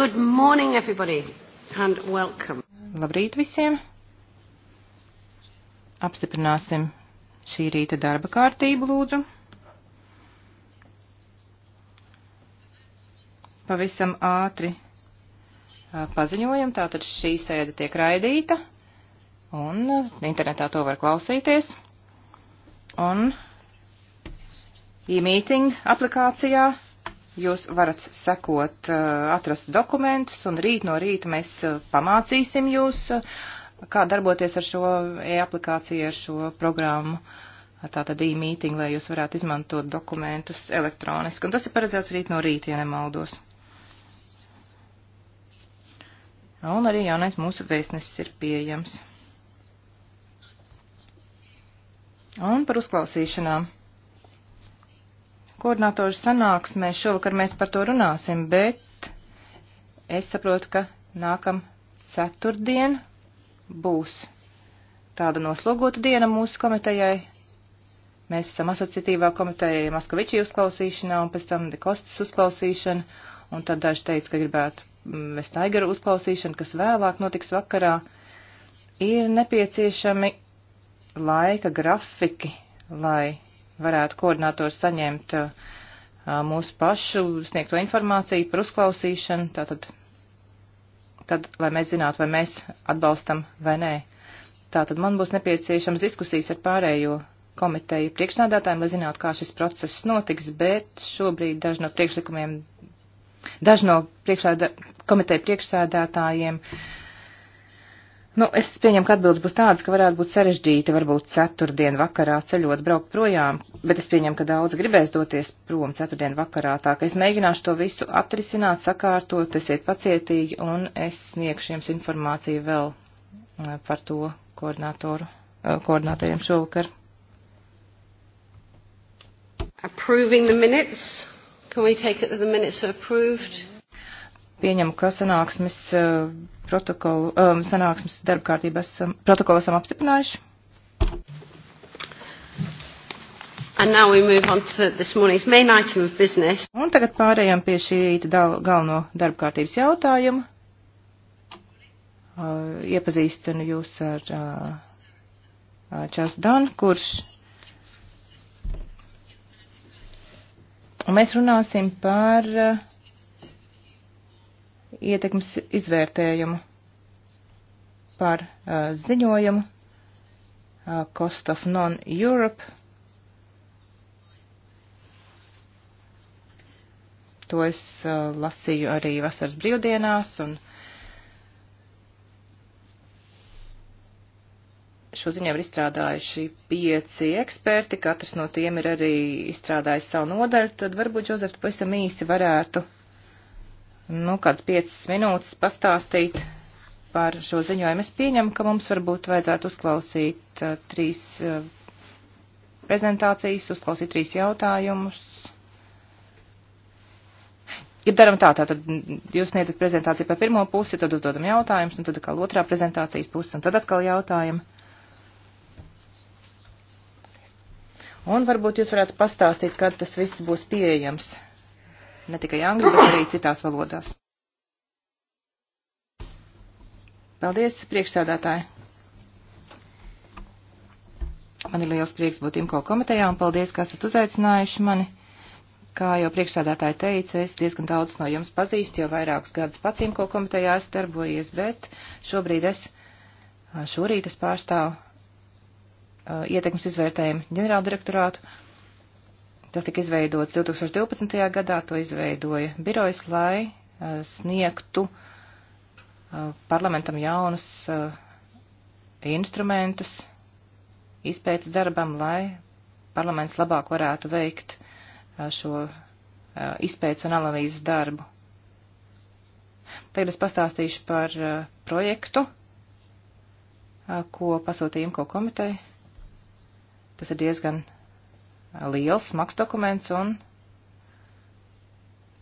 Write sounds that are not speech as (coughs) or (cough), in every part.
Good morning, everybody, and welcome. Labrīt visiem! Apstiprināsim šī rīta darba kārtību, lūdzu. Pavisam ātri paziņojam, tātad šī sēde tiek raidīta, un internetā to var klausīties. Un e-meeting aplikācijā Jūs varat sekot, uh, atrast dokumentus, un rīt no rīta mēs uh, pamācīsim jūs, uh, kā darboties ar šo e-aplikāciju, ar šo programmu, tātad e-mīting, lai jūs varētu izmantot dokumentus elektroniski. Un tas ir paredzēts rīt no rīta, ja nemaldos. Un arī jaunais mūsu vēstnesis ir pieejams. Un par uzklausīšanām koordinātoru sanāksmē šovakar mēs par to runāsim, bet es saprotu, ka nākam ceturtdien būs tāda noslogota diena mūsu komitejai. Mēs esam asociatīvā komitejai Maskavičī uzklausīšanā un pēc tam Dekostas uzklausīšana, un tad daži teica, ka gribētu mm, Vestaigaru uzklausīšanu, kas vēlāk notiks vakarā. Ir nepieciešami laika grafiki, lai varētu koordinātori saņemt uh, mūsu pašu sniegto informāciju par uzklausīšanu, tātad, tad, lai mēs zinātu, vai mēs atbalstam vai nē. Tātad man būs nepieciešams diskusijas ar pārējo komiteju priekšnādātājiem, lai zinātu, kā šis process notiks, bet šobrīd daži no priekšlikumiem, daži no priekšsēdā, komiteju priekšsēdētājiem uh, Nu, es pieņemu, ka atbildes būs tādas, ka varētu būt sarežģīti, varbūt ceturtdien vakarā ceļot, braukt projām, bet es pieņemu, ka daudz gribēs doties prom ceturtdien vakarā, tā ka es mēģināšu to visu atrisināt, sakārtot, esiet pacietīgi un es sniegšu jums informāciju vēl eh, par to koordinātoru, eh, koordinātoriem šovakar. Approving the minutes. Can we take it that the minutes are approved? Mm -hmm. Pieņemu, ka sanāksmes eh, protokolu, um, sanāksmes darba kārtību esam, protokolu esam apstiprinājuši. And now we move on to this morning's main item of business. Un tagad pārējām pie šī rīta galveno darba kārtības jautājumu. Uh, iepazīstinu jūs ar uh, Čas Dan, kurš Un mēs runāsim par uh, ietekmes izvērtējumu par uh, ziņojumu uh, Cost of Non-Europe. To es uh, lasīju arī vasaras brīvdienās un šo ziņojumu ir izstrādājuši pieci eksperti, katrs no tiem ir arī izstrādājis savu nodaļu, tad varbūt, Jozef, pavisam īsi varētu nu, kāds 5 minūtes pastāstīt par šo ziņojumu. Es pieņemu, ka mums varbūt vajadzētu uzklausīt uh, trīs uh, prezentācijas, uzklausīt trīs jautājumus. Ja daram tā, tā, tad jūs sniedzat prezentāciju par pirmo pusi, tad uzdodam jautājumus, un tad atkal otrā prezentācijas puse, un tad atkal jautājumu. Un varbūt jūs varētu pastāstīt, kad tas viss būs pieejams ne tikai angļu, bet arī citās valodās. Paldies, priekšsēdētāji! Man ir liels prieks būt IMCO komitejā un paldies, ka esat uzaicinājuši mani. Kā jau priekšsādātāji teica, es diezgan daudz no jums pazīstu, jau vairākus gadus pats IMCO komitejā esmu darbojies, bet šobrīd es, šorīt es pārstāvu ietekmes izvērtējumu ģenerāldirektorātu. direktorātu Tas tika izveidots 2012. gadā, to izveidoja birojas, lai sniegtu parlamentam jaunus instrumentus izpētes darbam, lai parlaments labāk varētu veikt šo izpētes un analīzes darbu. Tagad es pastāstīšu par projektu, ko pasūtīja IMCO komiteja. Tas ir diezgan liels, smags dokuments, un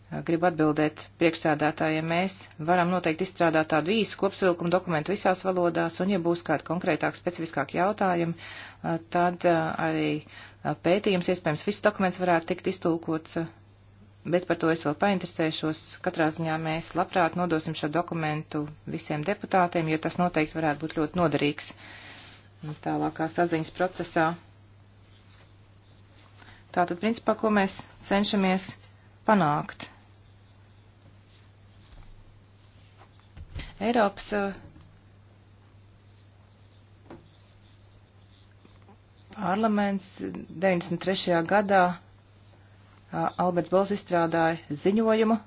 eh, gribu atbildēt priekšstādātājiem, mēs varam noteikti izstrādāt tādu īsu kopsvilkumu dokumentu visās valodās, un ja būs kādi konkrētāk, specifiskāk jautājumi, eh, tad eh, arī pētījums, iespējams, viss dokuments varētu tikt iztulkots bet par to es vēl painteresēšos. Katrā ziņā mēs labprāt nodosim šo dokumentu visiem deputātiem, jo tas noteikti varētu būt ļoti noderīgs tālākā saziņas procesā. Tātad, principā, ko mēs cenšamies panākt. Eiropas eh, parlaments 93. gadā eh, Alberts Bols izstrādāja ziņojumu,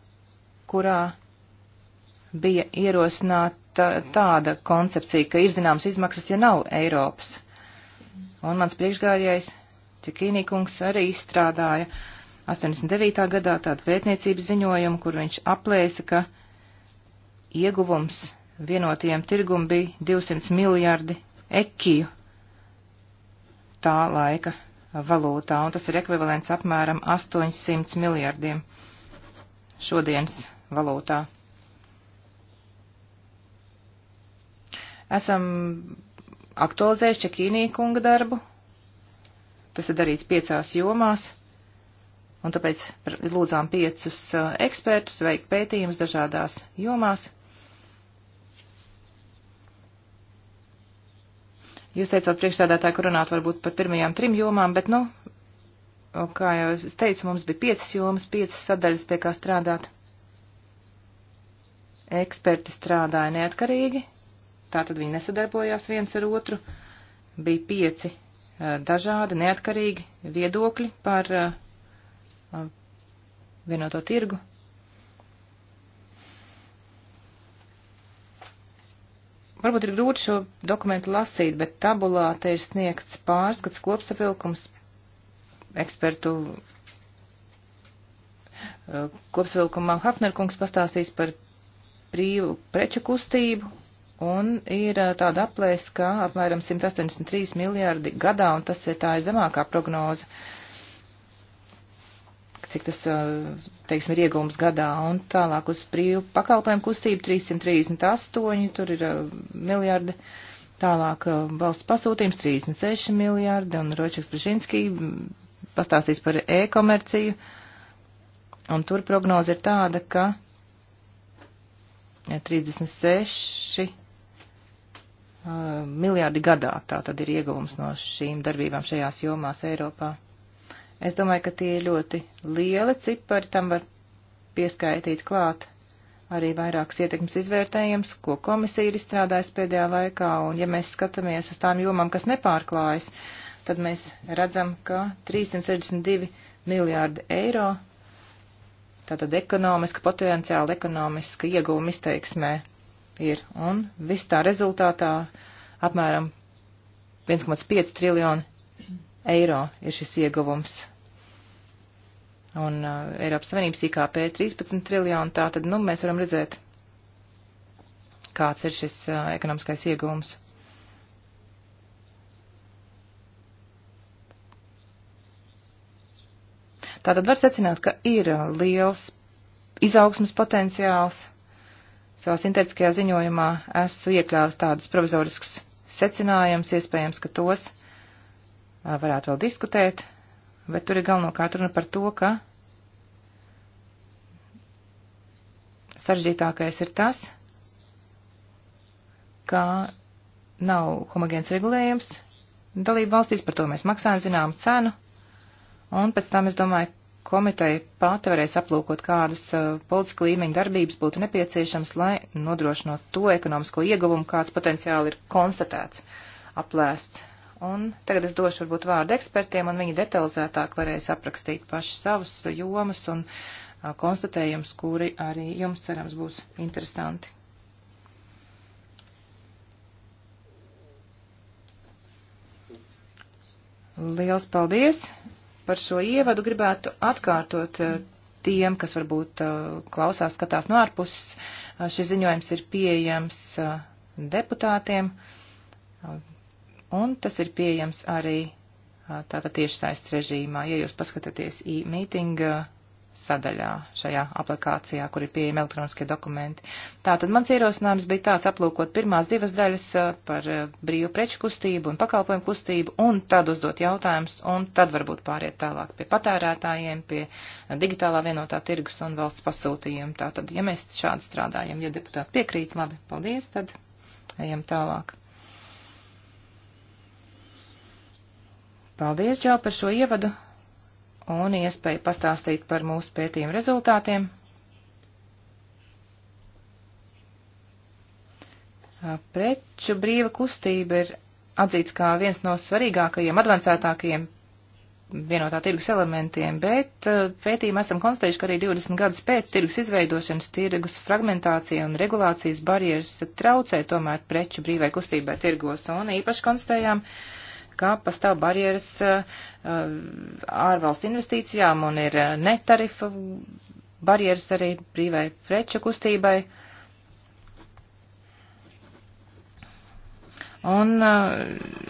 kurā bija ierosināta tāda koncepcija, ka ir zināmas izmaksas, ja nav Eiropas. Un mans priekšgājējais Tikīnī kungs arī izstrādāja 89. gadā tādu pētniecības ziņojumu, kur viņš aplēsa, ka ieguvums vienotajam tirgum bija 200 miljardi ekiju tā laika valūtā, un tas ir ekvivalents apmēram 800 miljardiem šodienas valūtā. Esam aktualizējuši Čekīnī kunga darbu, Tas ir darīts piecās jomās, un tāpēc lūdzām piecus uh, ekspertus veikt pētījumus dažādās jomās. Jūs teicāt priekšstādātāju, ka runāt varbūt par pirmajām trim jomām, bet, nu, kā jau es teicu, mums bija piecas jomas, piecas sadaļas, pie kā strādāt. Eksperti strādāja neatkarīgi, tātad viņi nesadarbojās viens ar otru. Bija pieci Eh, dažādi neatkarīgi viedokļi par eh, eh, vienoto tirgu. Varbūt ir grūti šo dokumentu lasīt, bet tabulā te ir sniegts pārskats kopsavilkums ekspertu kopsavilkumā Hafnerkungs pastāstīs par brīvu preču kustību Un ir tāda aplēs, ka apmēram 183 miljārdi gadā, un tas ir tā ir zemākā prognoze, cik tas, teiksim, ir iegūms gadā. Un tālāk uz brīvu pakalpojumu kustību 338, tur ir miljardi. Tālāk valsts pasūtījums 36 miljārdi, un Ročeks Brzezinski pastāstīs par e-komerciju. Un tur prognoze ir tāda, ka 36 Eh, miljardi gadā. Tā tad ir ieguvums no šīm darbībām šajās jomās Eiropā. Es domāju, ka tie ir ļoti lieli cipari, tam var pieskaitīt klāt arī vairākas ietekmes izvērtējums, ko komisija ir izstrādājusi pēdējā laikā, un ja mēs skatāmies uz tām jomām, kas nepārklājas, tad mēs redzam, ka 362 miljārdi eiro, tātad ekonomiska, potenciāla ekonomiska ieguvuma izteiksmē ir. Un viss tā rezultātā apmēram 1,5 triljonu eiro ir šis ieguvums. Un uh, Eiropas Savienības IKP 13 triljonu, tā tad, nu, mēs varam redzēt, kāds ir šis uh, ekonomiskais ieguvums. Tātad var secināt, ka ir uh, liels izaugsmas potenciāls, Savā sintētiskajā ziņojumā esmu iekļāvis tādus provizoriskus secinājumus, iespējams, ka tos varētu vēl diskutēt, bet tur ir galvenokārt runa par to, ka saržģītākais ir tas, ka nav homogēns regulējums dalību valstīs, par to mēs maksājam zināmu cenu, un pēc tam es domāju, komiteja pati varēs aplūkot, kādas uh, politiska līmeņa darbības būtu nepieciešams, lai nodrošinot to ekonomisko ieguvumu, kāds potenciāli ir konstatēts, aplēsts. Un tagad es došu varbūt vārdu ekspertiem, un viņi detalizētāk varēs aprakstīt paši savus jomas un uh, konstatējums, kuri arī jums cerams būs interesanti. Liels paldies! par šo ievadu gribētu atkārtot eh, tiem, kas varbūt eh, klausās, skatās no ārpuses. Eh, šis ziņojums ir pieejams deputātiem, un tas ir pieejams arī tātad tiešsaistes režīmā. Ja jūs paskatāties e-meeting sadaļā šajā aplikācijā, kur ir pieejami elektroniskie dokumenti. Tātad mans ierosinājums bija tāds aplūkot pirmās divas daļas uh, par uh, brīvu preču kustību un pakalpojumu kustību, un tad uzdot jautājumus, un tad varbūt pāriet tālāk pie patērētājiem, pie uh, digitālā vienotā tirgus un valsts pasūtījiem. Tātad, ja mēs šādi strādājam, ja deputāti piekrīt, labi, paldies, tad ejam tālāk. Paldies, Džau, par šo ievadu un iespēju pastāstīt par mūsu pētījumu rezultātiem. Preču brīva kustība ir atzīts kā viens no svarīgākajiem, advancētākajiem vienotā tirgus elementiem, bet pētījumā esam konstatējuši, ka arī 20 gadus pēc tirgus izveidošanas tirgus fragmentācija un regulācijas barjeras traucē tomēr preču brīvai kustībai tirgos, un īpaši konstatējām, uh, ka pastāv barjeras eh, ārvalstu investīcijām un ir eh, netarifa barjeras arī brīvai preču kustībai. Un uh,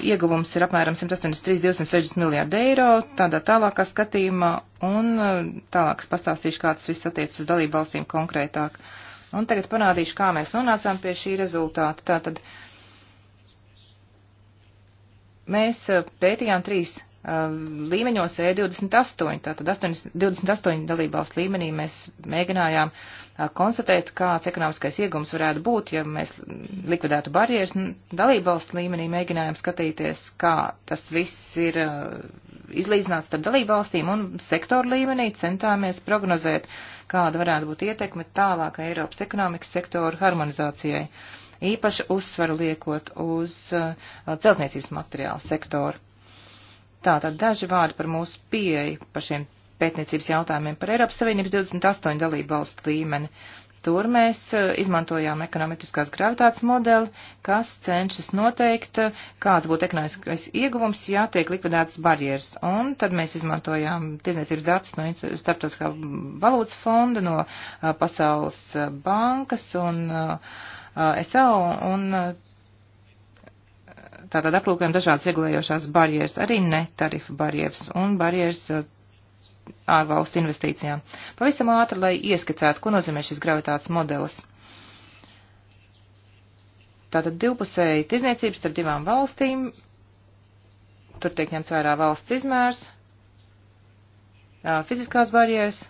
ieguvums ir apmēram 183-260 miljārdu eiro, tādā tālākā skatījumā, un uh, tālāk es pastāstīšu, kā tas viss attiecas uz dalību valstīm konkrētāk. Un tagad parādīšu, kā mēs nonācām pie šī rezultāta. Tātad uh, Mēs uh, pētījām trīs uh, līmeņos E28, tātad 8, 28 dalībvalstu līmenī mēs mēģinājām uh, konstatēt, kāds ekonomiskais iegums varētu būt, ja mēs likvidētu barjeras. Dalībvalstu līmenī mēģinājām skatīties, kā tas viss ir izlīdzināts starp dalībvalstīm un sektoru līmenī centāmies prognozēt, kāda varētu būt ietekme tālākai Eiropas ekonomikas sektoru harmonizācijai. Uh, īpaši uzsvaru liekot uz uh, celtniecības materiālu sektoru. Tātad daži vārdi par mūsu pieeju par šiem pētniecības jautājumiem par Eiropas Savienības 28 dalību valstu līmeni. Tur mēs uh, izmantojām ekonomiskās gravitācijas modeli, kas cenšas noteikt, uh, kāds būtu ekonomiskais ieguvums, ja tiek likvidētas barjeras. Un tad mēs izmantojām tiesniecības datus no Startautiskā valūtas fonda, no Pasaules bankas un uh, Eh, SAO un eh, tātad aplūkojam dažādas regulējošās barjeras, arī netarifu barjeras un barjeras eh, ārvalstu investīcijām. Pavisam ātri, lai ieskicētu, ko nozīmē šis gravitācijas modelis. Tātad divpusēji tirzniecības starp divām valstīm, tur tiek ņemts vērā valsts izmērs, fiziskās barjeras,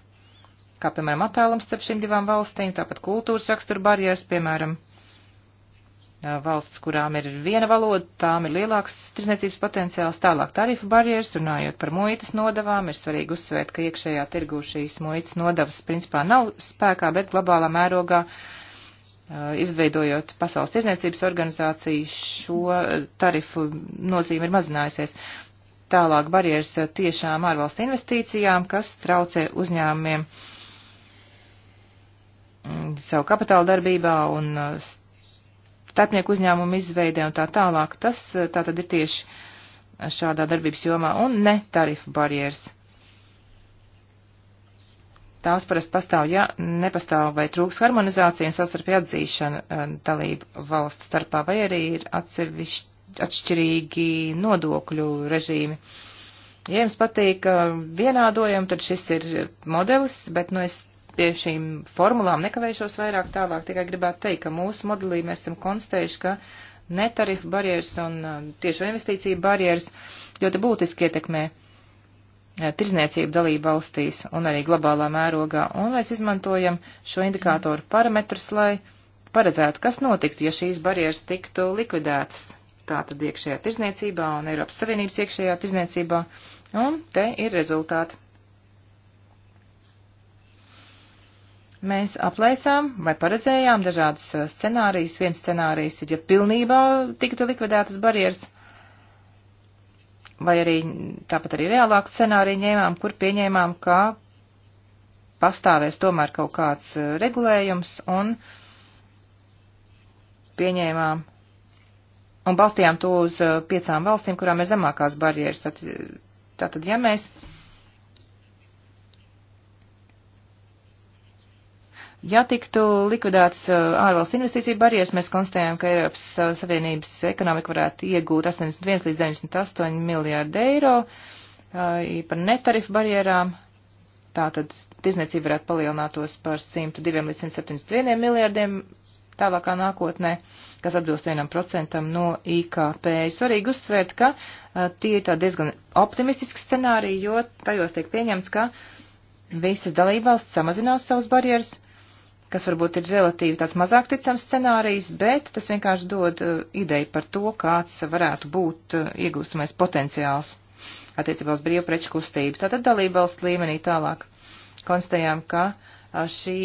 kā piemēram attālums starp šīm divām valstīm, tāpat kultūras rakstura barjeras, piemēram, valsts, kurām ir viena valoda, tām ir lielāks tirzniecības potenciāls, tālāk tarifu barjeras, runājot par muitas nodavām, ir svarīgi uzsvērt, ka iekšējā tirgū šīs muitas nodavas principā nav spēkā, bet globālā mērogā, izveidojot Pasaules tirzniecības organizāciju, šo tarifu nozīme ir mazinājusies. Tālāk barjeras tiešām ārvalstu investīcijām, kas traucē uzņēmumiem mm, savu kapitāla darbībā un uh, starpnieku uzņēmumu izveidē un tā tālāk. Tas eh, tā tad ir tieši šādā darbības jomā un ne tarifu barjeras. Tās parasti pastāv, ja nepastāv vai trūks harmonizācija un savstarpēja atzīšana eh, dalību valstu starpā, vai arī ir atsevišķi atšķirīgi nodokļu režīmi. Ja jums patīk eh, vienādojumi, tad šis ir modelis, bet nu es pie šīm formulām nekavēšos vairāk tālāk, tikai gribētu teikt, ka mūsu modelī mēs esam konstatējuši, ka netarifu barjeras un uh, tiešo investīciju barjeras ļoti būtiski ietekmē uh, tirzniecību dalību valstīs un arī globālā mērogā, un mēs izmantojam šo indikātoru parametrus, lai paredzētu, kas notiktu, ja šīs barjeras tiktu likvidētas. Tātad iekšējā tirzniecībā un Eiropas Savienības iekšējā tirzniecībā, un te ir rezultāti. Mēs aplēsām vai paredzējām dažādus uh, scenārijus. Viens scenārijs ir, ja pilnībā tiktu likvidētas barjeras, vai arī tāpat arī reālāku scenāriju ņēmām, kur pieņēmām, ka pastāvēs tomēr kaut kāds uh, regulējums un pieņēmām un balstījām to uz uh, piecām valstīm, kurām ir zemākās barjeras. Tātad, ja mēs Ja tiktu likvidētas uh, ārvalstu investīciju barjeras, mēs konstatējam, ka Eiropas uh, Savienības ekonomika varētu iegūt 81 līdz 98 miljārdu eiro uh, par netarifu barjerām. Tātad tirzniecība varētu palielinātos par 102 līdz 171 miljārdiem tālākā nākotnē, kas atbilst 1% no IKP. Ir svarīgi uzsvērt, ka tie ir tā diezgan optimistiski scenāriji, jo tajos tiek pieņemts, ka visas dalībvalsts samazinās savus barjeras kas varbūt ir relatīvi tāds mazāk ticams scenārijs, bet tas vienkārši dod uh, ideju par to, kāds varētu būt uh, iegūstamais potenciāls attiecībā uz brīvu preču kustību. Tātad dalībvalsts līmenī tālāk konstatējām, ka uh, šī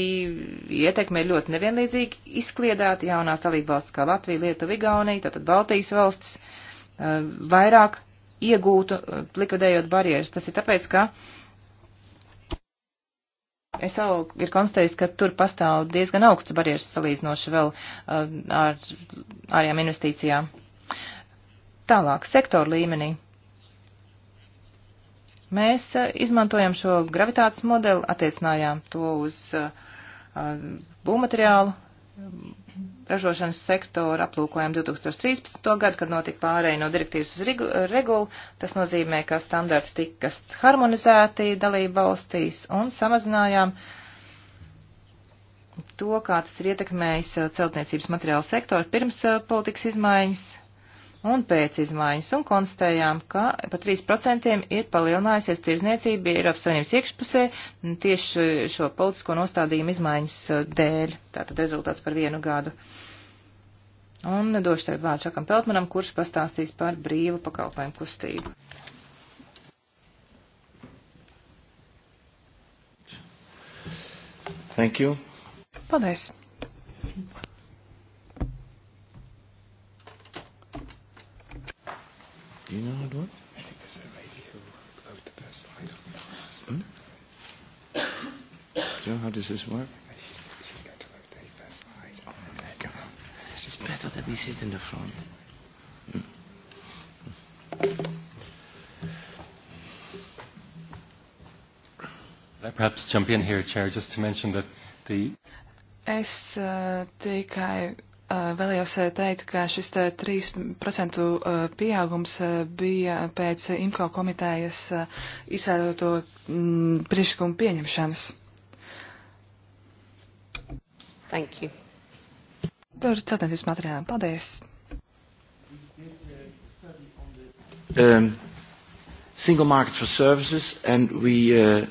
ietekme ir ļoti nevienlīdzīgi izkliedēta jaunās dalībvalsts kā Latvija, Lietuva, Igaunija, tātad Baltijas valstis vairāk iegūtu likvidējot barjeras. Tas ir tāpēc, ka uh, SAO ir konstatējis, ka tur pastāv diezgan augsts barjeras salīdzinoši vēl uh, ar ārējām investīcijām. Tālāk, sektoru līmenī. Mēs uh, izmantojam šo gravitācijas modeli, attiecinājām to uz uh, būvmateriālu ražošanas sektoru aplūkojam 2013. gadu, kad notika pārēja no direktīvas uz regulu. Tas nozīmē, ka standarts tika harmonizēti dalību valstīs un samazinājām to, kā tas ir ietekmējis uh, celtniecības materiālu sektoru pirms uh, politikas izmaiņas un pēc izmaiņas un konstatējām, ka pa 3% ir palielinājusies tirzniecība Eiropas Savienības iekšpusē tieši šo politisko nostādījumu izmaiņas uh, dēļ. Tātad rezultāts par vienu gadu. Un došu tagad vārdu Čakam Peltmanam, kurš pastāstīs par brīvu pakalpojumu kustību. Thank you. Paldies. Do you know how to work? I think there's a radio about the person. I don't know. Hmm? Joe, how does this work? She's, she's going to rotate her slide. Oh my God! It's just better that we sit in the front. Hmm. I perhaps jump in here, Chair, just to mention that the. Es uh, tikai Vēlējos teikt, ka šis 3% pieaugums bija pēc IMCO komitejas izsēdoto mm, priekšlikumu pieņemšanas. Thank you. Par ceturtdienas materiāliem. Paldies. Um, single market for services and we uh,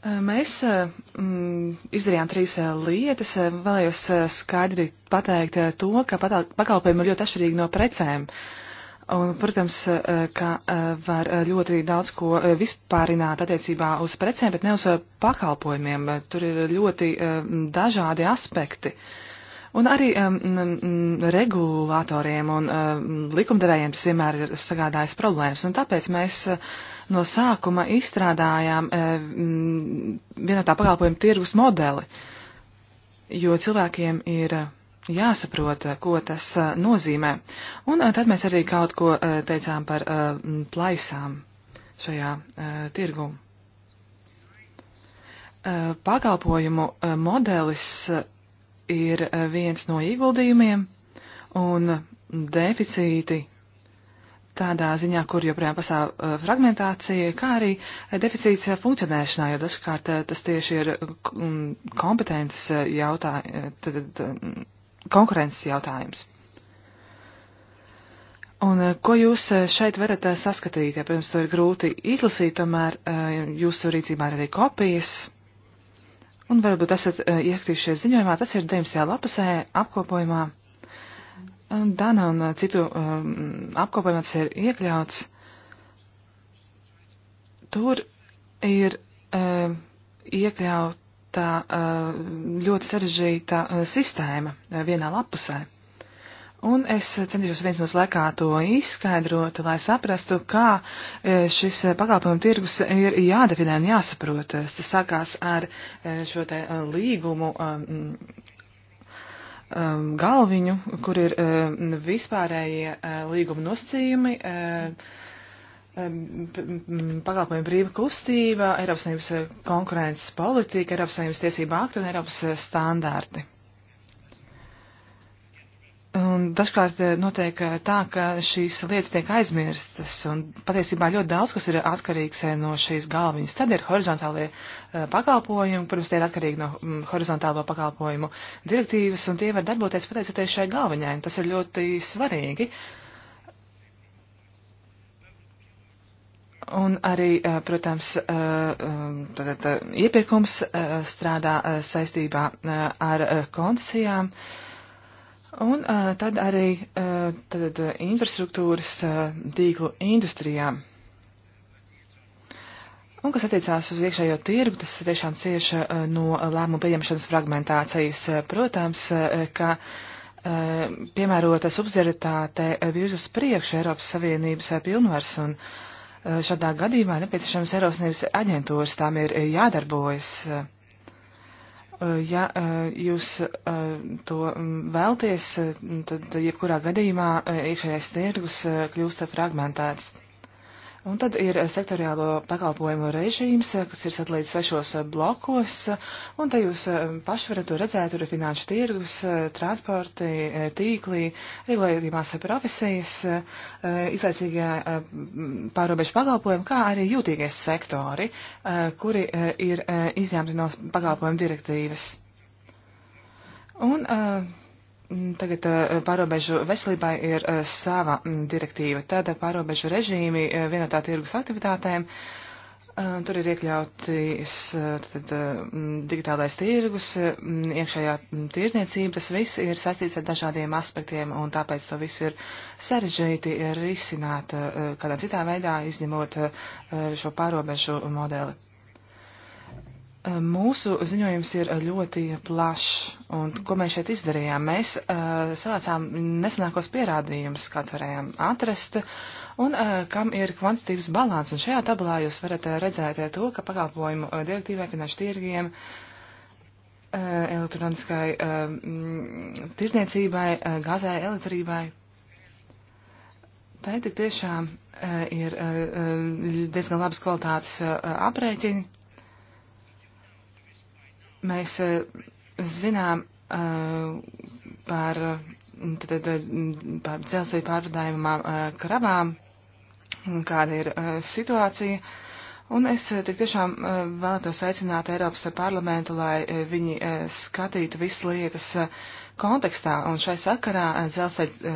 Eh, mēs eh, mm, izdarījām trīs eh, lietas. Vēlējos skaidri pateikt to, ka pakalpojumi ir ļoti atšķirīgi no precēm. Un, protams, ka var ļoti daudz ko vispārināt attiecībā uz precēm, bet ne uz pakalpojumiem. Tur ir ļoti dažādi aspekti. Uh, Un arī um, regulātoriem un um, likumdevējiem tas vienmēr ir sagādājis problēmas. Un tāpēc mēs uh, no sākuma izstrādājām um, vienotā pakalpojuma tirgus modeli, jo cilvēkiem ir eh, jāsaprot, ko tas uh, nozīmē. Un uh, tad mēs arī kaut ko uh, teicām par uh, plaisām šajā uh, tirgū. Uh, pakalpojumu uh, modelis. Uh, ir eh, viens no ieguldījumiem un deficīti tādā ziņā, kur joprojām pastāv eh, fragmentācija, kā arī deficīts funkcionēšanā, jo dažkārt eh, tas tieši ir mm, kompetences jautājums, konkurences jautājums. Un ko jūs šeit varat saskatīt? Ja, protams, to ir grūti izlasīt, tomēr jūsu rīcībā ir arī kopijas. Un varbūt esat e, ierakstījušies ziņojumā, tas ir 9. lapasē apkopojumā. Dana un citu um, apkopojumā tas ir iekļauts. Tur ir um, e, iekļauta um, ļoti sarežģīta sistēma vienā lapusē. Un es centīšos viens mazliet laikā to izskaidrot, lai saprastu, kā e, šis e, pakalpojumu tirgus ir jādefinē un jāsaprot. Tas sākās ar e, šo te līgumu galviņu, kur ir vispārējie līguma nosacījumi pakalpojumu brīva kustība, Eiropas Savienības konkurences politika, Eiropas Savienības tiesība aktu un Eiropas standārti. Un dažkārt eh, notiek eh, tā, ka šīs lietas tiek aizmirstas, un patiesībā ļoti daudz, kas ir atkarīgs eh, no šīs galviņas. Tad ir horizontālie pakalpojumi, protams, tie ir atkarīgi no mm, horizontālo pakalpojumu direktīvas, un tie var darboties pateicoties šai galviņai, un tas ir ļoti svarīgi. Un arī, protams, tātad iepirkums strādā saistībā ar koncesijām. Uh, Un uh, tad arī uh, tad, uh, infrastruktūras uh, tīklu industrijām. Un kas attiecās uz iekšējo tirgu, tas tiešām cieši uh, no lēmumu pieņemšanas fragmentācijas. Protams, uh, ka uh, piemērota subsidiaritāte virz uz priekšu Eiropas Savienības pilnvars un šādā gadījumā nepieciešams Eiropas Savienības aģentūras, tām ir jādarbojas. Uh, Eh, ja eh, jūs eh, to mm, vēlties, tad jebkurā gadījumā iekšējais tirgus kļūst fragmentēts. Un tad ir sektoriālo pakalpojumu režīms, kas ir sadalīts sešos blokos, un te jūs eh, paši varat to redzēt, tur ir finanšu tirgus, eh, transporti, eh, tīklī, regulējumās profesijas, izlaicīgie pārobežu pakalpojumi, kā arī jūtīgie sektori, kuri ir izņemti no pakalpojumu direktīvas. Un uh, Mm, tagad pārobežu veselībai ir sava mm, direktīva. Tāda pārobežu režīmi vienotā tirgus aktivitātēm. Tur ir iekļautis tad, mm, digitālais tirgus, iekšējā tirniecība. Tas viss ir saistīts ar dažādiem aspektiem, un tāpēc to visu ir sarežģīti risināt kādā citā veidā, izņemot šo pārobežu modeli. Eh, mūsu ziņojums ir eh, ļoti plašs, un ko mēs šeit izdarījām? Mēs uh, savācām nesenākos pierādījumus, kāds varējām atrast, un uh, kam ir kvantitīvs balans, un šajā tabulā jūs varat uh, redzēt uh, to, ka pakalpojumu uh, direktīvai, finanšu tirgiem, uh, elektroniskai uh, tirzniecībai, uh, gazai, elektrībai. Tā tik tiešām uh, ir uh, diezgan labas kvalitātes uh, aprēķini Mēs eh, zinām eh, par, tad, par dzelzceļa pārvadājumā eh, kravām, kāda ir situācija. Un es tik tiešām vēlētos aicināt Eiropas parlamentu, lai viņi skatītu visas lietas kontekstā un šai sakarā eh, dzelzceļa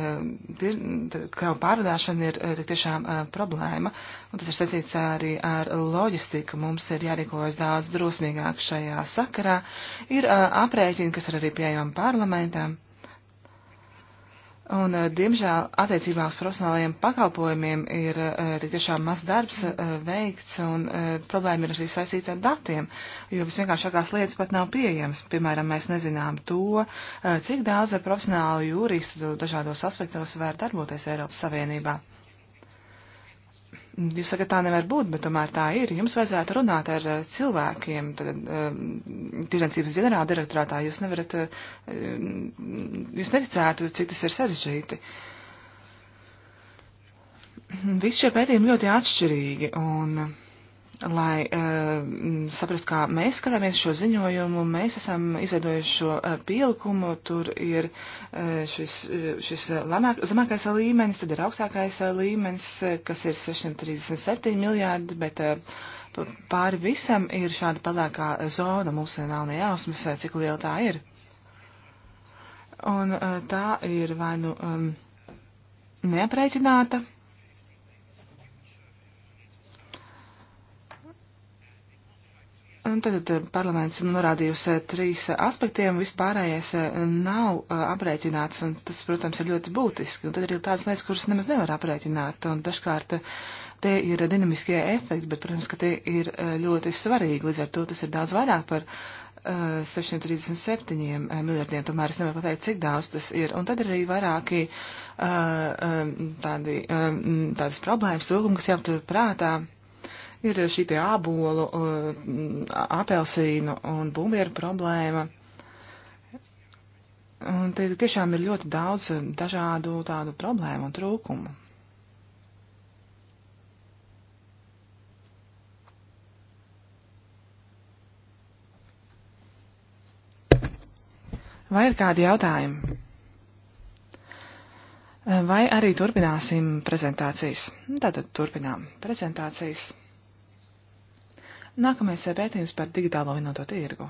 eh, kravu pārvadāšana ir eh, tiešām problēma, un tas ir saistīts arī ar loģistiku. Mums ir jārīkojas daudz drosmīgāk šajā sakarā. Ir aprēķini, kas ir arī pieejami parlamentam. Un, eh, diemžēl, attiecībā uz profesionālajiem pakalpojumiem ir eh, tiešām maz darbs eh, veikts, un problēma ir arī saistīta ar datiem, jo visvienkāršākās lietas pat nav pieejamas. Piemēram, mēs nezinām to, cik daudz ar profesionālu juristu dažādos aspektos var darboties Eiropas Savienībā. Jūs sakat, tā nevar būt, bet tomēr tā ir. Jums vajadzētu runāt ar eh, cilvēkiem, tad eh, tirdzniecības ģenerāla direktorātā. Jūs nevarat, eh, mm, jūs neticētu, cik tas ir sarežģīti. Visi šie pētījumi ļoti atšķirīgi, un lai uh, eh, saprastu, kā mēs skatāmies šo ziņojumu, mēs esam izveidojuši šo uh, pielikumu, tur ir uh, šis, šis lamāk, zemākais līmenis, tad ir augstākais līmenis, kas ir 637 miljārdi, bet uh, pāri visam ir šāda palēkā zona, mums nav ne jausmas, cik liela tā ir. Un uh, tā ir vai nu um, neaprēķināta Un tad parlaments norādījusi trīs aspektiem, vispārējais eh, nav eh, aprēķināts, un tas, protams, ir ļoti būtiski. Un tad ir tādas lietas, kuras nemaz nevar aprēķināt, un dažkārt eh, tie ir dinamiskie efekti, bet, protams, ka tie ir ļoti svarīgi, līdz ar to tas ir daudz vairāk par 637 miljardiem, tomēr es nevaru pateikt, cik daudz tas ir. Un tad ir arī vairāki tādi, tādas problēmas, trūkumi, kas jāaptur prātā. Ir šī tie ābolu, uh, apelsīnu un bumbieru problēma. Un te tiešām ir ļoti daudz dažādu tādu problēmu un trūkumu. Vai ir kādi jautājumi? Vai arī turpināsim prezentācijas? Tātad turpinām prezentācijas. Nākamais pētījums par digitālo vienoto tirgu.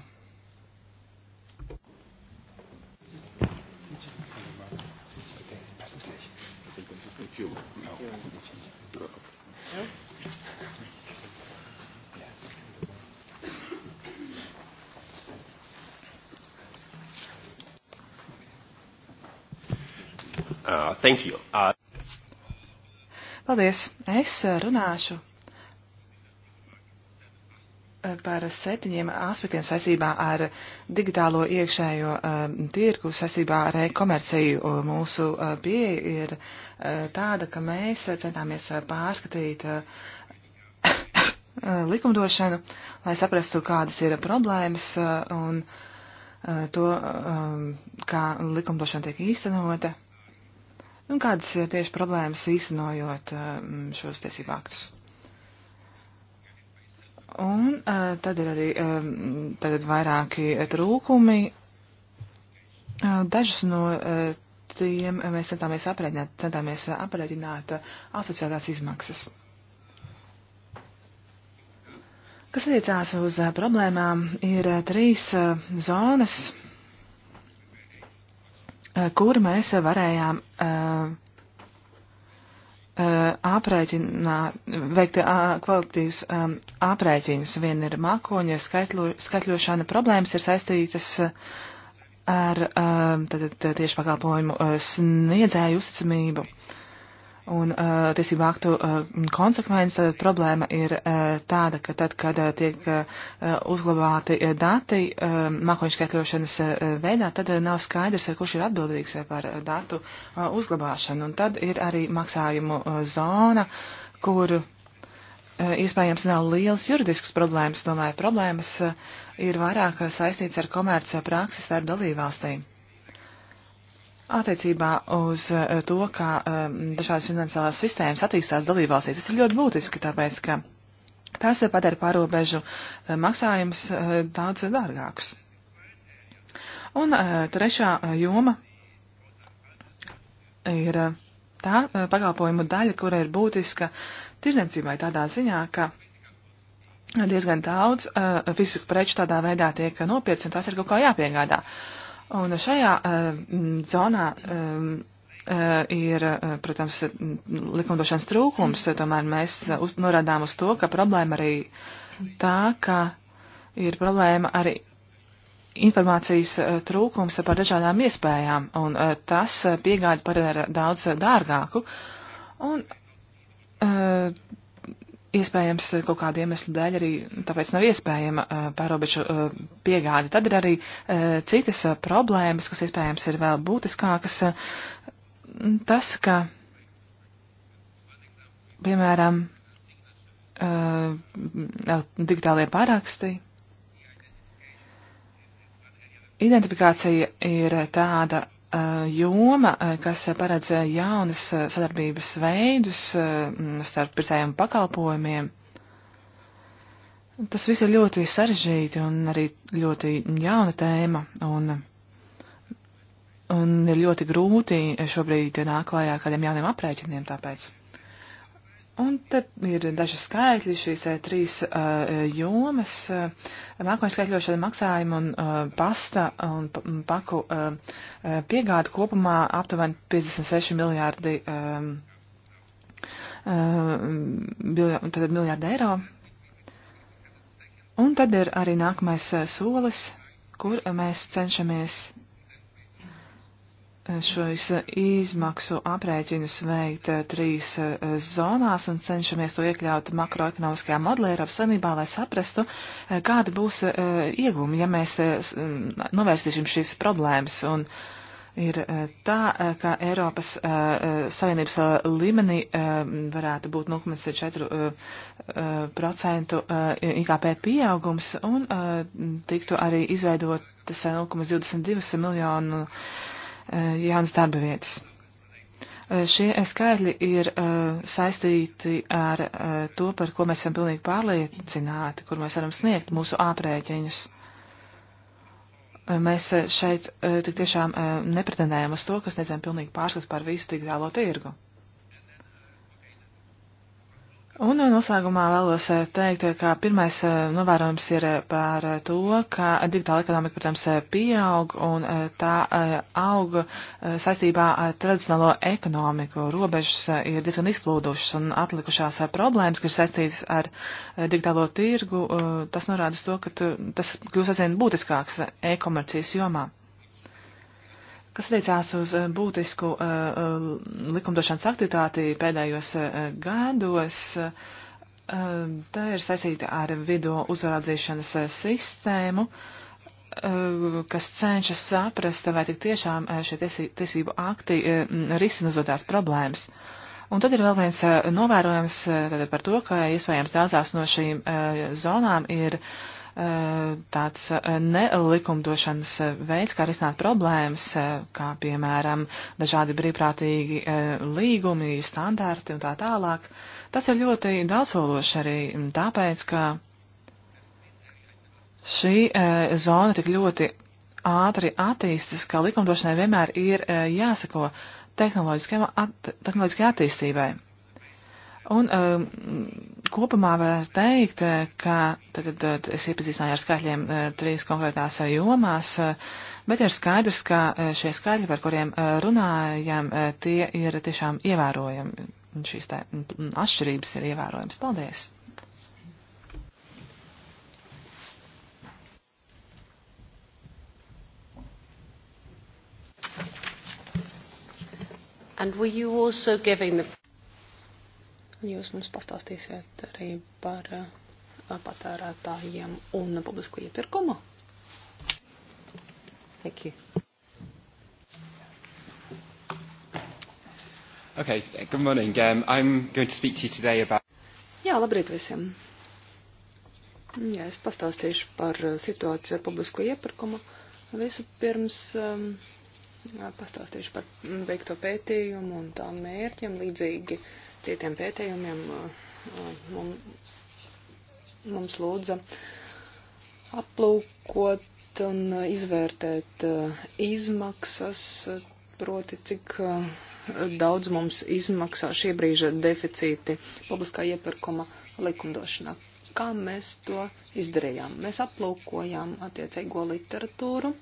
Uh, thank you. Uh... Paldies. Es runāšu par septiņiem aspektiem saistībā ar digitālo iekšējo uh, eh, tirku, saistībā ar e-komerciju. Mūsu uh, pieeja ir uh, tāda, ka mēs centāmies uh, pārskatīt uh, (coughs) likumdošanu, lai saprastu, kādas ir problēmas uh, un uh, to, um, kā likumdošana tiek īstenota un kādas ir tieši problēmas īstenojot um, šos tiesību aktus. Un uh, tad ir arī uh, tad ir vairāki trūkumi. Uh, dažus no uh, tiem mēs centāmies aprēķināt, centāmies aprēķināt uh, asociētās izmaksas. Kas attiecās uz uh, problēmām, ir uh, trīs uh, zonas, uh, kur mēs varējām uh, Eh, aprēķinā, veikt eh, kvalitīvas eh, aprēķinas. Viena ir mākoņa skaitļo, skaitļošana. Problēmas ir saistītas ar tātad, tieši pakalpojumu sniedzēju uzticamību un uh, tiesību aktu uh, konsekvences, tad problēma ir uh, tāda, ka tad, kad uh, tiek uh, uzglabāti uh, dati uh, mākoņu skaitļošanas uh, veidā, tad uh, nav skaidrs, kurš ir atbildīgs uh, par uh, datu uh, uzglabāšanu. Un tad ir arī maksājumu uh, zona, kur uh, iespējams nav liels juridisks problēmas, domāju, problēmas uh, ir vairāk uh, saistīts ar komerca uh, prakses starp dalībvalstīm. Attiecībā uz eh, to, kā eh, dažādas finansiālās sistēmas attīstās dalībvalstīs, tas ir ļoti būtiski, tāpēc, ka tas padara pārobežu eh, maksājumus daudz dārgākus. Un trešā joma ir tā pakalpojumu daļa, kura ir būtiska tirdzniecībai tādā ziņā, ka diezgan daudz uh, fiziku preču tādā veidā tiek nopirkts un tās ir kaut kā jāpiegādā. Uh, Un šajā eh, zonā eh, eh, ir, protams, likumdošanas trūkums, tomēr mēs uz, norādām uz to, ka problēma arī tā, ka ir problēma arī informācijas trūkums par dažādām iespējām, un tas piegādi padara daudz dārgāku. Un iespējams eh, kaut kādu iemeslu dēļ arī tāpēc nav iespējama eh, pārobežu eh, piegāde. Tad ir arī citas problēmas, kas iespējams ir vēl būtiskākas. Mm, tas, ka, piemēram, digitālie paraksti, identifikācija ir tāda Uh, joma, uh, kas paredz uh, jaunas sadarbības veidus starp pircējiem pakalpojumiem. Tas viss ir ļoti sarežģīti un arī ļoti jauna tēma, un, un ir ļoti grūti šobrīd nāk klājā kādiem jauniem aprēķiniem tāpēc. Un tad ir daži skaitļi, šīs eh, trīs uh, jomas uh, - mākoņu skaitļošana, maksājuma un uh, pasta un paku uh, piegāda kopumā aptuveni 56 miljārdi, um, uh, uh, miljārdi eiro. Un tad ir arī nākamais solis, kur mēs cenšamies Eh, šos eh, izmaksu aprēķinus veikt eh, trīs zonās un cenšamies to iekļaut makroekonomiskajā modelē Eiropas Savienībā, lai saprastu, kāda būs iegūma, ja mēs novērsīsim šīs problēmas. Un ir tā, ka Eiropas Savienības līmenī varētu būt 0,4% IKP pieaugums un tiktu arī izveidot tas 0,22 miljonu Eh, jaunas darba vietas. Eh, šie skaitļi ir eh, saistīti ar to, par ko mēs esam pilnīgi pārliecināti, kur mēs varam sniegt mūsu aprēķinus. Mēs šeit tik tiešām nepretendējam uz to, kas nezinām pilnīgi pārskats par visu digitālo tirgu. Un uh, noslēgumā vēlos uh, teikt, uh, ka pirmais novērojums ir par to, ka digitāla ekonomika, protams, pieaug un tā aug saistībā ar tradicionālo ekonomiku. Robežas ir diezgan izplūdušas un atlikušās problēmas, kas saistītas ar digitālo tirgu. Tas norāda uz to, ka tas kļūs aizvien būtiskāks e-komercijas jomā kas attiecās uz eh, būtisku uh, likumdošanas aktivitāti pēdējos uh, gados. Uh, tā ir saistīta ar video uzraudzīšanas sistēmu, kas cenšas saprast, vai tik tiešām šie tiesību akti risina uzdotās problēmas. Un tad ir vēl viens novērojums par to, ka iespējams daudzās no šīm zonām ir uh, tāds eh, nelikumdošanas eh, veids, kā risināt problēmas, eh, kā piemēram dažādi brīvprātīgi līgumi, standarti un tā tālāk. Tas ir ļoti daudzsološi arī tāpēc, ka šī zona tik ļoti ātri attīstas, ka likumdošanai vienmēr ir jāsako tehnoloģiskajai att attīstībai. Un um, kopumā var teikt, ka tad, tad uh, es iepazīstināju ar skaitļiem uh, trīs konkrētās uh, jomās, bet ir skaidrs, ka šie skaitļi, par kuriem runājam, tie ir tiešām ievērojami. Šīs tā atšķirības ir ievērojams. Paldies! And were you also giving the Jūs mums pastāstīsiet arī par patērētājiem un publisko iepirkumu. Thank you. Okay, good morning. Um, I'm going to speak to you today about... Jā, labrīt visiem. Jā, es pastāstīšu par situāciju ar publisko iepirkumu. Visu pirms um, pastāstīšu par veikto pētījumu un tām mērķiem, līdzīgi citiem pētījumiem uh, uh, mums lūdza aplūkot un izvērtēt uh, izmaksas, proti cik daudz mums izmaksā šie brīža deficīti publiskā iepirkuma likumdošanā. Kā mēs to izdarījām? Mēs aplūkojām attiecīgo literatūru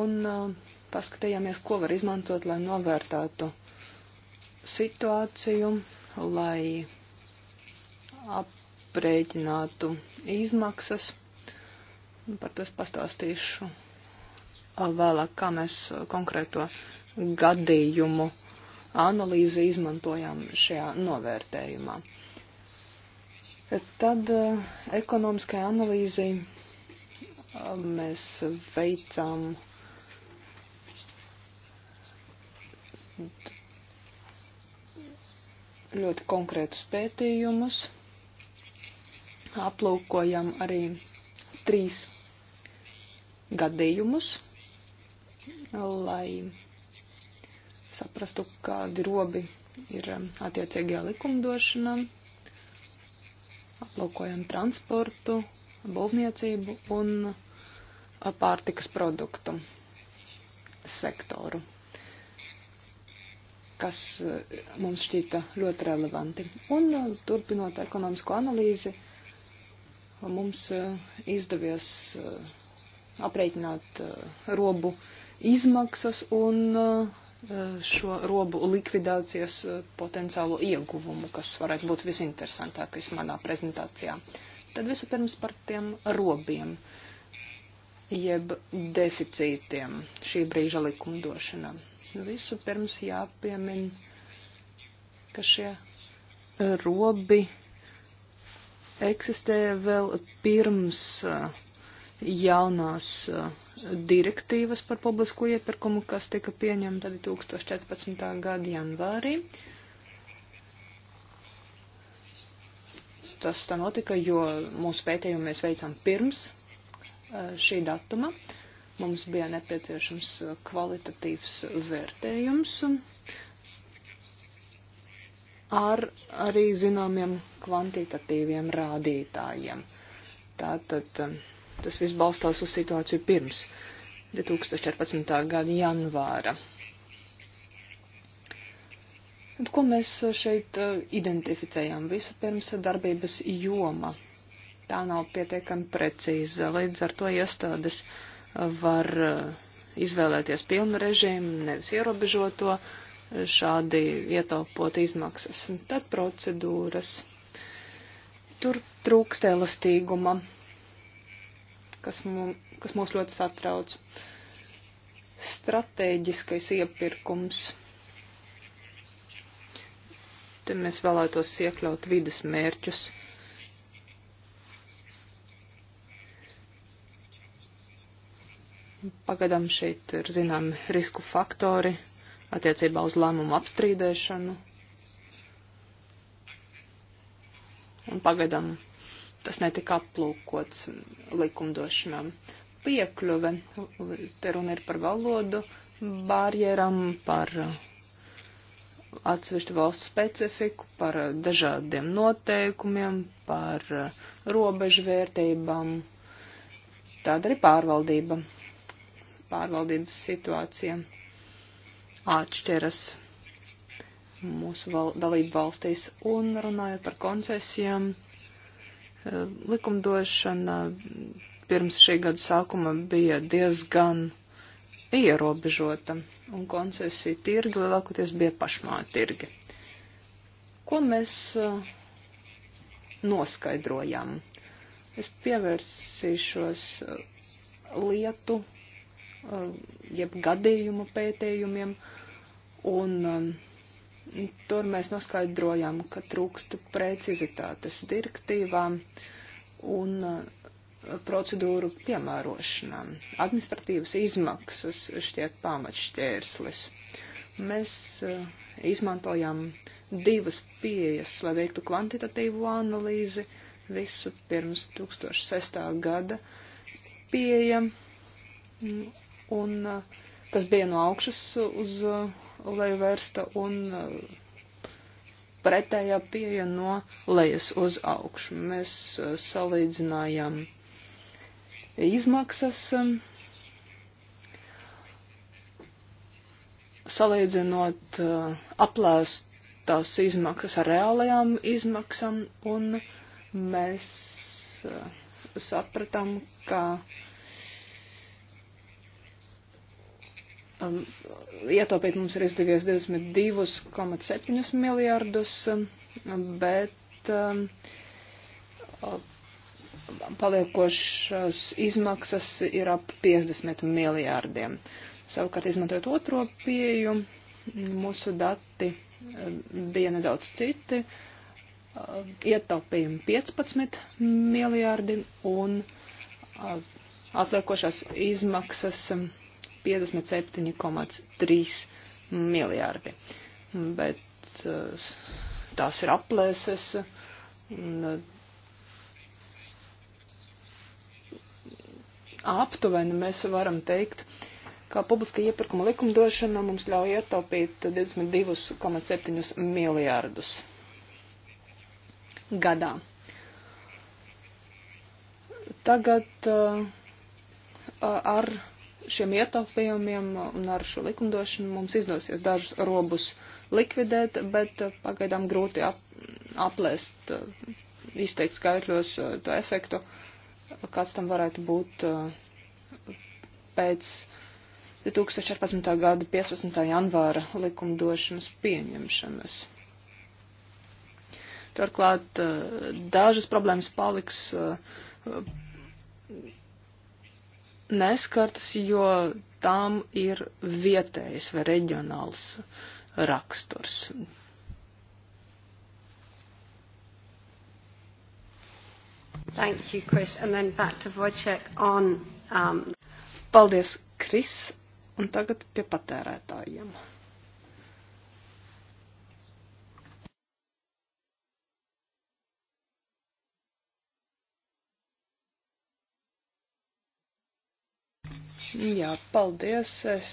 un uh, paskatījāmies, ko var izmantot, lai novērtātu situāciju, lai aprēķinātu izmaksas. Par to es pastāstīšu vēlāk, kā mēs konkrēto gadījumu analīzi izmantojām šajā novērtējumā. Tad eh, ekonomiskajā analīzē eh, mēs veicām uh, ļoti konkrētus pētījumus. Aplūkojam arī trīs gadījumus, lai saprastu, kādi robi ir um, attiecīgajā likumdošanā. Aplūkojam transportu, būvniecību un uh, pārtikas produktu sektoru kas eh, mums šķita ļoti relevanti. Un eh, turpinot ekonomisko analīzi, mums eh, izdevies apreikināt robu izmaksas un šo robu likvidācijas potenciālo ieguvumu, kas varētu būt visinteresantākais manā prezentācijā. Tad vispirms par tiem robiem, jeb deficītiem šī brīža likumdošanā. Nu, visu pirms jāpiemin, ka šie e, robi eksistēja vēl pirms e, jaunās e, direktīvas par publisko iepirkumu, kas tika pieņemta 2014. gada janvārī. Tas tā notika, jo mūsu pētījumu mēs veicām pirms šī datuma. Uh, Mums bija nepieciešams uh, kvalitatīvs vērtējums ar arī zināmiem kvantitatīviem rādītājiem. Tātad um, tas viss balstās uz situāciju pirms 2014. gada janvāra. Tad, ko mēs uh, šeit uh, identificējām? Vispirms darbības joma. Tā nav pietiekami precīza, līdz ar to iestādes. Ja var eh, izvēlēties pilnu režīmu, nevis ierobežoto, eh, šādi ietaupot izmaksas. Un tad procedūras. Tur trūkst elastīguma, kas, mums, kas mūs ļoti satrauc. Stratēģiskais iepirkums. Te mēs vēlētos iekļaut vidas mērķus Pagadam šeit ir zinām risku faktori attiecībā uz lēmumu apstrīdēšanu. Un pagadam tas netika aplūkots likumdošanā. Piekļuve, te runa ir par valodu barjeram, par atsevišķu valstu specifiku, par dažādiem noteikumiem, par robežvērtībām, tāda arī pārvaldība pārvaldības situācija atšķiras mūsu val dalību valstīs. Un runājot par koncesijām, eh, likumdošana pirms šī gada sākuma bija diezgan ierobežota, un koncesija tirgi lielākoties bija pašmā tirgi. Ko mēs eh, noskaidrojam? Es pievērsīšos eh, lietu Uh, jeb gadījumu pētījumiem, un um, tur mēs noskaidrojām, ka trūkst precizitātes direktīvām un uh, procedūru piemērošanā. Administratīvas izmaksas šķiet pamatšķērslis. Mēs uh, izmantojām divas pieejas, lai veiktu kvantitatīvu analīzi visu pirms 2006. gada pieeja un tas eh, bija no augšas uz eh, leju vērsta un eh, pretējā pieeja no lejas uz augšu. Mēs salīdzinājām izmaksas, salīdzinot aplēstās izmaksas ar reālajām izmaksām, un mēs sapratām, ka Um, ietaupīt mums ir izdevies 22,7 miljārdus, um, bet um, um paliekošas izmaksas ir ap 50 miljārdiem. Savukārt, izmantojot otro pieju, mūsu dati um, bija nedaudz citi. Uh, ietaupījumi 15 miljārdi un uh, atliekošās izmaksas 57,3 miljārdi. Bet eh, tās ir aplēses. Eh, aptuveni mēs varam teikt, kā publiska iepirkuma likumdošana mums ļauj ietaupīt 22,7 miljārdus gadā. Tagad uh, ar šiem ietaupījumiem un ar šo likumdošanu mums izdosies dažus robus likvidēt, bet eh, pagaidām grūti ap, aplēst, eh, izteikt skaitļos eh, to efektu, kāds tam varētu būt pēc 2014. gada 15. janvāra likumdošanas pieņemšanas. Turklāt dažas problēmas paliks neskartas, jo tām ir vietējs vai reģionāls raksturs. Thank you, Chris. And then back to Wojciech on... Um... Paldies, Kris. Un tagad pie patērētājiem. Jā, paldies. Es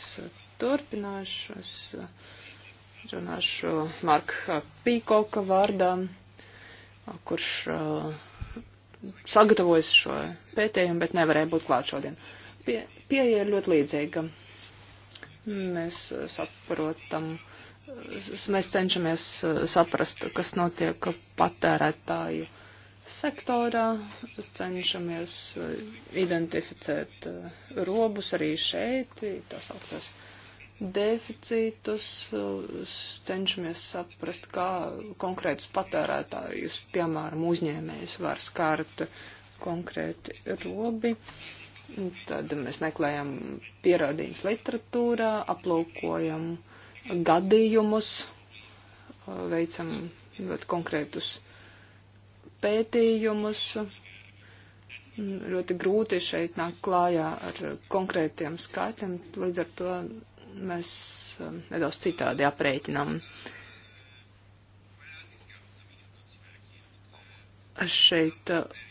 turpināšu. Es eh, runāšu Marka eh, Pīkoka vārdā, eh, kurš sagatavojas šo pētījumu, bet nevarēja būt klāt šodien. Pie, pieeja ir ļoti līdzīga. Mēs saprotam, mēs cenšamies saprast, kas notiek patērētāju sektorā, cenšamies eh, identificēt eh, robus arī šeit, tās augstās deficītus, eh, cenšamies saprast, kā konkrētus patērētājus, piemēram, uzņēmējus var skārt konkrēti robi. Tad mēs meklējam pierādījumus literatūrā, aplūkojam gadījumus, veicam ļoti konkrētus pētījumus. Ļoti grūti šeit nāk klājā ar konkrētiem skaitļiem, līdz ar to mēs um, nedaudz citādi aprēķinām šeit uh,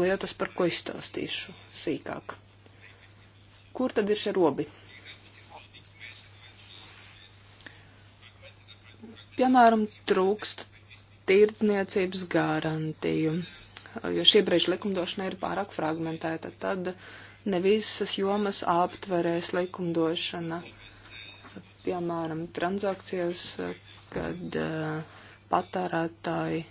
lietas, par ko izstāstīšu sīkāk. Kur tad ir šie robi? Piemēram, trūkst tirdzniecības garantiju, jo šī brīža likumdošana ir pārāk fragmentēta, tad ne visas jomas aptverēs likumdošana, piemēram, transakcijas, kad eh, patērētāji eh,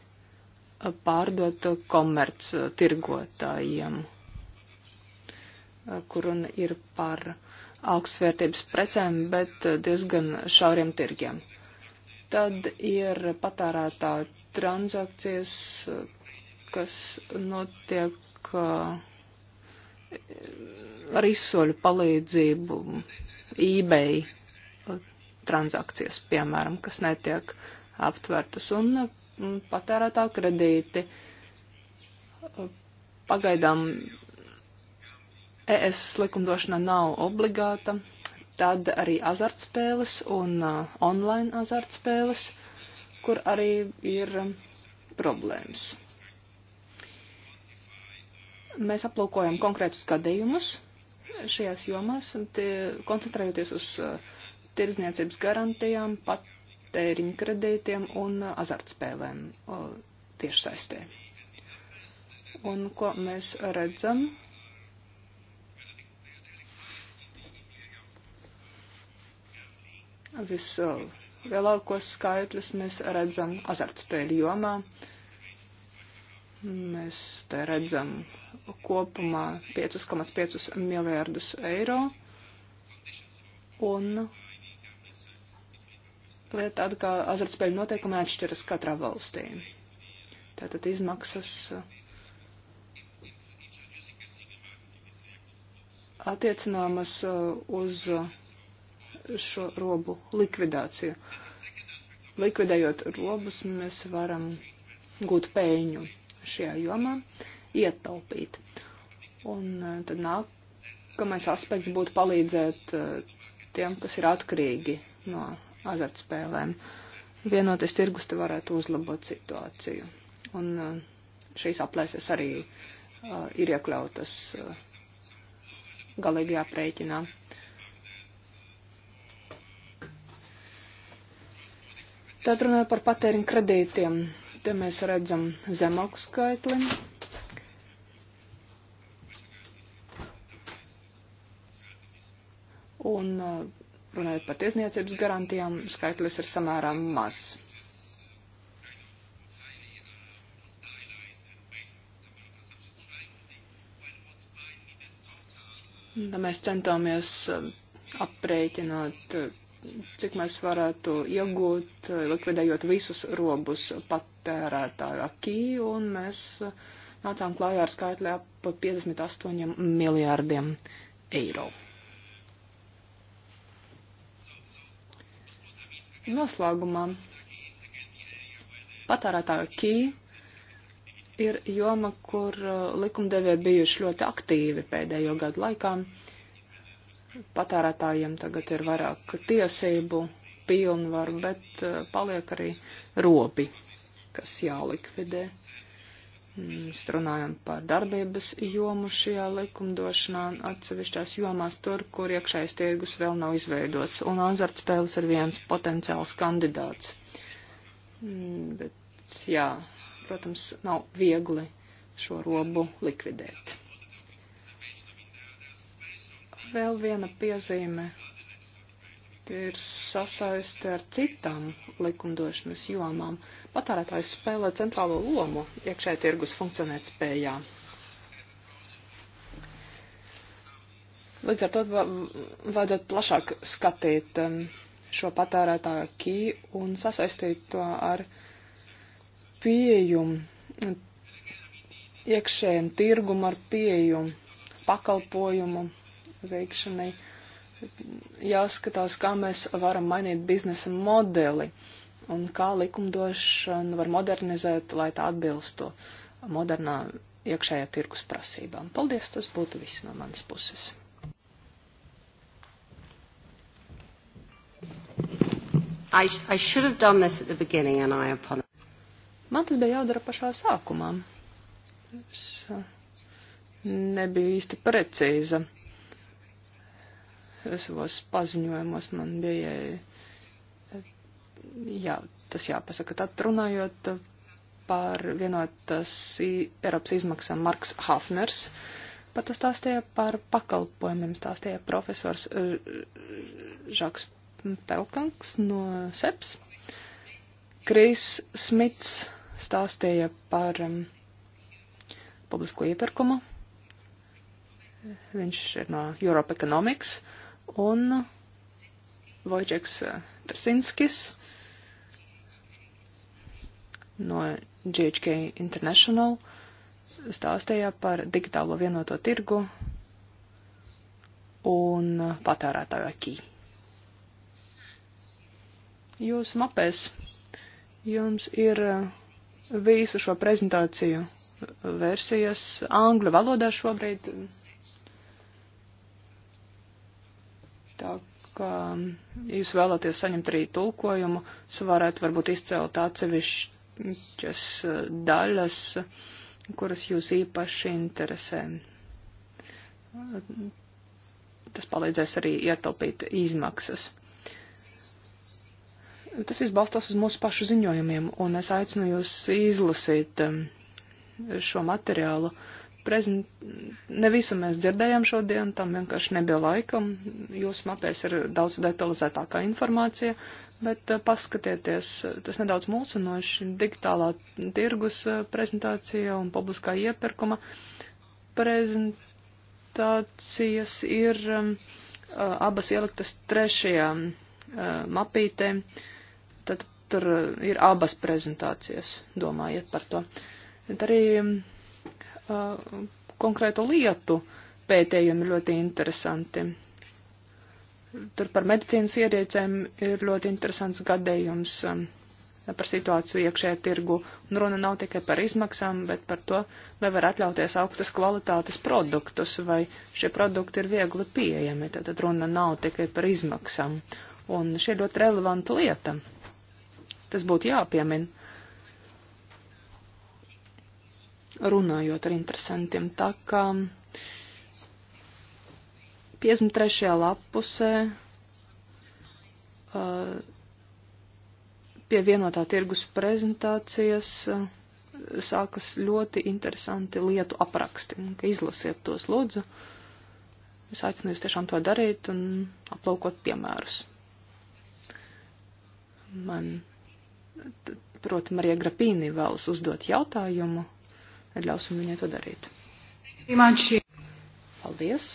pārdot komerc tirgotājiem, eh, kur un ir par augstsvērtības precēm, bet diezgan šauriem tirgiem. Tad ir patērētāji transakcijas, kas notiek ar izsoļu palīdzību, eBay transakcijas, piemēram, kas netiek aptvertas un patērētā kredīti. Pagaidām ES likumdošana nav obligāta, tad arī azartspēles un uh, online azartspēles uh, kur arī ir um, problēmas. Mēs aplūkojam konkrētus gadījumus šajās jomās, koncentrējoties uz uh, tirdzniecības garantijām, patēriņu kredītiem un uh, azartspēlēm uh, tiešsaistē. Un ko mēs redzam? Viss Lielākos skaitļus mēs redzam azartspēļu jomā. Mēs te redzam kopumā 5,5 miljārdus eiro. Un lieta tāda, ka azartspēļu noteikumi atšķiras katrā valstī. Tātad izmaksas attiecināmas uh, uz. Uh, šo robu likvidāciju. Likvidējot robus, mēs varam gūt peļņu šajā jomā, ietaupīt. Un e, tad nākamais aspekts būtu palīdzēt e, tiem, kas ir atkarīgi no azartspēlēm. Vienoties tirgus te varētu uzlabot situāciju. Un e, šīs aplēses arī uh, ir iekļautas uh, galīgajā prēķinā. Uh, Tad runāju par patēriņu kredītiem. Te mēs redzam zemāku skaitli. Un uh, runājot par tiesniecības garantijām, skaitlis ir samērā mazs. Tā mēs centāmies uh, aprēķināt uh, cik mēs varētu iegūt, likvidējot visus robus patērētāju akī, un mēs nācām klājā ar skaitļā pa 58 miljārdiem eiro. Noslēgumā patērētāju akī ir joma, kur uh, likumdevē bijuši ļoti aktīvi pēdējo gadu laikā. Uh, patērētājiem tagad ir vairāk tiesību, pilnvaru, bet eh, paliek arī robi, kas jālikvidē. Mm, mēs runājam par darbības jomu šajā likumdošanā, atsevišķās jomās tur, kur iekšējais tirgus vēl nav izveidots, un azartspēles ir viens potenciāls kandidāts. Mm, bet, jā, protams, nav viegli šo robu likvidēt. Vēl viena piezīme ir sasaisti ar citām likumdošanas jomām. Patērētājs spēlē centrālo lomu iekšē tirgus funkcionēt spējā. Līdz ar to vajadzētu plašāk skatīt um, šo patērētāju kī un sasaistīt to ar pieejumu, iekšējiem tirgumu ar pieejumu, pakalpojumu veikšanai jāskatās, kā mēs varam mainīt biznesa modeli un kā likumdošanu var modernizēt, lai tā atbilstu modernā iekšējā tirkus prasībām. Paldies, tas būtu viss no manas puses. I, I should have done this at the beginning and I apologize. Man tas bija jādara pašā sākumā. Es eh, nebiju īsti precīza savos paziņojumos man bija jā, tas jāpasaka. Tad runājot par vienotas Eiropas izmaksām, Marks Hafners par to stāstīja par pakalpojumiem, stāstīja profesors e, Žaks Pelkanks no SEPS. Kris Smits stāstīja par um, publisko iepirkumu. Viņš ir no Europe Economics. Uh, un Vojģeks Persinskis no GHK International stāstīja par digitālo vienoto tirgu un patērētāju akī. Jūsu mapēs jums ir visu šo prezentāciju versijas angļu valodā šobrīd Tā ka jūs vēlaties saņemt arī tulkojumu, jūs varētu varbūt izcelt atsevišķas eh, daļas, kuras jūs īpaši interesē. Tas palīdzēs arī ietaupīt izmaksas. Tas viss balstās uz mūsu pašu ziņojumiem, un es aicinu jūs izlasīt eh, šo materiālu. Uh, prezent... ne visu mēs dzirdējām šodien, tam vienkārši nebija laika. Jūsu mapēs ir daudz detalizētākā informācija, bet eh, paskatieties, tas nedaudz mulsinoši digitālā tirgus eh, prezentācija un publiskā iepirkuma prezentācijas ir um, eh, abas ieliktas trešajā mapītē. Tad tur ir abas prezentācijas, domājiet par to. Bet arī um, uh, konkrēto lietu pētījumi ļoti interesanti. Tur par medicīnas ierīcēm ir ļoti interesants gadījums um, par situāciju iekšējā tirgu. Un runa nav tikai par izmaksām, bet par to, vai var atļauties augstas kvalitātes produktus, vai šie produkti ir viegli pieejami. Tad runa nav tikai par izmaksām. Un šī ir ļoti relevanta lieta. Tas būtu jāpiemina runājot ar interesantiem. Tā kā 53. lapusē pie vienotā tirgus prezentācijas sākas ļoti interesanti lietu apraksti. Izlasiet tos lūdzu. Es aicinu jūs tiešām to darīt un aplaukot piemērus. Man, protams, Marija Grapīni vēlas uzdot jautājumu ir ļausim viņai to darīt. Paldies!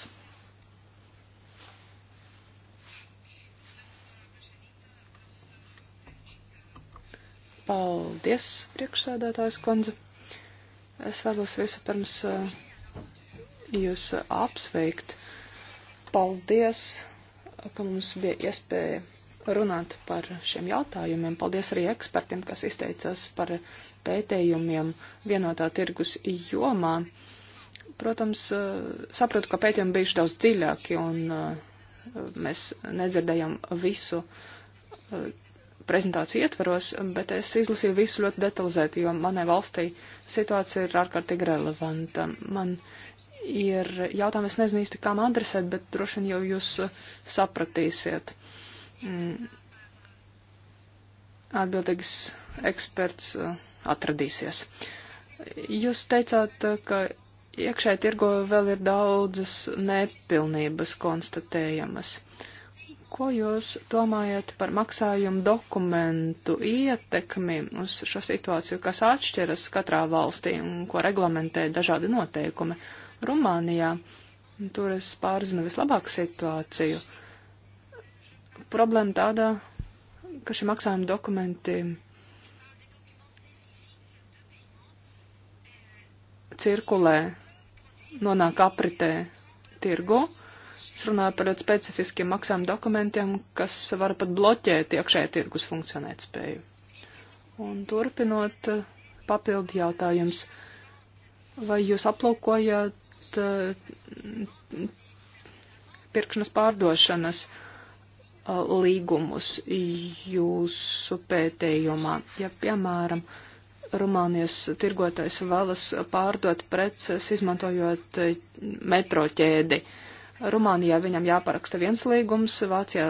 Paldies, priekšsēdētājs kundze. Es vēlos visu pirms eh, jūs apsveikt. Paldies, ka mums bija iespēja runāt par šiem jautājumiem. Paldies arī ekspertiem, kas izteicās par pētējumiem vienotā tirgus jomā. Protams, eh, saprotu, ka pētījumi bijuši daudz dziļāki un eh, mēs nedzirdējam visu eh, prezentāciju ietvaros, bet es izlasīju visu ļoti detalizēti, jo manai valstī situācija ir ārkārtīgi relevanta. Man ir jautājums, es nezinu īsti, kam adresēt, bet droši vien jau jūs sapratīsiet. Uh, Mm. atbildīgs eksperts uh, atradīsies. Jūs teicāt, uh, ka iekšē tirgo vēl ir daudzas nepilnības konstatējamas. Ko jūs domājat par maksājumu dokumentu ietekmi uz šo situāciju, kas atšķiras katrā valstī un ko reglamentē dažādi noteikumi? Rumānijā tur es pārzinu vislabāk situāciju. Uh, problēma tāda, ka šie maksājuma dokumenti cirkulē, nonāk apritē tirgu. Es runāju par ļoti specifiskiem maksājuma dokumentiem, kas var pat bloķēt iekšēja tirgus funkcionēt spēju. Un turpinot papildu jautājums, vai jūs aplūkojat eh, pirkšanas pārdošanas uh, līgumus jūsu pētījumā. Ja, piemēram, Rumānijas tirgotais valas pārdot preces, izmantojot eh, metro ķēdi. Rumānijā viņam jāparaksta viens līgums, Vācijā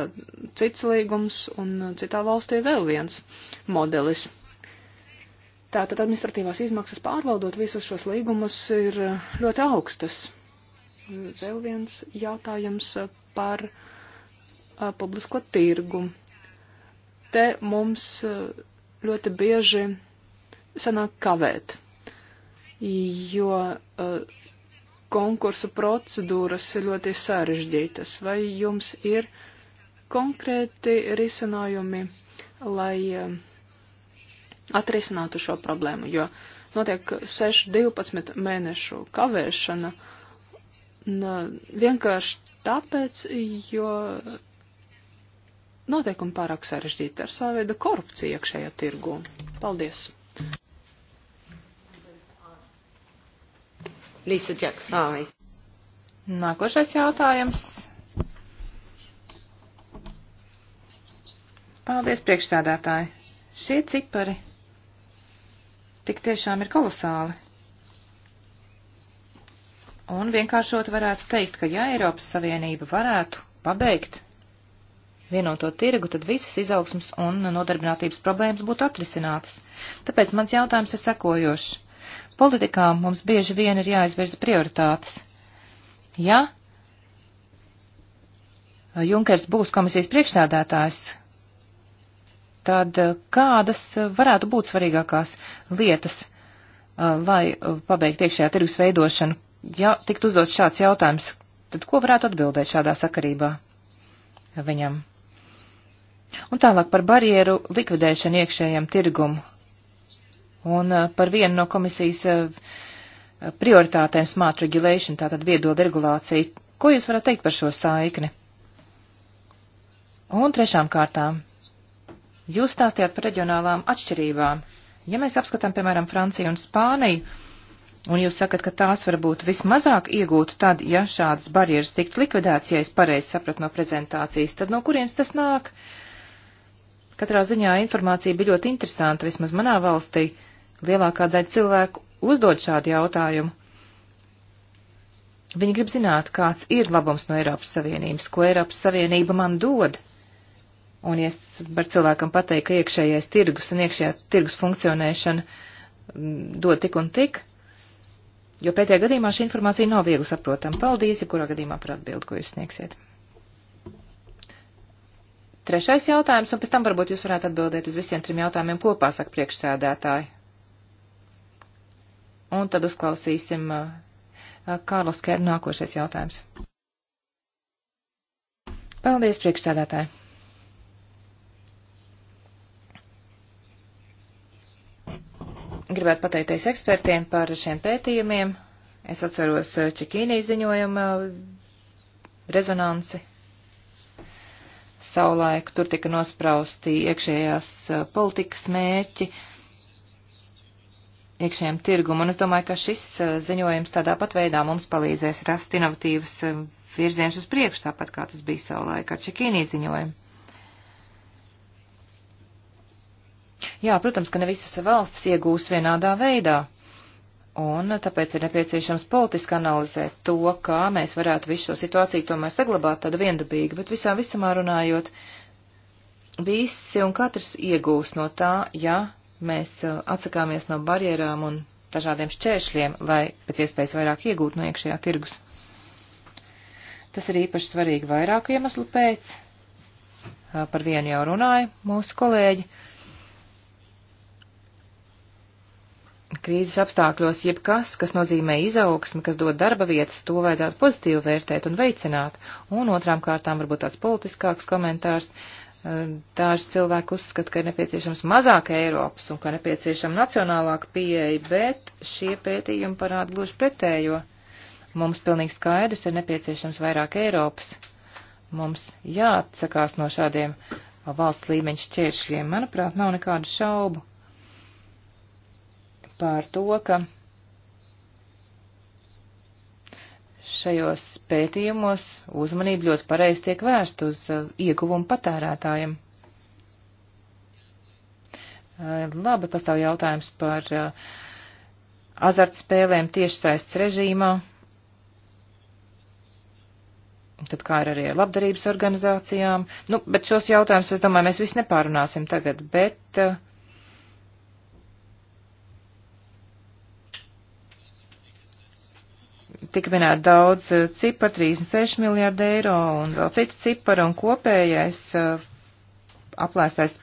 cits līgums un citā valstī vēl viens modelis. Tātad administratīvās izmaksas pārvaldot visus šos līgumus ir ļoti augstas. Vēl viens jautājums par uh, publisko tirgu. Te mums ļoti bieži sanāk kavēt, jo konkursu procedūras ir ļoti sarežģītas. Vai jums ir konkrēti risinājumi, lai atrisinātu šo problēmu? Jo notiek 6-12 mēnešu kavēšana vienkārši tāpēc, jo noteikumi pārāk sarežģīti ar savu veidu korupciju iekšējā tirgu. Paldies! Lisa Džeksāvi. Nākošais jautājums. Paldies, priekšsādātāji. Šie cipari tik tiešām ir kolosāli. Un vienkāršot varētu teikt, ka ja Eiropas Savienība varētu pabeigt vienoto tirgu, tad visas izaugsmas un nodarbinātības problēmas būtu atrisinātas. Tāpēc mans jautājums ir sekojošs. Politikā mums bieži vien ir jāizvirza prioritātes. Ja Junkers būs komisijas priekšsēdētājs, tad eh, kādas varētu būt svarīgākās lietas, eh, lai eh, pabeigtu iekšējā tirgus veidošanu? Ja tikt uzdot šāds jautājums, tad ko varētu atbildēt šādā sakarībā viņam? Un tālāk par barjeru likvidēšanu iekšējam tirgumu un eh, par vienu no komisijas eh, prioritātēm smart regulation, tātad viedola regulācija. Ko jūs varat teikt par šo saikni? Un trešām kārtām, jūs stāstījāt par reģionālām atšķirībām. Ja mēs apskatām, piemēram, Franciju un Spāniju, un jūs sakat, ka tās varbūt vismazāk iegūtu tad, ja šādas barjeras tiktu likvidēts, ja es pareizi sapratu no prezentācijas, tad no kurienes tas nāk? Uh, Katrā ziņā informācija bija ļoti interesanta, vismaz manā valstī. Lielākā daļa cilvēku uzdod šādu jautājumu. Viņi grib zināt, kāds ir labums no Eiropas Savienības, ko Eiropas Savienība man dod. Un ja var cilvēkam pateikt, ka iekšējais tirgus un iekšējā tirgus funkcionēšana mm, dod tik un tik, jo pēdējā gadījumā šī informācija nav viegli saprotama. Paldies, ja kurā gadījumā par atbildi, ko jūs sniegsiet. Trešais jautājums, un pēc tam varbūt jūs varētu atbildēt uz visiem trim jautājumiem kopā, saka priekšsēdētāji. Un tad uzklausīsim uh, Kārlis Kēr nākošais jautājums. Paldies, priekšsēdētāji! Gribētu pateikties ekspertiem par šiem pētījumiem. Es atceros uh, Čekīnī ziņojuma uh, rezonansi savulaik tur tika nosprausti iekšējās e, politikas mērķi iekšējiem tirgumu, un es domāju, ka šis e, ziņojums tādā pat veidā mums palīdzēs rast inovatīvas e, virziens uz priekšu, tāpat kā tas bija savulaik ar Čekīnī ziņojumu. Jā, protams, ka ne visas valstis iegūs vienādā veidā Un tāpēc ir nepieciešams politiski analizēt to, kā mēs varētu visu šo situāciju tomēr saglabāt tādu viendabīgu, bet visā visumā runājot, visi un katrs iegūs no tā, ja mēs uh, atsakāmies no barjerām un dažādiem šķēršļiem, lai pēc iespējas vairāk iegūtu no iekšējā tirgus. Tas ir īpaši svarīgi vairāku iemeslu pēc. Uh, par vienu jau runāja mūsu kolēģi. krīzes apstākļos jebkas, kas nozīmē izaugsmi, kas dod darba vietas, to vajadzētu pozitīvi vērtēt un veicināt. Un otrām kārtām varbūt tāds politiskāks komentārs. Eh, Daži cilvēki uzskata, ka ir nepieciešams mazāk Eiropas un ka nepieciešama nacionālāka pieeja, bet šie pētījumi parāda gluži pretējo. Mums pilnīgi skaidrs ir nepieciešams vairāk Eiropas. Mums jāatsakās no šādiem valsts līmeņa šķēršļiem. Manuprāt, nav nekādu šaubu par to, ka šajos pētījumos uzmanība ļoti pareizi tiek vērst uz uh, ieguvumu patērētājiem. Uh, labi, pastāv jautājums par uh, azartspēlēm tiešsaists režīmā. Tad kā ir arī ar labdarības organizācijām. Nu, bet šos jautājumus, es domāju, mēs visi nepārunāsim tagad, bet uh, Tik minēt daudz eh, cipar, 36 miljārdi eiro un vēl citi cipari un kopējais eh, aplēstais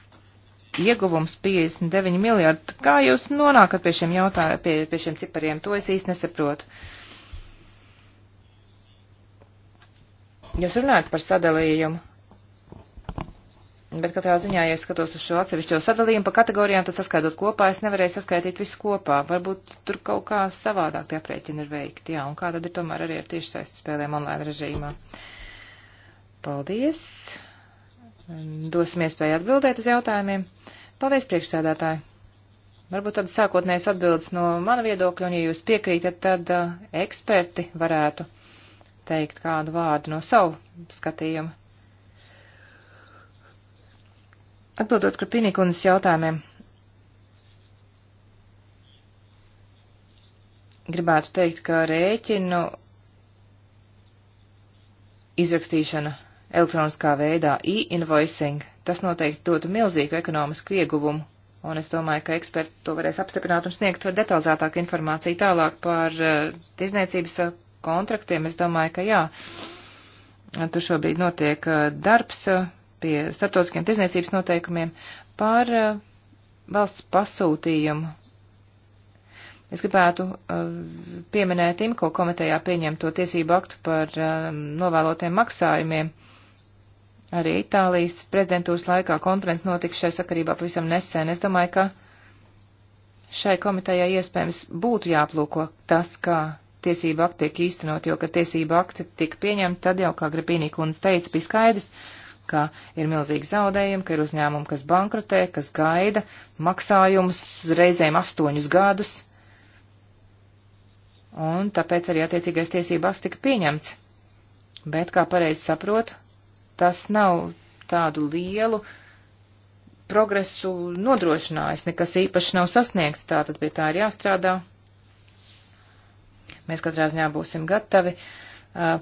ieguvums 59 miljārdi. Kā jūs nonākat pie šiem jautājumiem, pie, pie šiem cipariem? To es īsti nesaprotu. Jūs runājat par sadalījumu Bet katrā ziņā, ja es skatos uz šo atsevišķo sadalījumu pa kategorijām, tad saskaidot kopā, es nevarēju saskaitīt visu kopā. Varbūt tur kaut kā savādāk tie aprēķini ir veikti. Jā, un kā tad ir tomēr arī ar tiešsaistes spēlēm online režīmā? Paldies. Dosim iespēju atbildēt uz jautājumiem. Paldies, priekšsēdētāji. Varbūt tad sākotnējas atbildes no mana viedokļa, un ja jūs piekrītat, tad uh, eksperti varētu teikt kādu vārdu no savu skatījumu. Atbildot Krapinīkunas jautājumiem, gribētu teikt, ka rēķinu izrakstīšana elektroniskā veidā e-invoicing, tas noteikti dotu milzīgu ekonomisku ieguvumu, un es domāju, ka eksperti to varēs apstiprināt un sniegt detalizētāku informāciju tālāk par uh, tirzniecības eh, kontraktiem. Es domāju, ka jā, tur šobrīd notiek uh, darbs. Uh, pie starptautiskiem tirzniecības noteikumiem par eh, valsts pasūtījumu. Es gribētu eh, pieminēt IMCO komitejā pieņemto tiesību aktu par eh, novēlotiem maksājumiem. Arī Itālijas prezidentūras laikā konferences notika šai sakarībā pavisam nesen. Es domāju, ka šai komitejai iespējams būtu jāplūko tas, kā tiesība akti tiek īstenot, jo, kad tiesība akti tika pieņemta, tad jau, kā Grapīnī kundze teica, bija skaidrs, uh, ka ir milzīgi zaudējumi, ka ir uzņēmumi, kas bankrotē, kas gaida maksājumus reizēm astoņus gadus. Un tāpēc arī attiecīgais tiesībās tika pieņemts. Bet, kā pareizi saprotu, tas nav tādu lielu progresu nodrošinājis, nekas īpaši nav sasniegts, tātad pie tā ir jāstrādā. Mēs katrā ziņā būsim gatavi uh,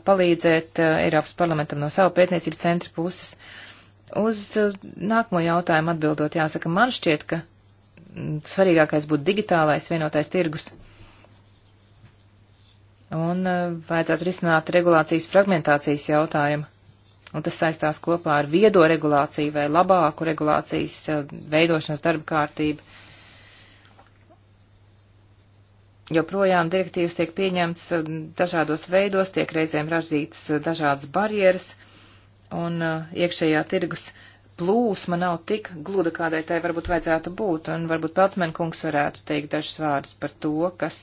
palīdzēt Eiropas parlamentam no savu pētniecību centra puses. Uz nākamo jautājumu atbildot, jāsaka, man šķiet, ka svarīgākais būtu digitālais vienotais tirgus. Un vajadzētu risināt regulācijas fragmentācijas jautājumu. Un tas saistās kopā ar viedo regulāciju vai labāku regulācijas veidošanas darba kārtību joprojām direktīvas tiek pieņemts um, dažādos veidos, tiek reizēm radīts uh, dažādas barjeras, un uh, iekšējā tirgus plūsma nav tik gluda, kādai tai varbūt vajadzētu būt, un varbūt Peltmenkungs varētu teikt dažus vārdus par to, kas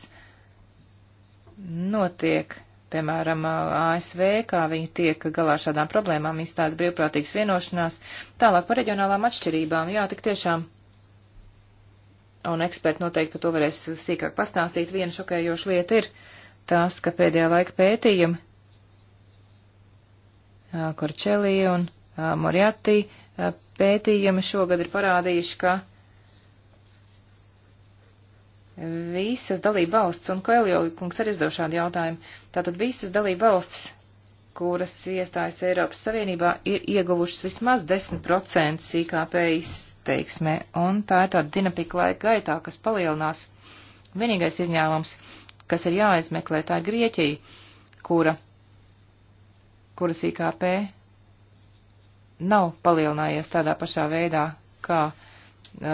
notiek, piemēram, uh, ASV, kā viņi tiek galā šādām problēmām, izstāsta brīvprātīgas vienošanās, tālāk par reģionālām atšķirībām, jā, tik tiešām un eksperti noteikti par to varēs sīkāk pastāstīt, viena šokējoša lieta ir tās, ka pēdējā laika pētījumi Korčelī un Moriati pētījumi šogad ir parādījuši, ka visas dalība valsts, un Koeljo kungs arī izdev šādu jautājumu, tātad visas dalība valsts, kuras iestājas Eiropas Savienībā, ir ieguvušas vismaz 10% IKP izteiksmē, un tā ir tāda dinamika laika gaitā, kas palielinās. Vienīgais izņēmums, kas ir jāizmeklē, tā ir Grieķija, kura, kuras IKP nav palielinājies tādā pašā veidā, kā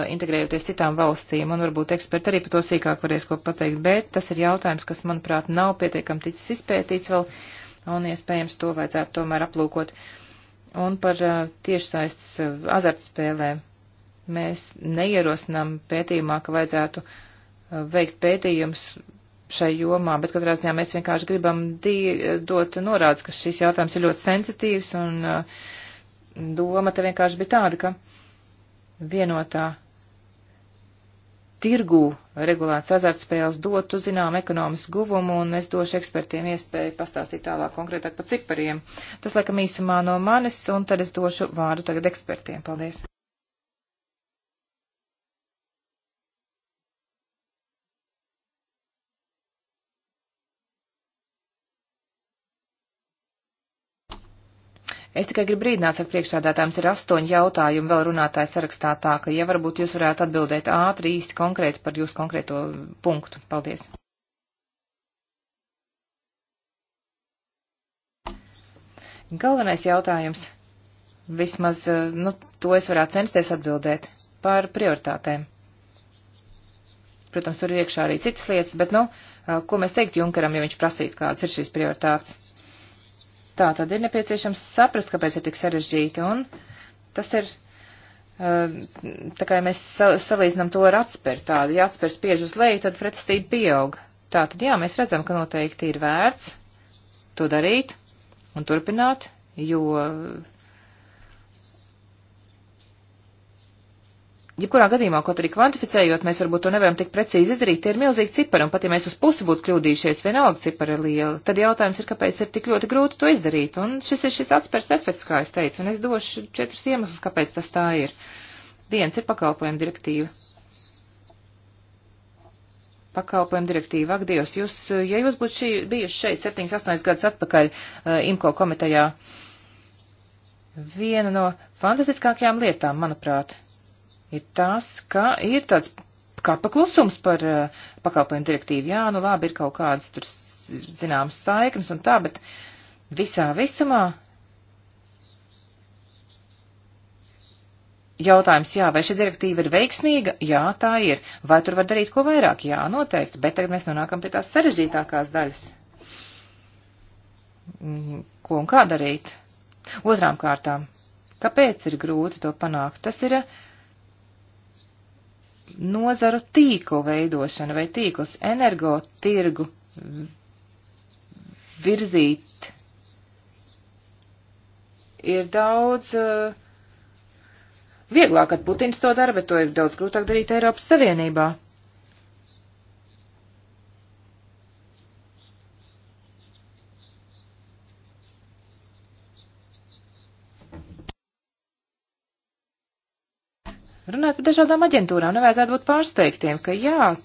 integrējoties citām valstīm, un varbūt eksperti arī par to sīkāk varēs ko pateikt, bet tas ir jautājums, kas, manuprāt, nav pietiekami ticis izpētīts vēl, un iespējams to vajadzētu tomēr aplūkot. Un par tiešsaistes azartspēlēm Mēs neierosinām pētījumā, ka vajadzētu uh, veikt pētījums šai jomā, bet katrā ziņā mēs vienkārši gribam dot norādes, ka šis jautājums ir ļoti sensitīvs un uh, doma te vienkārši bija tāda, ka vienotā tirgū regulēts azartspēles dotu zinām ekonomisku guvumu, un es došu ekspertiem iespēju pastāstīt tālāk konkrētāk par cipariem. Tas, laikam, īsumā no manis, un tad es došu vārdu tagad ekspertiem. Paldies! Es tikai gribu brīdināt, ka priekšsādātājums ir astoņi jautājumi vēl runātāja sarakstā tā, ka, ja varbūt jūs varētu atbildēt ātri, īsti konkrēti par jūsu konkrēto punktu. Paldies. Galvenais jautājums, vismaz, eh, nu, to es varētu censties atbildēt par prioritātēm. Protams, tur ir iekšā arī citas lietas, bet, nu, eh, ko mēs teikt Junkeram, ja viņš prasītu, kādas ir šīs prioritātes? Tā tad ir nepieciešams saprast, kāpēc ir tik sarežģīti, un tas ir, eh, tā kā mēs salīdzinām to ar atspēru tādu, ja atspērs spiež uz leju, tad pretestība pieaug. Tā tad jā, mēs redzam, ka noteikti ir vērts to darīt un turpināt, jo jebkurā ja gadījumā, kaut arī kvantificējot, mēs varbūt to nevaram tik precīzi izdarīt, tie ir milzīgi cipari, un pat ja mēs uz pusi būtu kļūdījušies, vienalga cipari ir liela, tad jautājums ir, kāpēc ir tik ļoti grūti to izdarīt, un šis ir šis atspērs efekts, kā es teicu, un es došu četrus iemeslus, kāpēc tas tā ir. Viens ir pakalpojuma direktīva. Pakalpojuma direktīva, ak, Dievs, jūs, ja jūs būtu šī, bijuši šeit 7-8 gadus atpakaļ uh, IMCO komitejā, viena no fantastiskākajām lietām, manuprāt, ir tas, ka ir tāds kā paklusums par uh, pakalpojumu direktīvu. Jā, nu labi, ir kaut kādas tur zināmas saiknes un tā, bet visā visumā Jautājums, jā, vai šī direktīva ir veiksmīga? Jā, tā ir. Vai tur var darīt ko vairāk? Jā, noteikti, bet tagad mēs nonākam pie tās sarežģītākās daļas. Mm, ko un kā darīt? Otrām kārtām, kāpēc ir grūti to panākt? Tas ir uh, nozaru tīklu veidošana vai tīkls energo tirgu virzīt. Ir daudz uh, vieglāk, kad Putins to dara, bet to ir daudz grūtāk darīt Eiropas Savienībā. runāt par dažādām aģentūrām, nevajadzētu būt pārsteigtiem, ka jā,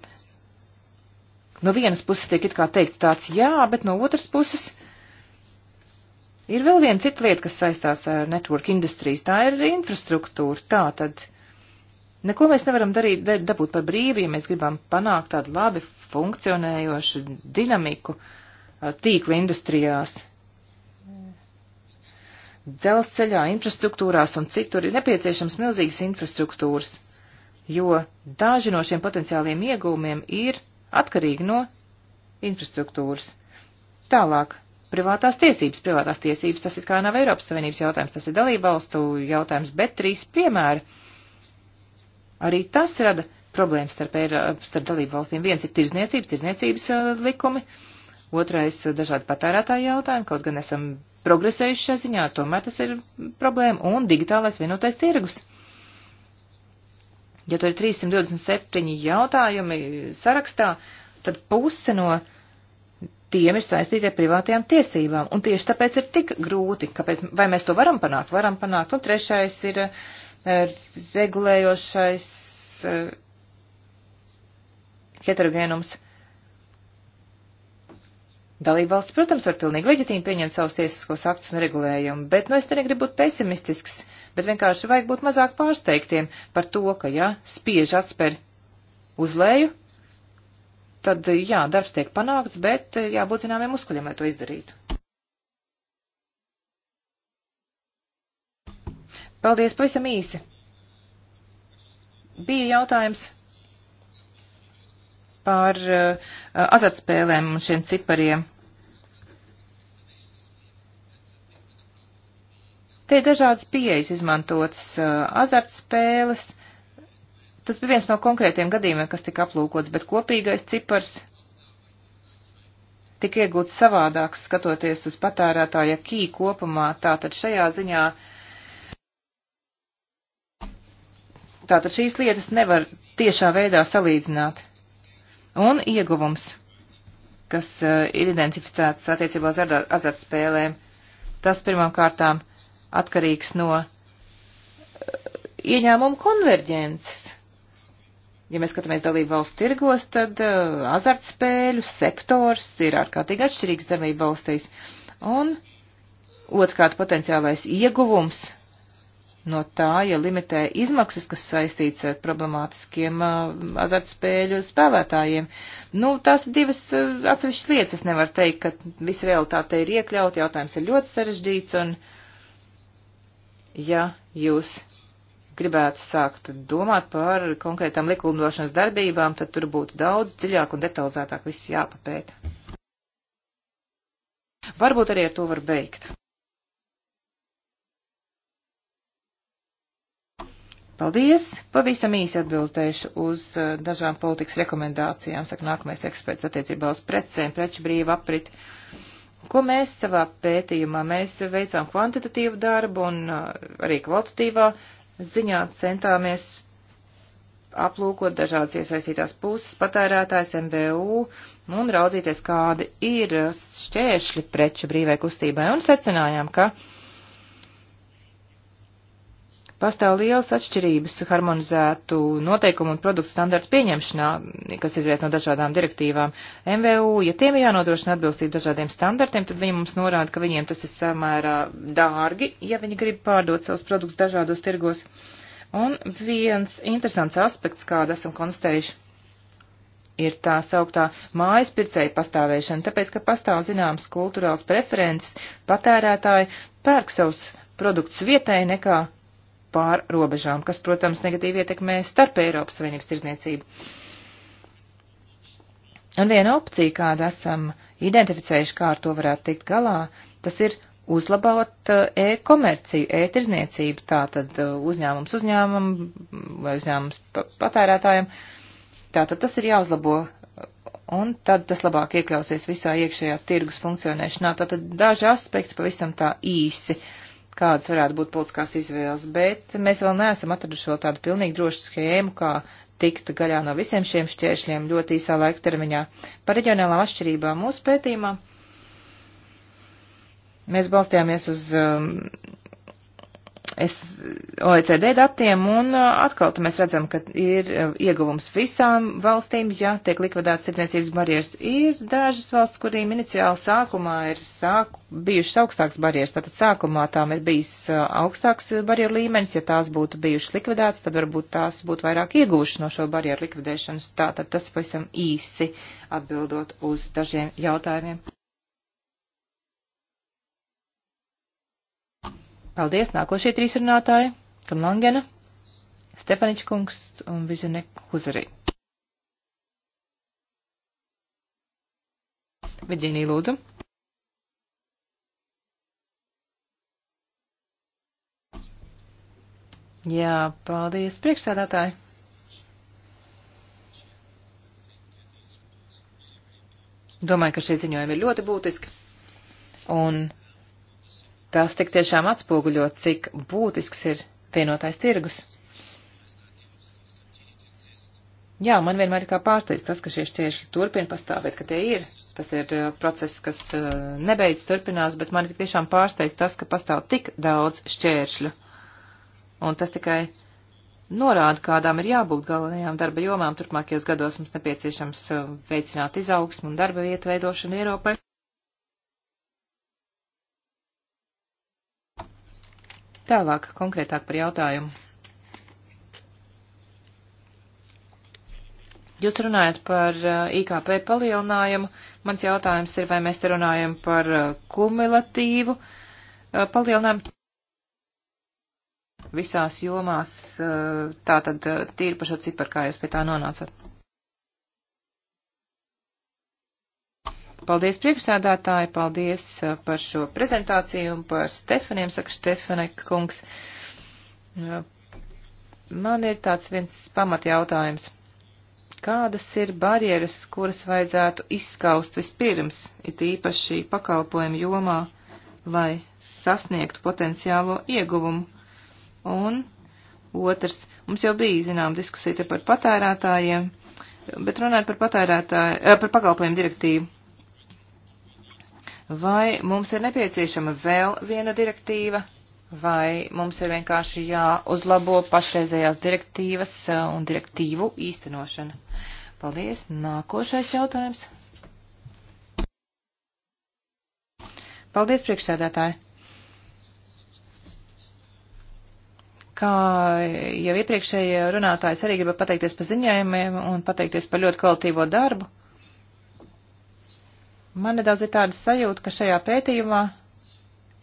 no vienas puses tiek it kā teikt tāds jā, bet no otras puses ir vēl viena cita lieta, kas saistās ar network industrijas, tā ir infrastruktūra, tā tad neko mēs nevaram darīt, dabūt par brīvi, ja mēs gribam panākt tādu labi funkcionējošu dinamiku tīkla industrijās dzelzceļā, infrastruktūrās un citur ir nepieciešams milzīgas infrastruktūras, jo daži no šiem potenciāliem iegūmiem ir atkarīgi no infrastruktūras. Tālāk, privātās tiesības. Privātās tiesības tas ir kā nav Eiropas Savienības jautājums, tas ir dalībvalstu jautājums, bet trīs piemēri. Arī tas rada problēmas starp, Eiro, starp dalībvalstīm. Viens ir tirzniecība, tirzniecības eh, likumi, otrais eh, dažādi patērētāji jautājumi, kaut gan esam progresējuši šajā ziņā, tomēr tas ir problēma un digitālais vienotais tirgus. Ja tur ir 327 jautājumi sarakstā, tad puse no tiem ir saistīti ar privātajām tiesībām. Un tieši tāpēc ir tik grūti, kāpēc, vai mēs to varam panākt, varam panākt. Un trešais ir eh, regulējošais eh, heterogēnums. Dalībvalsts, protams, var pilnīgi leģitīmi pieņemt savus tiesiskos aktus un regulējumu, bet, nu, es te negribu būt pesimistisks, bet vienkārši vajag būt mazāk pārsteigtiem par to, ka, ja spiež atspēr uz leju, tad, jā, darbs tiek panākts, bet jābūt zināmiem muskuļiem, lai to izdarītu. Paldies, pavisam īsi. Bija jautājums par uh, azartspēlēm un šiem cipariem. Te ir dažādas pieejas izmantotas uh, azartspēles. Tas bija viens no konkrētiem gadījumiem, kas tika aplūkots, bet kopīgais cipars tika iegūts savādāks, skatoties uz patērētāja kī kopumā. Tātad šajā ziņā. Tātad šīs lietas nevar tiešā veidā salīdzināt. Un ieguvums, kas uh, ir identificēts attiecībā uz azartspēlēm, tas pirmām kārtām atkarīgs no eh, ieņēmumu konverģences. Ja mēs skatāmies dalību valsts tirgos, tad uh, azartspēļu sektors ir ārkārtīgi atšķirīgs dalību valstīs. Un otrkārt potenciālais ieguvums no tā, ja limitē izmaksas, kas saistīts ar problemātiskiem uh, azartspēļu spēlētājiem. Nu, tās divas uh, atsevišķas lietas. Es nevaru teikt, ka visa realitāte ir iekļauta, jautājums ir ļoti sarežģīts. Un, uh, ja jūs gribētu sākt domāt par konkrētām likumdošanas darbībām, tad tur būtu daudz dziļāk un detalizētāk viss jāpapēta. Varbūt arī ar to var beigt. Paldies! Pavisam īsi atbildēšu uz eh, dažām politikas rekomendācijām, saka nākamais eksperts attiecībā uz precēm, preču brīvu aprit. Uh, Ko mēs savā pētījumā? Mēs veicām kvantitatīvu darbu un uh, arī kvalitatīvā ziņā centāmies aplūkot dažādas iesaistītās puses, patērētājs, MBU un raudzīties, kādi ir šķēršļi preču brīvai kustībai. Un secinājām, ka uh, Pastāv lielas atšķirības harmonizētu noteikumu un produktu standartu pieņemšanā, kas izriet no dažādām direktīvām. MVU, ja tiem ir jānodrošina atbilstība dažādiem standartiem, tad viņi mums norāda, ka viņiem tas ir samērā dārgi, ja viņi grib pārdot savus produktus dažādos tirgos. Un viens interesants aspekts, kādu esam konstatējuši, ir tā sauktā mājas pircēja pastāvēšana, tāpēc, ka pastāv zināmas kulturāls preferences, patērētāji pērk savus produktus vietai nekā pār robežām, kas, protams, negatīvi ietekmē starp Eiropas Savienības tirzniecību. Un viena opcija, kādu esam identificējuši, kā ar to varētu tikt galā, tas ir uzlabot uh, e-komerciju, e-tirzniecību, tātad uh, uzņēmums uzņēmumam vai uzņēmums patērētājiem. Tātad tas ir jāuzlabo, un tad tas labāk iekļausies visā iekšējā tirgus funkcionēšanā. Tātad daži aspekti pavisam tā īsi. Uh, kādas varētu būt politiskās izvēles, bet mēs vēl neesam atraduši vēl tādu pilnīgi drošu schēmu, kā tikt gaļā no visiem šiem šķēršļiem ļoti īsā laika termiņā. Par reģionālām atšķirībām mūsu pētījumā mēs balstījāmies uz um, es, OECD datiem, un uh, atkal mēs redzam, ka ir uh, ieguvums visām valstīm, ja tiek likvidētas tirdzniecības barjeras. Ir dažas valsts, kurīm iniciāli sākumā ir sāku, bijušas augstākas barjeras, tātad sākumā tām ir bijis uh, augstāks barjeru līmenis, ja tās būtu bijušas likvidētas, tad varbūt tās būtu vairāk ieguvušas no šo barjeru likvidēšanas. Tātad tas pavisam īsi atbildot uz dažiem jautājumiem. Paldies, nākošie trīs runātāji - Kanlangena, Stepaničkungs un Vizinek Huzarī. Virģīnija, lūdzu. Jā, paldies, priekšsēdētāji. Domāju, ka šie ziņojumi ir ļoti būtiski. Un tas tik tiešām atspoguļo, cik būtisks ir vienotais tirgus. Jā, man vienmēr ir kā pārsteigts tas, ka šie šķēršļi turpina pastāvēt, ka tie ir. Tas ir uh, process, kas uh, nebeidz turpinās, bet man ir tik tiešām pārsteigts tas, ka pastāv tik daudz šķēršļu. Un tas tikai norāda, kādām ir jābūt galvenajām darba jomām turpmākajos gados mums nepieciešams uh, veicināt izaugsmu un darba vietu veidošanu Eiropai. Tālāk konkrētāk par jautājumu. Jūs runājat par uh, IKP palielinājumu. Mans jautājums ir, vai mēs te runājam par uh, kumulatīvu uh, palielinājumu visās jomās, tātad tīri par šo ciparu, kā jūs pie tā nonācat? Paldies priekšsādātāji, paldies uh, par šo prezentāciju un par Stefaniem, saka Stefanek kungs. Uh, man ir tāds viens pamatjautājums. Kādas ir barjeras, kuras vajadzētu izskaust vispirms, it īpaši pakalpojumu jomā, lai sasniegtu potenciālo ieguvumu? Un otrs, mums jau bija, zinām, diskusija par patērētājiem, bet runājot par patērētāju, eh, par pakalpojumu direktīvu Vai mums ir nepieciešama vēl viena direktīva, vai mums ir vienkārši jāuzlabo pašreizējās direktīvas eh, un direktīvu īstenošana? Paldies. Nākošais jautājums. Paldies, priekšsēdētāji. Kā jau iepriekšējie runātājs arī gribu pateikties par ziņojumiem un pateikties par ļoti kvalitīvo darbu. Man nedaudz ir tāda sajūta, ka šajā pētījumā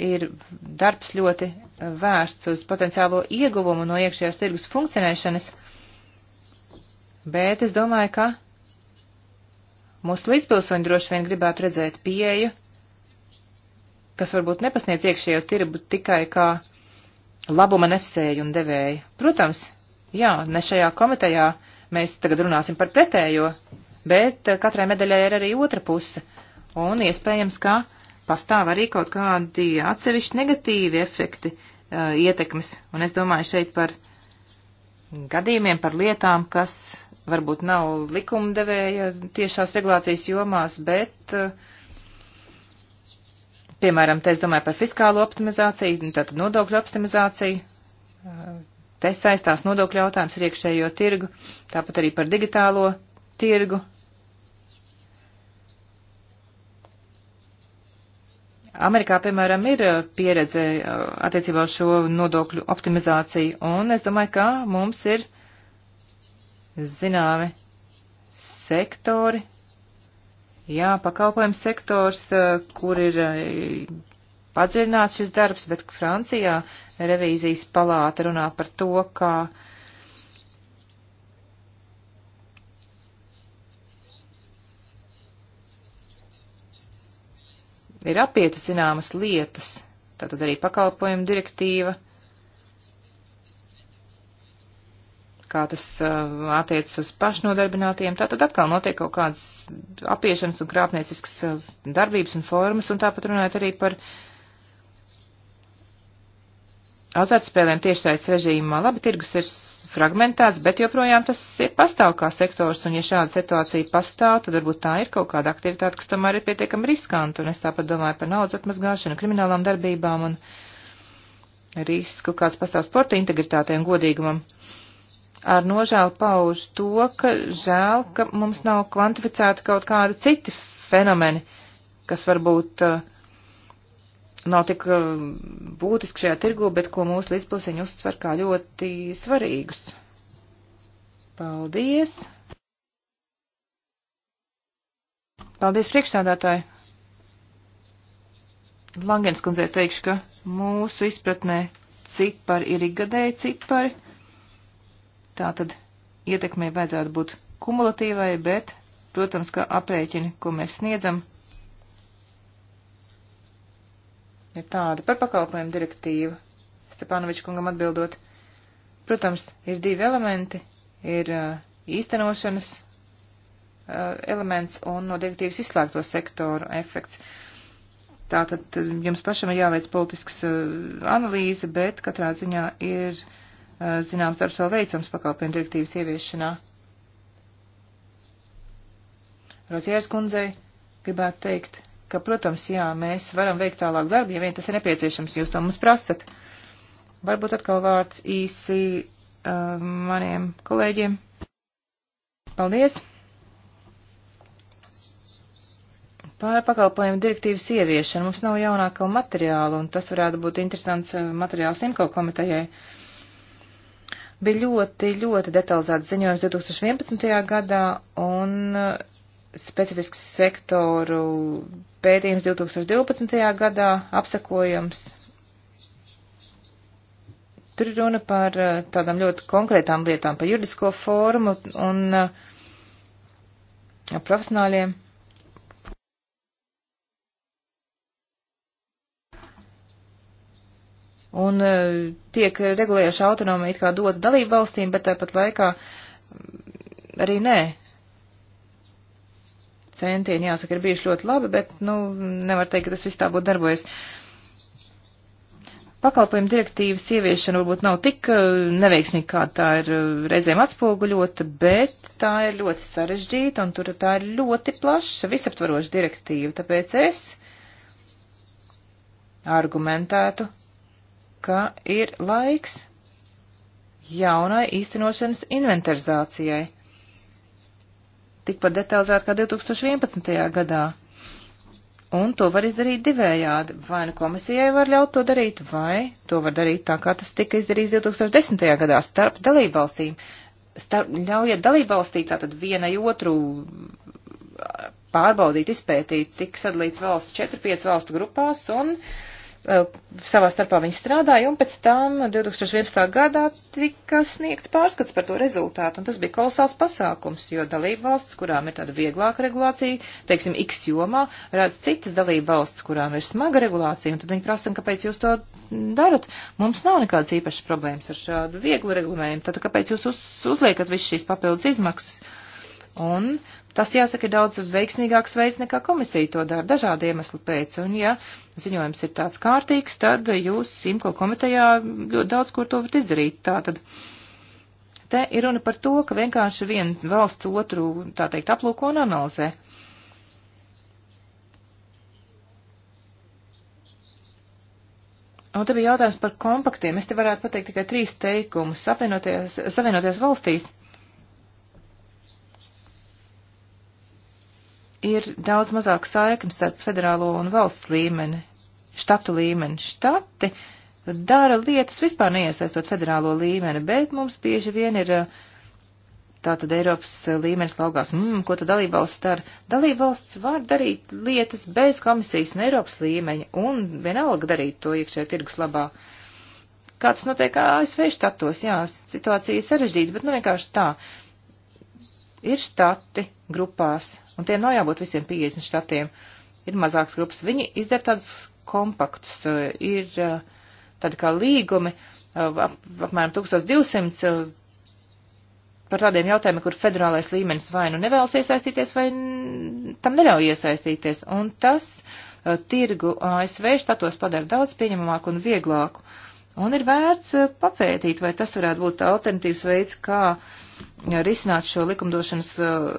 ir darbs ļoti vērsts uz potenciālo ieguvumu no iekšējās tirgus funkcionēšanas, bet es domāju, ka mūsu līdzpilsoņi droši vien gribētu redzēt pieeju, kas varbūt nepasniedz iekšējo tirgu tikai kā labuma nesēju un devēju. Protams, jā, ne šajā komitejā mēs tagad runāsim par pretējo, bet katrai medaļai ir arī otra puse un iespējams, ka pastāv arī kaut kādi atsevišķi negatīvi efekti uh, ietekmes, un es domāju šeit par gadījumiem, par lietām, kas varbūt nav likumdevēja tiešās regulācijas jomās, bet, uh, piemēram, te es domāju par fiskālo optimizāciju, tātad nodokļu optimizāciju, uh, te saistās nodokļu jautājums ar iekšējo tirgu, tāpat arī par digitālo tirgu, Amerikā, piemēram, ir uh, pieredze uh, attiecībā uz šo nodokļu optimizāciju, un es domāju, ka mums ir zināmi sektori, jā, pakalpojums sektors, uh, kur ir padziļināts šis darbs, bet Francijā revīzijas palāta runā par to, kā. Ka ir apietas zināmas lietas, tātad arī pakalpojumu direktīva, kā tas uh, attiecas uz pašnodarbinātiem, tātad atkal notiek kaut kādas apiešanas un krāpnieciskas uh, darbības un formas, un tāpat runājot arī par azartspēlēm tiešsaits režīmā. Labi, tirgus ir fragmentēts, bet joprojām tas pastāv kā sektors, un ja šāda situācija pastāv, tad varbūt tā ir kaut kāda aktivitāte, kas tomēr ir pietiekami riskanta, un es tāpat domāju par naudas atmazgāšanu, kriminālām darbībām un risku, kāds pastāv sporta integritātei un godīgumam. Ar nožēlu pauž to, ka žēl, ka mums nav kvantificēta kaut kādi citi fenomeni, kas varbūt uh, nav tik eh, būtiski šajā tirgu, bet ko mūsu līdzpilsēņi uztver kā ļoti svarīgus. Paldies! Paldies priekšsādātāji! Langens kundzē teikšu, ka mūsu izpratnē cipari ir ikgadēji cipari. Tātad ietekmē vajadzētu būt kumulatīvai, bet, protams, ka aprēķini, ko mēs sniedzam, ir tāda par pakalpojumu direktīvu. Stepanovičs kungam atbildot, protams, ir divi elementi, ir uh, īstenošanas uh, elements un no direktīvas izslēgto sektoru efekts. Tātad uh, jums pašam ir jāveic politisks analīze, bet katrā ziņā ir zināms darbs vēl veicams pakalpojumu direktīvas ieviešanā. Rozieres kundzei gribētu teikt, ka, protams, jā, mēs varam veikt tālāk darbu, ja vien tas ir nepieciešams, jūs to mums prasat. Varbūt atkal vārds īsi uh, maniem kolēģiem. Paldies! Pār pakalpojumu direktīvas ieviešanu mums nav jaunāko materiālu, un tas varētu būt interesants uh, materiāls Inko komitejai. Bija ļoti, ļoti detalizēts ziņojums 2011. gadā, un uh, specifisks sektoru pētījums 2012. gadā, apsakojams. Tur ir runa par eh, tādām ļoti konkrētām lietām, par juridisko formu un eh, profesionāļiem. Un eh, tiek regulējuši autonomi it kā dot dalību valstīm, bet tāpat laikā arī nē centieni, jāsaka, ir bijuši ļoti labi, bet, nu, nevar teikt, ka tas viss tā būtu darbojies. Pakalpojumu direktīvas ieviešana varbūt nav tik eh, neveiksmīga, kā tā ir eh, reizēm atspoguļota, bet tā ir ļoti sarežģīta un tur tā ir ļoti plaša, visaptvaroša direktīva. Tāpēc es argumentētu, ka ir laiks jaunai īstenošanas inventarizācijai tikpat detalizēti kā 2011. gadā. Un to var izdarīt divējādi. Vai nu komisijai var ļaut to darīt, vai to var darīt tā, kā tas tika izdarīts 2010. gadā starp dalībvalstīm. Starp, ļaujiet dalībvalstī tātad vienai otru pārbaudīt, izpētīt, tik sadalīts valsts 4-5 valstu grupās un uh, Eh, savā starpā viņi strādāja, un pēc tam 2011. Eh, gadā tika sniegts pārskats par to rezultātu, un tas bija kolosāls pasākums, jo dalība valsts, kurām ir tāda vieglāka regulācija, teiksim, X jomā, redz citas dalība valsts, kurām ir smaga regulācija, un tad viņi prasa, kāpēc jūs to darat. Mums nav nekādas īpašas problēmas ar šādu vieglu regulējumu, tad kāpēc jūs uz, uzliekat visu šīs papildus izmaksas? Un uh, Tas, jāsaka, ir daudz veiksmīgāks veids nekā komisija to dara dažādu iemeslu pēc, un ja ziņojums ir tāds kārtīgs, tad jūs Simko komitejā ļoti daudz ko to varat izdarīt. Tātad te ir runa par to, ka vienkārši viena valsts otru, tā teikt, aplūko un analizē. Un te bija jautājums par kompaktiem. Es te varētu pateikt tikai trīs teikumus. Savienoties, savienoties valstīs ir daudz mazāk saikni starp federālo un valsts līmeni, štatu līmeni. Štati dara lietas vispār neiesaistot federālo līmeni, bet mums bieži vien ir eh, tātad Eiropas līmenis laukās, mm, ko tad dalībvalsts dara. Dalībvalsts var darīt lietas bez komisijas un Eiropas līmeņa un vienalga darīt to iekšē tirgus labā. Kā tas notiek ASV štatos, jā, situācija ir sarežģīta, bet nu vienkārši tā. Uh, ir štati grupās, un tiem nav jābūt visiem 50 štatiem, ir mazāks grupas. Viņi izdara tādus kompaktus, eh, ir eh, tādi kā līgumi, eh, ap, apmēram 1200 par tādiem jautājumiem, kur federālais līmenis vai nu nevēlas iesaistīties, vai tam neļauj iesaistīties. Un tas tirgu ASV štatos padara daudz pieņemamāku un vieglāku. Un ir vērts papētīt, vai tas varētu būt alternatīvs veids, kā uh, risināt šo likumdošanas uh,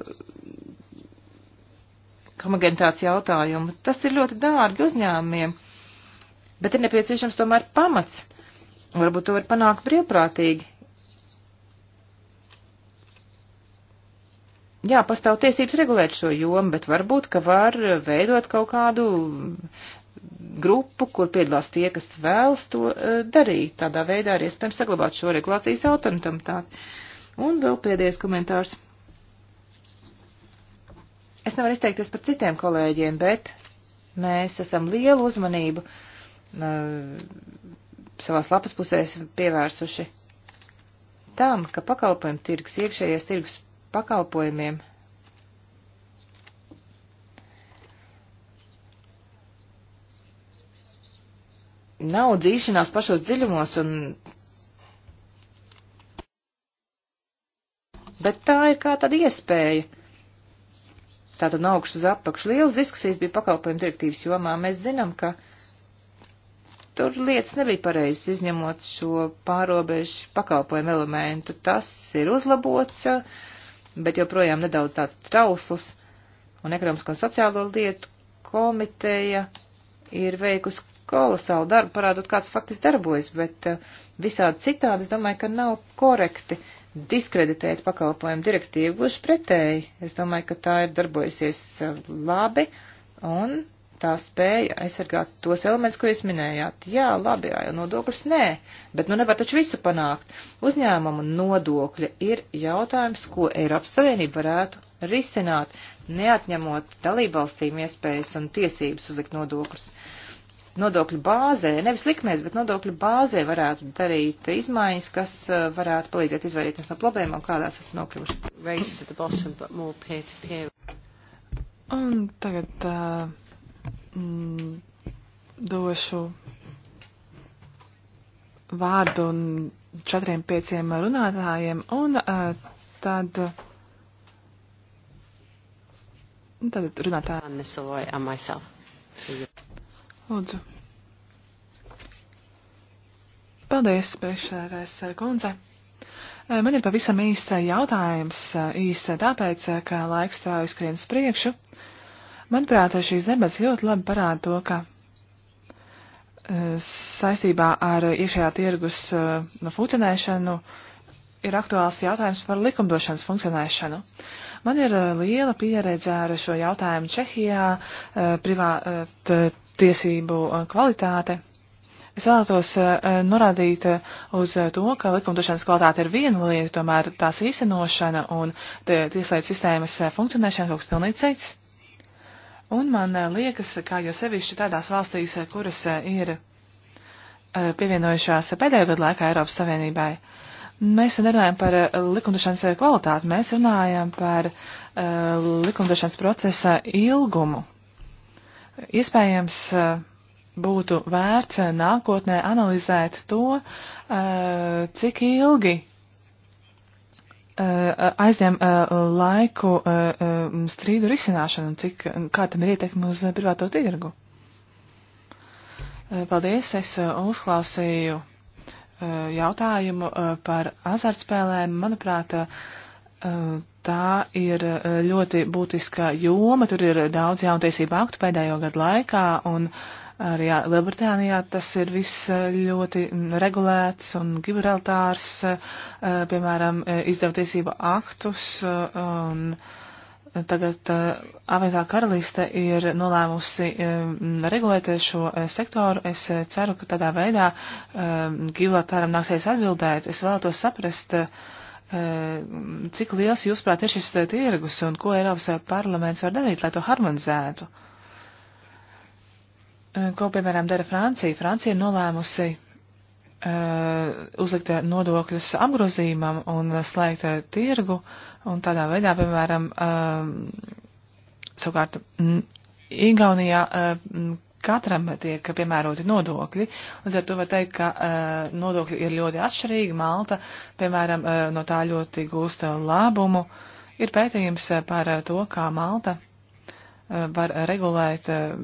homogentāts jautājumu. Tas ir ļoti dārgi uzņēmumiem, bet ir nepieciešams tomēr pamats. Varbūt to var panākt brīvprātīgi. Jā, pastāv tiesības regulēt šo jomu, bet varbūt, ka var veidot kaut kādu grupu, kur piedalās tie, kas vēlas to eh, darīt. Tādā veidā arī iespējams saglabāt šo regulācijas autonomitāti. Uh, Un vēl pēdējais komentārs. Es nevaru izteikties par citiem kolēģiem, bet mēs esam lielu uzmanību uh, savās lapas pusēs pievērsuši tam, ka pakalpojumu tirgs, iekšējais tirgs pakalpojumiem nav dzīšanās pašos dziļumos un bet tā ir kā tāda iespēja. Tātad no augšas uz apakšu liels diskusijas bija pakalpojumu direktīvas jomā. Mēs zinām, ka tur lietas nebija pareizas, izņemot šo pārobežu pakalpojumu elementu. Tas ir uzlabots, bet joprojām nedaudz tāds trausls. Un ekonomisko un sociālo lietu komiteja ir veikusi kolosālu darbu, parādot, kāds faktiski darbojas, bet eh, visādi citādi es domāju, ka nav korekti diskreditēt pakalpojumu direktīvu, gluži pretēji. Es domāju, ka tā ir darbojusies eh, labi un tā spēja aizsargāt tos elementus, ko jūs minējāt. Jā, labi, jā, nodoklis nē, bet nu nevar taču visu panākt. Uzņēmumu nodokļa ir jautājums, ko Eiropas Savienība varētu risināt, neatņemot dalībvalstīm iespējas un tiesības uzlikt nodokļus. Uh, nodokļu bāzē, nevis likmēs, bet nodokļu bāzē varētu darīt izmaiņas, kas uh, varētu palīdzēt izvairīties no problēmām, kādās esmu nokļuvuši. Un tagad uh, mm, došu vārdu četriem pieciem runātājiem un uh, tad. Tad runātāji. Lūdzu. Paldies, priekšsēdētājs Kundze. Eh, man ir pavisam īsta jautājums, eh, īsta tāpēc, eh, ka laiks tā uzskrien uz priekšu. Manuprāt, šīs debats ļoti labi parāda to, ka saistībā ar iekšējā tirgus no funkcionēšanu ir aktuāls jautājums par likumdošanas funkcionēšanu. Man ir liela pieredze ar šo jautājumu Čehijā, privāta tiesību kvalitāte. Es vēlētos norādīt uz to, ka likumdošanas kvalitāte ir viena lieta, tomēr tās īstenošana un tieslietu sistēmas funkcionēšana kaut kas pilnīgi cits. Un man liekas, kā jo sevišķi tādās valstīs, kuras ir pievienojušās pēdējo gadu laikā Eiropas Savienībai, Mēs nerunājam par likumdošanas kvalitāti, mēs runājam par uh, likumdošanas procesa ilgumu. Iespējams, eh, būtu vērts eh, nākotnē analizēt to, eh, cik ilgi aizņem laiku strīdu risināšanu un cik, kā tam ir ietekme uz privāto tirgu. Paldies, es uzklausīju jautājumu par azartspēlēm. Manuprāt, tā ir eh, ļoti būtiska joma, tur ir daudz jauntiesību aktu pēdējo gadu laikā, un arī Lielbritānijā tas ir viss eh, ļoti mm, regulēts un Gibraltārs, eh, piemēram, izdevtiesību aktus, un tagad Avietā karaliste ir nolēmusi regulēt šo sektoru. Es ceru, ka tādā veidā Gibraltāram nāksies atbildēt. Es vēlētos saprast, Eh, cik liels, jūsuprāt, ir šis eh, tirgus un ko Eiropas eh, parlaments var darīt, lai to harmonizētu? Ko, piemēram, dara Francija? Francija ir nolēmusi uh, uzlikt nodokļus apgrozījumam un slēgt tirgu, un tādā veidā, piemēram, uh, savukārt Igaunijā uh, katram tiek piemēroti nodokļi. Līdz ar to var teikt, ka uh, nodokļi ir ļoti atšķirīgi. Malta, piemēram, uh, no tā ļoti gūsta labumu. Ir pētījums eh, par uh, to, kā Malta uh, var regulēt uh,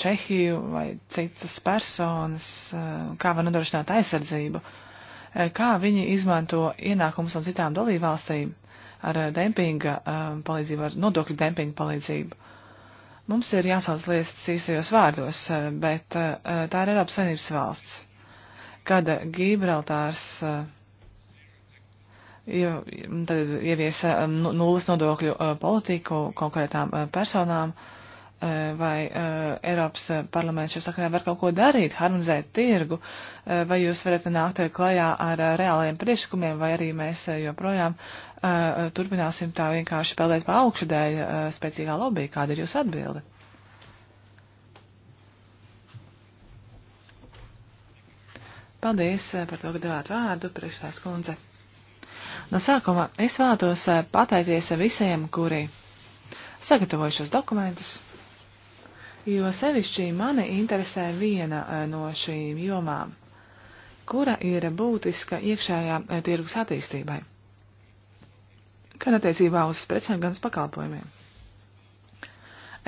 Čehiju vai citas personas, uh, kā var nodrošināt aizsardzību, uh, kā viņi izmanto ienākumus no citām dalībvalstīm ar uh, dempinga uh, palīdzību, ar nodokļu dempinga palīdzību Mums ir jāsauc lietas īstajos vārdos, eh, bet eh, eh, tā ir Eiropas Savienības valsts. Kad Gibraltārs ieviesa nu, nulles nodokļu politiku konkrētām personām, vai Eiropas parlaments šajā sakarā var kaut ko darīt, harmonizēt tirgu, vai jūs varat nākt klajā ar reāliem priekšlikumiem, vai arī mēs joprojām Uh, uh, turpināsim tā vienkārši peldēt pa augšu dēļ uh, spēcīgā lobby? Kāda ir jūsu atbilde? Paldies uh, par to, ka devāt vārdu, priekšstāds kundze. No sākuma es vēlētos uh, pateikties visiem, kuri sagatavoju šos dokumentus, jo sevišķi mani interesē viena no šīm jomām, kura ir būtiska iekšējā tirgus attīstībai gan attiecībā uz precēm, gan uz pakalpojumiem.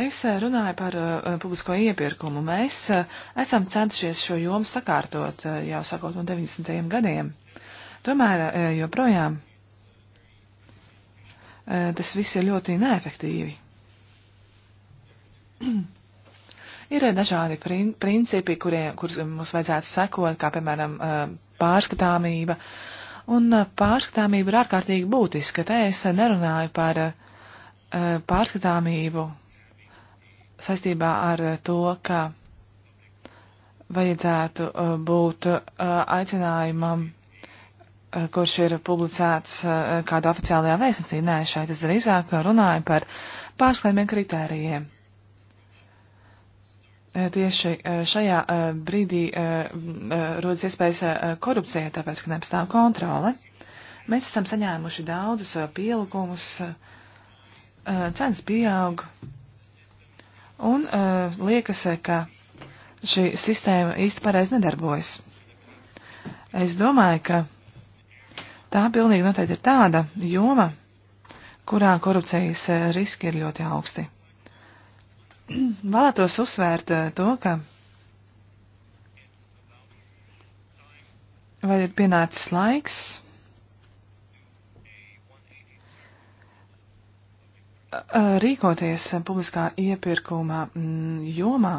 Es eh, runāju par uh, publisko iepirkumu. Mēs uh, esam centušies šo jomu sakārtot uh, jau sakot no 90. gadiem. Tomēr uh, joprojām uh, tas viss ir ļoti neefektīvi. (clears throat) ir uh, dažādi prin principi, kuriem kur mums vajadzētu sekot, kā piemēram uh, pārskatāmība. Uh, Un uh, pārskatāmība ir ārkārtīgi būtiska. Te es uh, nerunāju par uh, pārskatāmību saistībā ar to, ka vajadzētu būt aicinājumam, kurš ir publicēts kāda oficiālajā vēstnesī. Nē, šeit es drīzāk runāju par pārskatāmiem kritērijiem. Eh, tieši eh, šajā eh, brīdī rodas iespējas korupcijai, tāpēc, ka nepastāv kontrole. Mēs esam saņēmuši daudzus pielikumus, cenas pieaug, un liekas, ka šī sistēma īsti pareizi nedarbojas. Es domāju, ka tā pilnīgi noteikti ir tāda joma, kurā korupcijas riski ir ļoti augsti. (clears throat) vēlētos uzsvērt eh, to, ka vai ir pienācis laiks eh, rīkoties publiskā iepirkuma mm, jomā,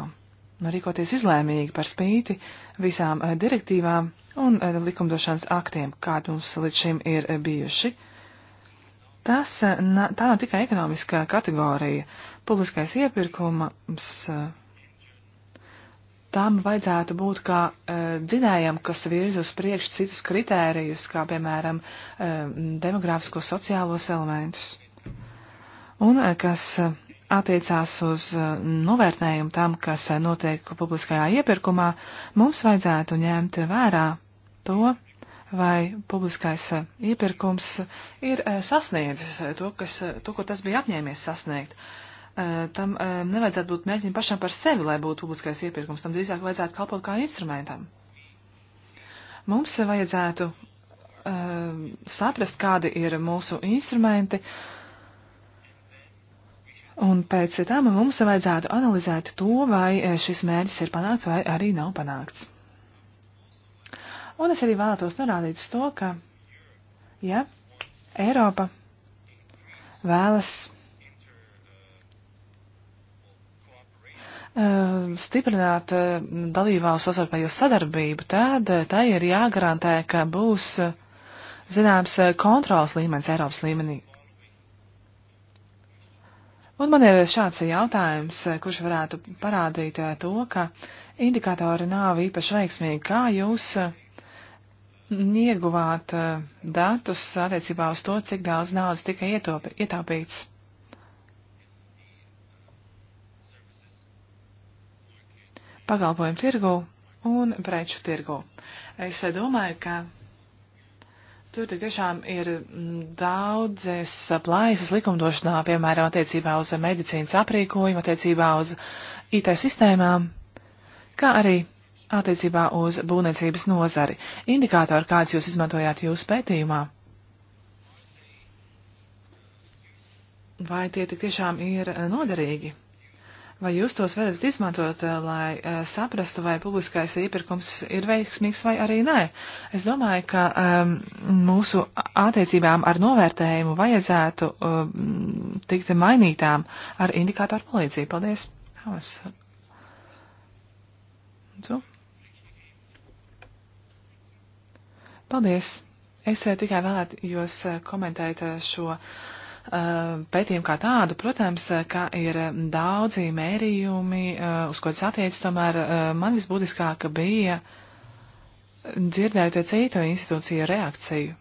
nu, rīkoties izlēmīgi par spīti visām eh, direktīvām un likumdošanas aktiem, kādi mums līdz šim ir bijuši. Tas, eh, tā nav tikai ekonomiskā kategorija. Publiskais iepirkums eh, tam vajadzētu būt kā eh, dzinējam, kas virza uz priekšu citus kritērijus, kā piemēram demogrāfiskos sociālos elementus. Un kas attiecās uz novērtējumu tam, kas notiek publiskajā iepirkumā, mums vajadzētu ņemt vērā to, vai publiskais eh, iepirkums ir eh, sasniedzis eh, to, kas, to, ko tas bija apņēmies sasniegt. Tam nevajadzētu būt mērķim pašam par sevi, lai būtu publiskais iepirkums, tam drīzāk vajadzētu kalpot kā instrumentam. Mums vajadzētu saprast, kādi ir mūsu instrumenti, un pēc tam mums vajadzētu analizēt to, vai šis mērķis ir panākts vai arī nav panākts. Un es arī vēlētos norādīt uz to, ka, ja Eiropa vēlas eh, stiprināt eh, dalībvalstu sasarpējo sadarbību, tad eh, tai ir jāgarantē, ka būs zināms kontrols līmenis Eiropas līmenī. Un man ir šāds jautājums, kurš varētu parādīt to, ka indikātori nav īpaši veiksmīgi. Kā jūs uh, ieguvāt eh, datus attiecībā uz to, cik daudz naudas tika ietopi, ietaupīts. Pakalpojumu tirgu un preču tirgu. Es domāju, ka Tur tik tiešām ir mm, daudzas plaisas likumdošanā, piemēram, attiecībā uz medicīnas aprīkojumu, attiecībā uz IT sistēmām, kā arī attiecībā uz būvniecības nozari. Indikātori, kāds jūs izmantojāt jūsu pētījumā? Vai tie tik tiešām ir eh, noderīgi? Vai jūs tos varat izmantot, eh, lai eh, saprastu, vai publiskais iepirkums ir veiksmīgs vai arī nē? Es domāju, ka um, mūsu attiecībām ar novērtējumu vajadzētu um, tikt mainītām ar indikātoru palīdzību. Paldies! Hamas. Dzu. Paldies! Es eh, tikai vēlētu jūs eh, komentēt eh, šo pētījumu kā tādu, protams, ka ir daudzi mērījumi, uz ko tas attiecas, tomēr man visbūtiskāka bija dzirdēt citu institūciju reakciju.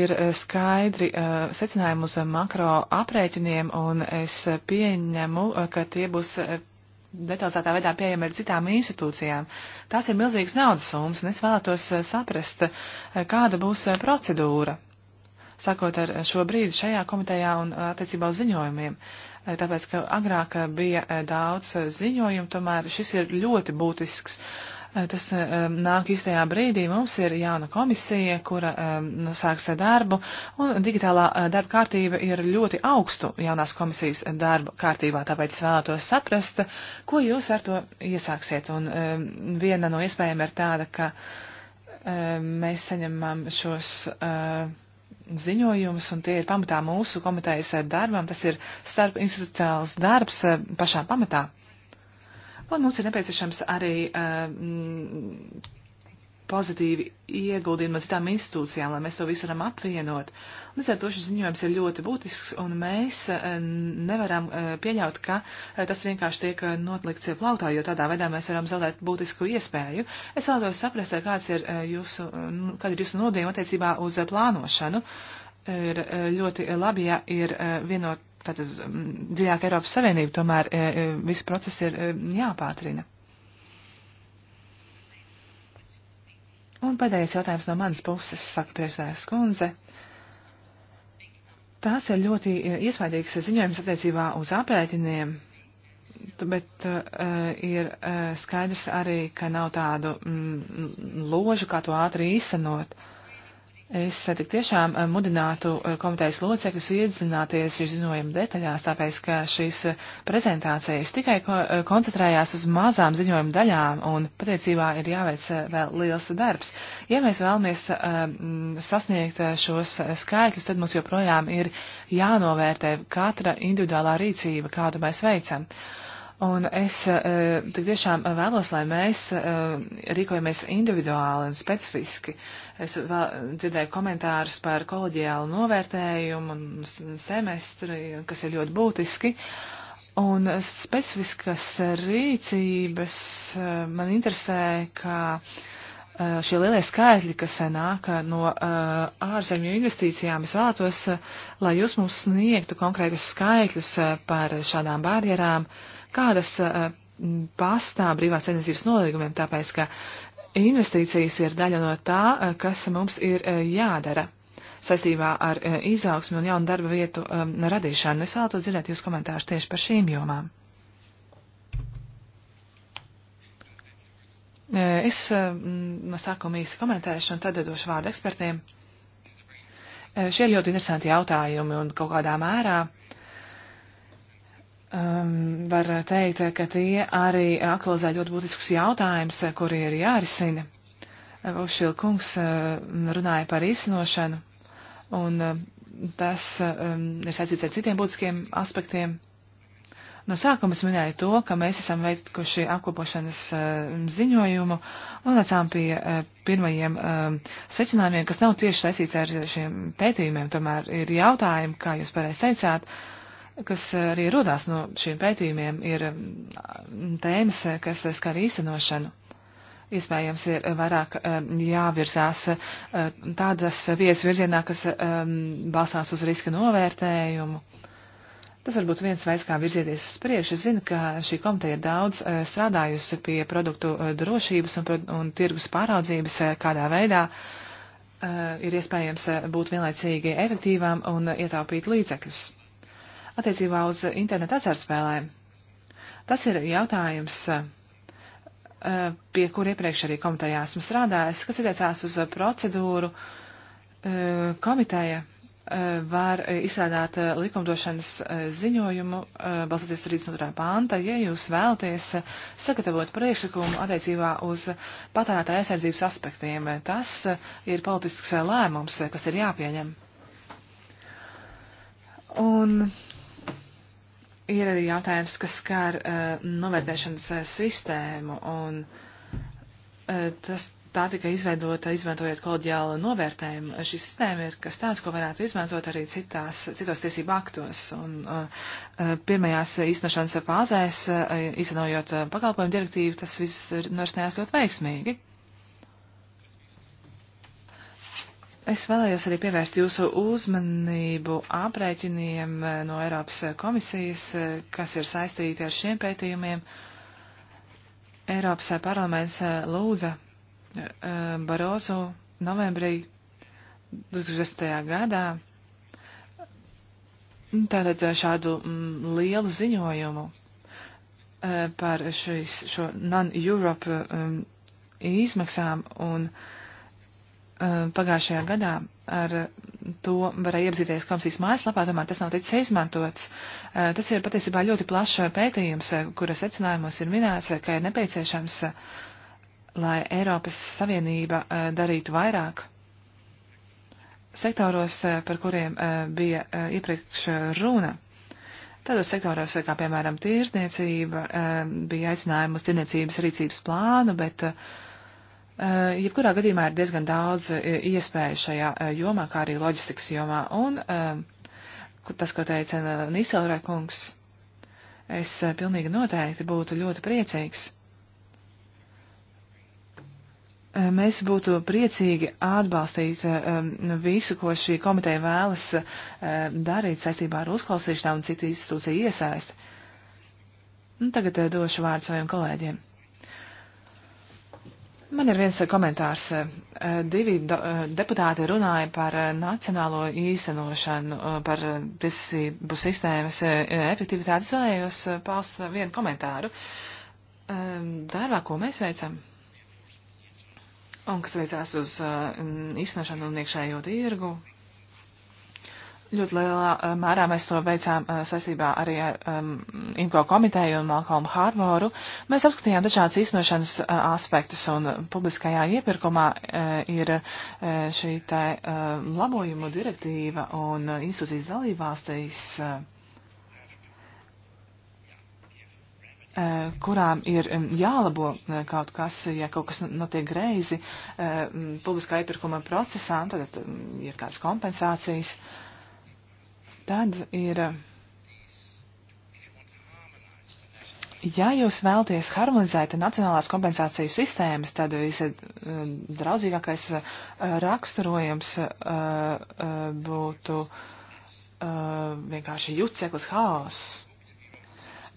Ir skaidri secinājumi uz makro aprēķiniem, un es pieņemu, ka tie būs detalizētā veidā pieejama ir citām institūcijām. Tās ir milzīgas naudas summas, un es vēlētos eh, saprast, eh, kāda būs eh, procedūra, sakot ar šo brīdi šajā komitejā un attiecībā uz ziņojumiem. Tāpēc, ka agrāk bija daudz ziņojumu, tomēr šis ir ļoti būtisks tas nāk īstajā brīdī. Mums ir jauna komisija, kura nu, sāks darbu, un digitālā darba kārtība ir ļoti augstu jaunās komisijas darba kārtībā, tāpēc es vēlētos saprast, ko jūs ar to iesāksiet. Un viena no iespējām ir tāda, ka mēs saņemam šos ziņojumus, un tie ir pamatā mūsu komitejas darbam. Tas ir starp institucionāls darbs pašā pamatā. Un mums ir nepieciešams arī um, pozitīvi ieguldījumi no citām institūcijām, lai mēs to visu varam apvienot. Līdz ar to šis ziņojums ir ļoti būtisks, un mēs eh, nevaram eh, pieļaut, ka tas vienkārši tiek notlikts plautā, jo tādā veidā mēs varam zaudēt būtisku iespēju. Es vēlētos saprast, kāds ir jūsu, mm, kāda ir jūsu nodījuma attiecībā uz plānošanu. Ir ļoti labi, ja ir vienot tātad mm, dziļāk Eiropas Savienību, tomēr e, e, visi procesi ir e, jāpātrina. Un pēdējais jautājums no manas puses, saka priekšsēdētājas kundze. Tās ir ļoti iespaidīgs ziņojums attiecībā uz aprēķiniem, bet uh, ir uh, skaidrs arī, ka nav tādu mm, ložu, kā to ātri īstenot. Uh, Es eh, tik tiešām eh, mudinātu eh, komitejas locekļus iedzināties šīs ziņojuma detaļās, tāpēc, ka šīs prezentācijas tikai koncentrējās uz mazām ziņojuma daļām un patiecībā ir jāveic vēl liels darbs. Ja mēs vēlamies sasniegt šos skaitļus, tad mums joprojām ir jānovērtē katra individuālā rīcība, kādu mēs veicam. Uh, Un es e, tik tiešām vēlos, lai mēs e, rīkojamies individuāli un specifiski. Es vēl dzirdēju komentārus par kolēģiālu novērtējumu un semestri, kas ir ļoti būtiski. Un specifiskas rīcības e, man interesē, ka šie lielie skaitļi, kas nāk no ārzemju investīcijām, es vēlētos, lai jūs mums sniegtu konkrētus skaitļus par šādām barjerām kādas eh, pastāv brīvās cenizības nolīgumiem, tāpēc, ka investīcijas ir daļa no tā, eh, kas mums ir eh, jādara saistībā ar izaugsmi un jaunu darba vietu radīšanu. Es vēlētos dzirdēt jūs komentārus tieši par šīm jomām. Es no sākuma īsi komentēšu un tad došu vārdu ekspertiem. Šie ir ļoti interesanti jautājumi un kaut kādā mērā um, var teikt, ka tie arī aktualizē ļoti būtiskus jautājumus, kuri ir jārisina. Ušil kungs um, runāja par īsinošanu, un um, tas um, ir saistīts ar citiem būtiskiem aspektiem. No sākuma es minēju to, ka mēs esam veikuši apkopošanas uh, ziņojumu un nācām pie uh, pirmajiem uh, secinājumiem, kas nav tieši saistīti ar šiem pētījumiem. Tomēr ir jautājumi, kā jūs pareizi teicāt, uh, kas arī rodās no šiem pētījumiem, ir um, tēmas, kas skar īstenošanu. Iespējams, ir vairāk um, jāvirzās uh, tādas vietas virzienā, kas um, balstās uz riska novērtējumu. Tas varbūt viens veids, kā virzieties uz priekšu. Es zinu, ka šī komiteja ir daudz uh, strādājusi pie produktu uh, drošības un, un tirgus pāraudzības, kādā veidā ir iespējams būt vienlaicīgi efektīvām un ietaupīt līdzekļus attiecībā uz internetu azartspēlēm. Tas ir jautājums, eh, pie kur iepriekš arī komitejā esmu strādājis, kas attiecās uz procedūru. Eh, komiteja eh, var izstrādāt likumdošanas ziņojumu, balstoties uz 30. pānta, ja jūs vēlaties sagatavot priekšlikumu attiecībā uz patērētāja aizsardzības aspektiem. Tas ir politisks lēmums, kas ir jāpieņem. Un Ir arī jautājums, kas skar uh, novērtēšanas uh, sistēmu, un uh, tas tā tika izveidota, izmantojot kolģiālu novērtējumu. Šī sistēma ir kas tāds, ko varētu izmantot arī citās, citos tiesību aktos. Un, uh, pirmajās īstenošanas fāzēs, uh, īstenojot pakalpojumu direktīvu, tas viss norisinājās nu, ļoti veiksmīgi. Es vēlējos arī pievērst jūsu uzmanību aprēķiniem eh, no Eiropas eh, komisijas, eh, kas ir saistīti ar šiem pētījumiem. Eiropas parlaments lūdza Barozu novembrī 2010. gadā mm, tātad šādu mm, lielu ziņojumu par šis, šo non-Europe izmaksām un uh, Eh, pagājušajā gadā ar to varēja iepazīties komisijas mājaslapā, tomēr tas nav ticis izmantots. Eh, tas ir patiesībā ļoti plašs pētījums, eh, kura secinājumos ir minēts, ka ir nepieciešams, lai Eiropas Savienība darītu vairāk sektoros, par kuriem bija iepriekš runa. Tādos sektoros, kā piemēram tīrzniecība, bija aicinājums tirniecības rīcības plānu, bet uh, Eh, jebkurā gadījumā ir diezgan daudz eh, iespēju šajā eh, jomā, kā arī loģistikas jomā. Un tas, ko teica Nīselrē kungs, es pilnīgi noteikti būtu ļoti priecīgs. Mēs būtu priecīgi atbalstīt visu, ko šī komiteja vēlas darīt saistībā ar uzklausīšanām un citu institūciju iesaisti. Un tagad došu vārdu saviem kolēģiem. Man ir viens komentārs. Eh, divi eh, deputāti runāja par eh, nacionālo īstenošanu, par tiesību sistēmas efektivitātes. Vēlējos paust vienu komentāru. Darbā, ko mēs veicam, un kas veicās uz īstenošanu un iekšējo tirgu, Ļoti lielā eh, mērā mēs to veicām eh, saistībā arī ar um, Inko komiteju un Malcolmu Hārvoru. Mēs apskatījām dažādas īstenošanas uh, aspektus un publiskajā iepirkumā uh, ir uh, šī tā uh, labojumu direktīva un uh, institūcijas dalībvalstīs, uh, uh, kurām ir um, jālabo uh, kaut kas, ja kaut kas notiek greizi uh, publiskā iepirkuma procesā, tad uh, mm, ir kādas kompensācijas. Uh, tad ir, ja jūs vēlties harmonizēt nacionālās kompensācijas sistēmas, tad visdraudzīgākais eh, eh, raksturojums eh, būtu vienkārši juceklis haoss.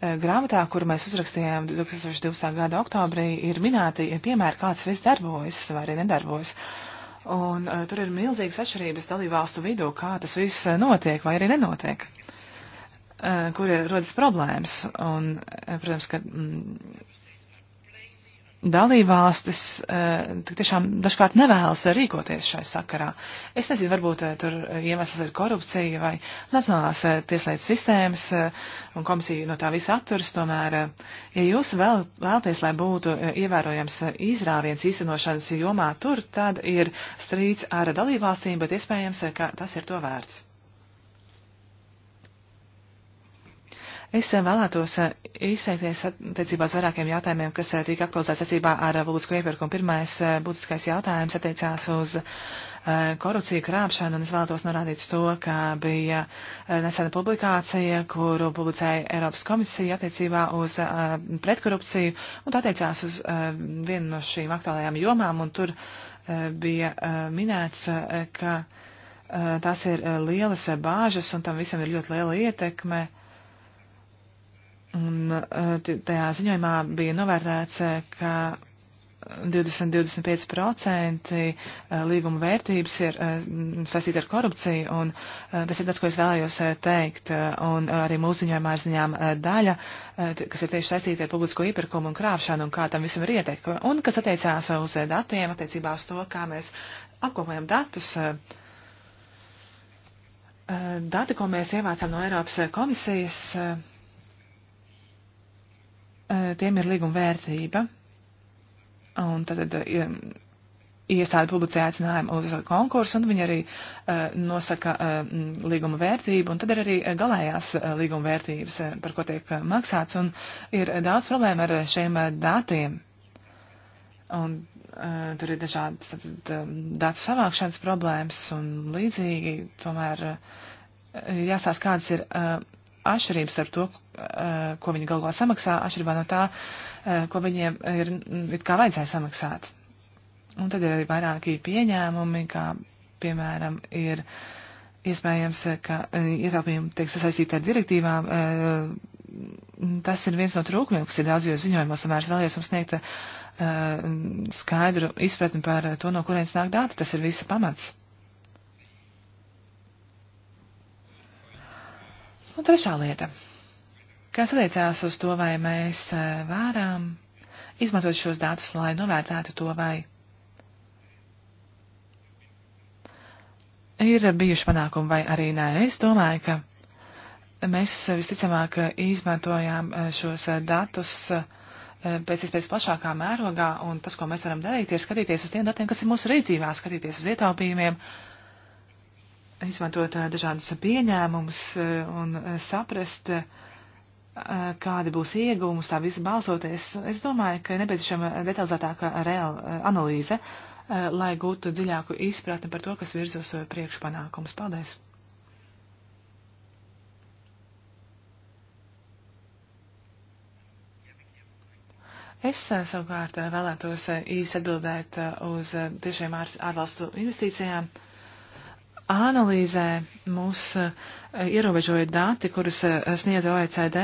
Grāmatā, kuru mēs uzrakstījām 2020. gada oktobrī, ir minēti piemēri, kāds viss darbojas vai arī nedarbojas. Uh, Un uh, tur ir milzīgas atšķirības dalībvalstu vidū, kā tas viss eh, notiek vai arī nenotiek, uh, kur ir rodas problēmas. Un, protams, ka mm, dalībvalstis eh, tiešām dažkārt nevēlas rīkoties šai sakarā. Es nezinu, varbūt eh, tur iemesls ir korupcija vai nacionālās eh, tieslietu sistēmas un komisija no tā visa atturas. Tomēr, ja jūs vēl, vēlties, lai būtu ievērojams izrāviens īstenošanas jomā tur, tad ir strīds ar dalībvalstīm, bet iespējams, ka tas ir to vērts. Es eh, vēlētos eh, izteikties attiecībā uz vairākiem jautājumiem, kas eh, tika aktualizēts saistībā ar Lūdzu iepirkumu. Pirmais būtiskais jautājums attiecās uz korupciju, krāpšanu, un es vēlētos norādīt to, ka bija nesena publikācija, kuru publicēja Eiropas komisija attiecībā uz pretkorupciju, un tā attiecās uz vienu no šīm aktuālajām jomām, un tur bija minēts, ka tās ir lielas bāžas, un tam visam ir ļoti liela ietekme Un uh, tajā ziņojumā bija novērtēts, uh, ka 20-25% uh, līguma vērtības ir sasīta ar korupciju, un tas ir tas, ko es vēlējos teikt. Un arī mūsu ziņojumā ir ziņām daļa, kas ir tieši saistīta ar publisko iepirkumu un krāpšanu, un kā tam visam ir ietekme, un kas attiecās uz datiem, attiecībā uz to, kā mēs apkopojam datus. Dati, ko mēs ievācām no Eiropas komisijas, tiem ir līguma vērtība. Un tad, tad iestāde publicē aicinājumu uz konkursu, un viņi arī uh, nosaka uh, līguma vērtību, un tad ir arī galējās uh, līguma vērtības, uh, par ko tiek uh, maksāts, un ir daudz problēma ar šiem uh, datiem. Un uh, tur ir dažādas tad, uh, datu savākšanas problēmas un līdzīgi, tomēr uh, jāsās, kādas ir uh, atšķirības ar to, eh, ko viņi galvā samaksā, atšķirībā no tā, eh, ko viņiem ir mm, it kā vajadzēja samaksāt. Un tad ir arī vairāki pieņēmumi, kā piemēram ir iespējams, eh, ka ietaupījumi tiek sasaistīti ar direktīvām. Tas ir viens no trūkumiem, kas ir daudzos ziņojumos, tomēr es vēlējos jums sniegt skaidru izpratni par to, no kurienes nāk dati. Tas ir visa pamats. Un trešā lieta, kas attiecās uz to, vai mēs eh, varam izmantot šos datus, lai novērtētu to, vai ir bijuši panākumi vai arī nē. Es domāju, ka mēs visticamāk izmantojām eh, šos eh, datus pēc iespējas plašākā mērogā, un tas, ko mēs varam darīt, ir skatīties uz tiem datiem, kas ir mūsu rīcībā, skatīties uz ietaupījumiem, uh, izmantot eh, dažādus pieņēmumus eh, un eh, saprast, kādi būs iegūmi uz tā visa balsoties. Es domāju, ka nepieciešama detalizētāka reāla analīze, lai gūtu dziļāku izpratni par to, kas virza uz priekšpanākumus. Paldies! Es savukārt vēlētos īsi atbildēt uz tiešiem ārvalstu investīcijām. Uh, analīzē mūs eh, ierobežoja dati, kurus eh, sniedz OECD,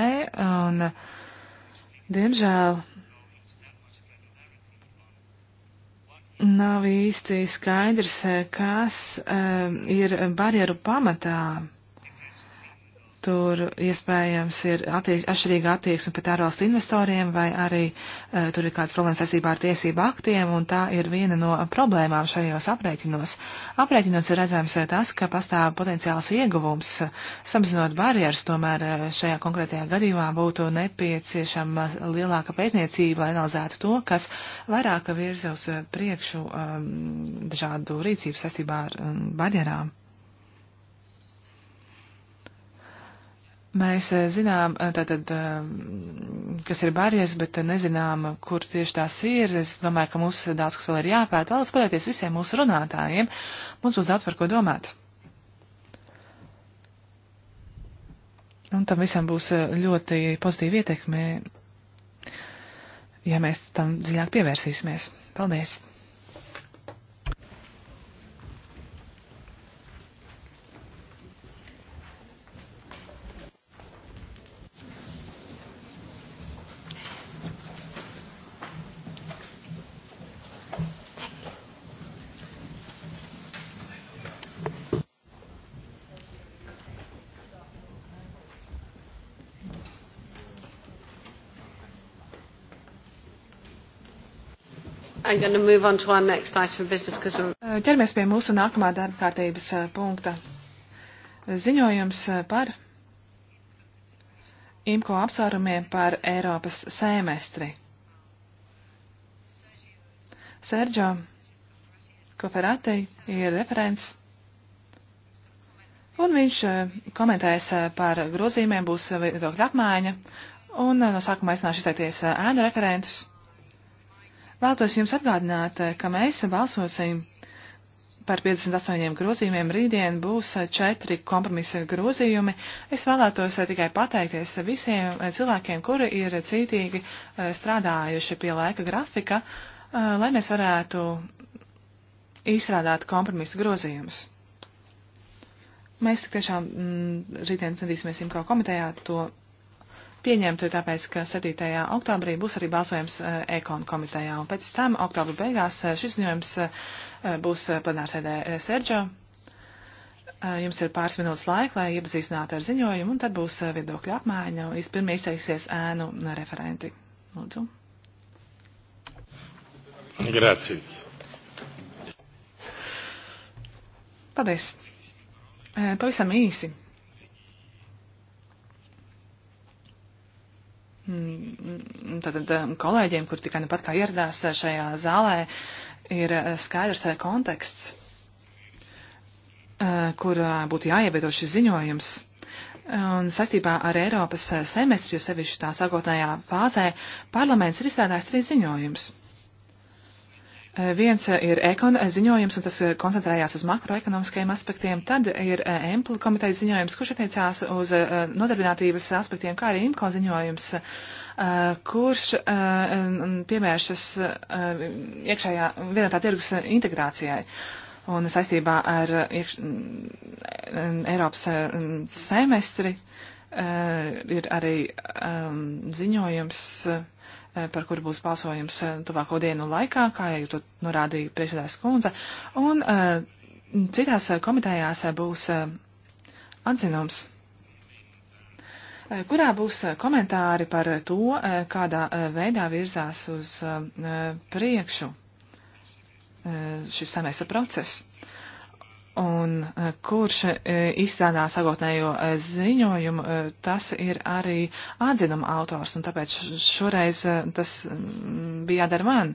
un, eh, diemžēl, nav īsti skaidrs, kas ir barjeru pamatā tur iespējams ir attieks, atšķirīga attieksme pret ārvalstu investoriem, vai arī uh, tur ir kāds problēmas saistībā ar tiesību aktiem, un tā ir viena no problēmām šajos aprēķinos. Aprēķinos ir redzams eh, tas, ka pastāv potenciāls ieguvums, samazinot barjeras, tomēr eh, šajā konkrētajā gadījumā būtu nepieciešama lielāka pētniecība, lai analizētu to, kas vairāk virza uz priekšu um, dažādu rīcību saistībā ar um, barjerām. Mēs eh, zinām, eh, tātad, eh, kas ir barjeras, bet nezinām, kur tieši tās ir. Es domāju, ka mums daudz kas vēl ir jāpēta. Vēlos pateikties visiem mūsu runātājiem. Mums būs daudz par ko domāt. Un tam visam būs ļoti pozitīva ietekme, ja mēs tam dziļāk pievērsīsimies. Paldies! Uh, ķeramies pie mūsu nākamā darba kārtības uh, punkta. Ziņojums uh, par IMCO apsvērumiem par Eiropas semestri. Sergio Koferati ir referents. Un viņš komentēs par grozījumiem, būs viedokļa apmaiņa. Un no sākuma aicināšu izteikties ēnu referentus. Vēlētos jums atgādināt, eh, ka mēs balsosim par 58 grozījumiem. Rītdien būs eh, četri kompromisa grozījumi. Es vēlētos eh, tikai pateikties visiem cilvēkiem, kuri ir cītīgi strādājuši pie laika grafika, lai mēs varētu izstrādāt kompromisa grozījumus. Mēs tiešām mm, rītdien centīsimies jums kā komitejā to pieņemta, tāpēc, ka 7. oktobrī būs arī balsojums e, ekonu komitejā, un pēc tam oktobra beigās e, šis ziņojums e, būs plenārsēdē Sergio. Jums ir pāris minūtes laika, lai iepazīstinātu ar ziņojumu, un tad būs viedokļa apmaiņa. Vispirms izteiksies ēnu referenti. Lūdzu. Grācija. Paldies. Pavisam īsi. Tātad mm, um, kolēģiem, kur tikai nepat nu kā ieradās uh, šajā zālē, ir uh, skaidrs uh, konteksts, kur būtu jāievieto šis ziņojums. Un saistībā ar Eiropas semestri, jo sevišķi tā sākotnējā fāzē, parlaments ir izstrādājis trīs ziņojumus. Eh, viens eh, ir ekona eh, ziņojums, un tas koncentrējās uz makroekonomiskajiem aspektiem. Tad ir Emplu komitejas ziņojums, kurš attiecās uz nodarbinātības aspektiem, kā arī Imko ziņojums, kurš pievēršas iekšējā vienotā tirgus integrācijai. Un saistībā ar iekš... Eiropas semestri ir arī ehm, ziņojums Eh, par kuru būs balsojums eh, tuvāko dienu laikā, kā jau to norādīja priekšsēdās kundze, un eh, citās komitējās būs atzinums kurā būs komentāri par to, kādā veidā virzās uz priekšu šis samesa process un e, kurš e, izstrādā sagotnējo e, ziņojumu, tas ir arī atzinuma autors, un tāpēc šoreiz tas bija jādara man.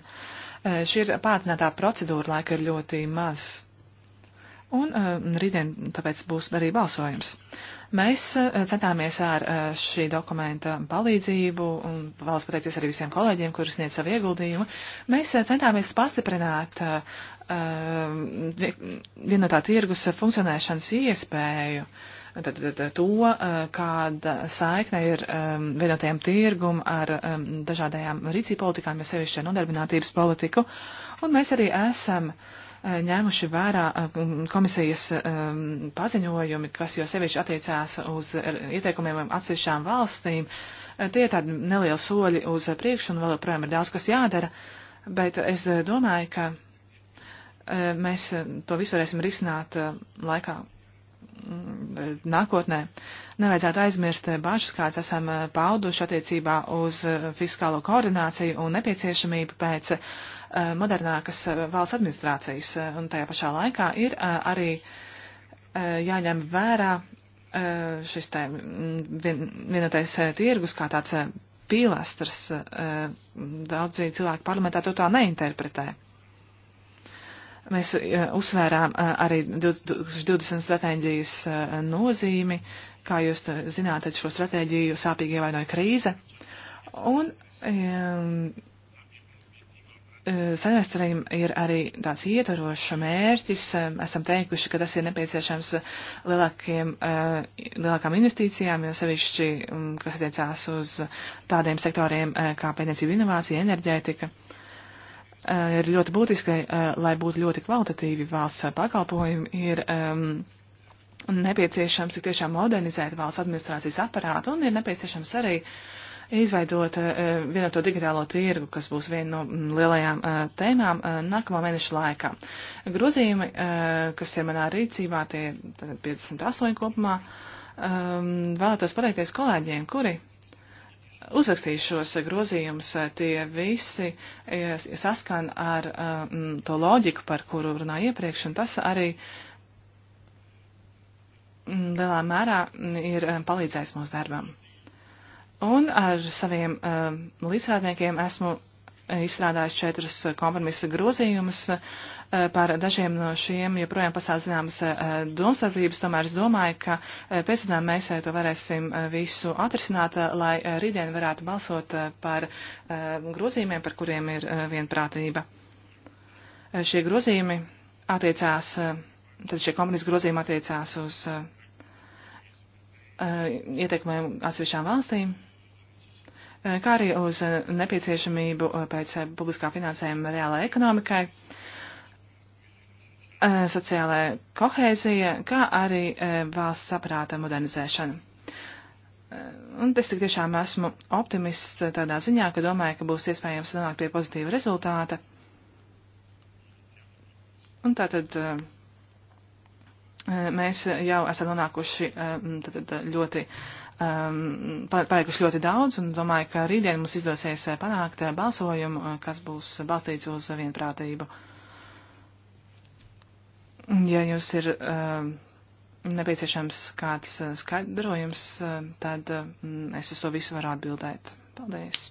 Šī ir pātrinātā procedūra, laika ir ļoti maz. Un rītdien tāpēc būs arī balsojums. Mēs eh, centāmies ar eh, šī dokumenta palīdzību, un vēlos pateikties arī visiem kolēģiem, kuri sniedz savu ieguldījumu, mēs eh, centāmies pastiprināt vienotā tirgus funkcionēšanas iespēju tad, tad, to, kāda saikne ir um, vienotajam tirgum ar um, dažādajām rīcību politikām, jo sevišķi ar nodarbinātības politiku. Un mēs arī esam uh, ņēmuši vērā eh, komisijas ehm, paziņojumi, kas jau sevišķi attiecās uz ieteikumiem atsevišķām valstīm. Eh, tie ir tādi nelieli soļi uz priekšu un vēl joprojām ir daudz, kas jādara, bet es eh, domāju, ka mēs to visu varēsim risināt laikā mm, nākotnē. Nevajadzētu aizmirst bažas, kādas esam pauduši attiecībā uz fiskālo koordināciju un nepieciešamību pēc Eh, modernākas eh, valsts administrācijas. Eh, un tajā pašā laikā ir arī jāņem vērā šis te mm, vien, vienotais tirgus kā tāds pīlastrs. Daudzi cilvēki parlamentā to tā neinterpretē. Mēs uzsvērām arī 2020 stratēģijas nozīmi, kā jūs zināt, šo stratēģiju sāpīgi ievainoja krīze. Un E, Semestrim ir arī tāds ietvarošs mērķis. E, esam teikuši, ka tas ir nepieciešams lielākiem, e, lielākām investīcijām, jo sevišķi, kas attiecās uz tādiem sektoriem kā pētniecība, inovācija, enerģētika, ir ļoti būtiski, lai būtu ļoti kvalitatīvi valsts pakalpojumi, ir nepieciešams tik tiešām modernizēt valsts administrācijas aparātu un ir nepieciešams arī uh, izveidot eh, vienoto digitālo tirgu, kas būs viena no mm, lielajām eh, tēmām eh, nākamā mēneša laikā. Grozījumi, kas ir manā rīcībā, tie 58 kopumā, ehm, vēlētos pateikties kolēģiem, kuri uzrakstīju šos grozījumus, tie visi saskan ar mm, to loģiku, par kuru runāju iepriekš, un tas arī mm, lielā mērā ir palīdzējis mūsu darbam. Un ar saviem uh, līdzstrādniekiem esmu izstrādājis četrus kompromisa grozījumus. Uh, par dažiem no šiem joprojām pastāv zināmas uh, domstarpības, tomēr es domāju, ka uh, pēcpusdienā mēs uh, to varēsim uh, visu atrisināt, uh, lai uh, rītdien varētu balsot uh, par uh, grozījumiem, par kuriem ir uh, vienprātība. Uh, šie grozījumi attiecās, uh, tad šie kompromisa grozījumi attiecās uz uh, uh, ieteikumiem atsevišķām valstīm. Uh, Eh, kā arī uz eh, nepieciešamību eh, pēc publiskā finansējuma reālai ekonomikai, sociālai kohēzija, kā arī valsts saprāta modernizēšana. Un es tik tiešām esmu optimists tādā ziņā, ka domāju, ka būs iespējams nonākt pie pozitīva rezultāta. Un tātad mēs jau esam nonākuši tātad, ļoti uh, um, paveikuši ļoti daudz, un domāju, ka rītdien mums izdosies uh, panākt uh, balsojumu, uh, kas būs balstīts uz vienprātību. Ja jums ir um, nepieciešams kāds skaidrojums, tad um, es uz to visu varu atbildēt. Paldies!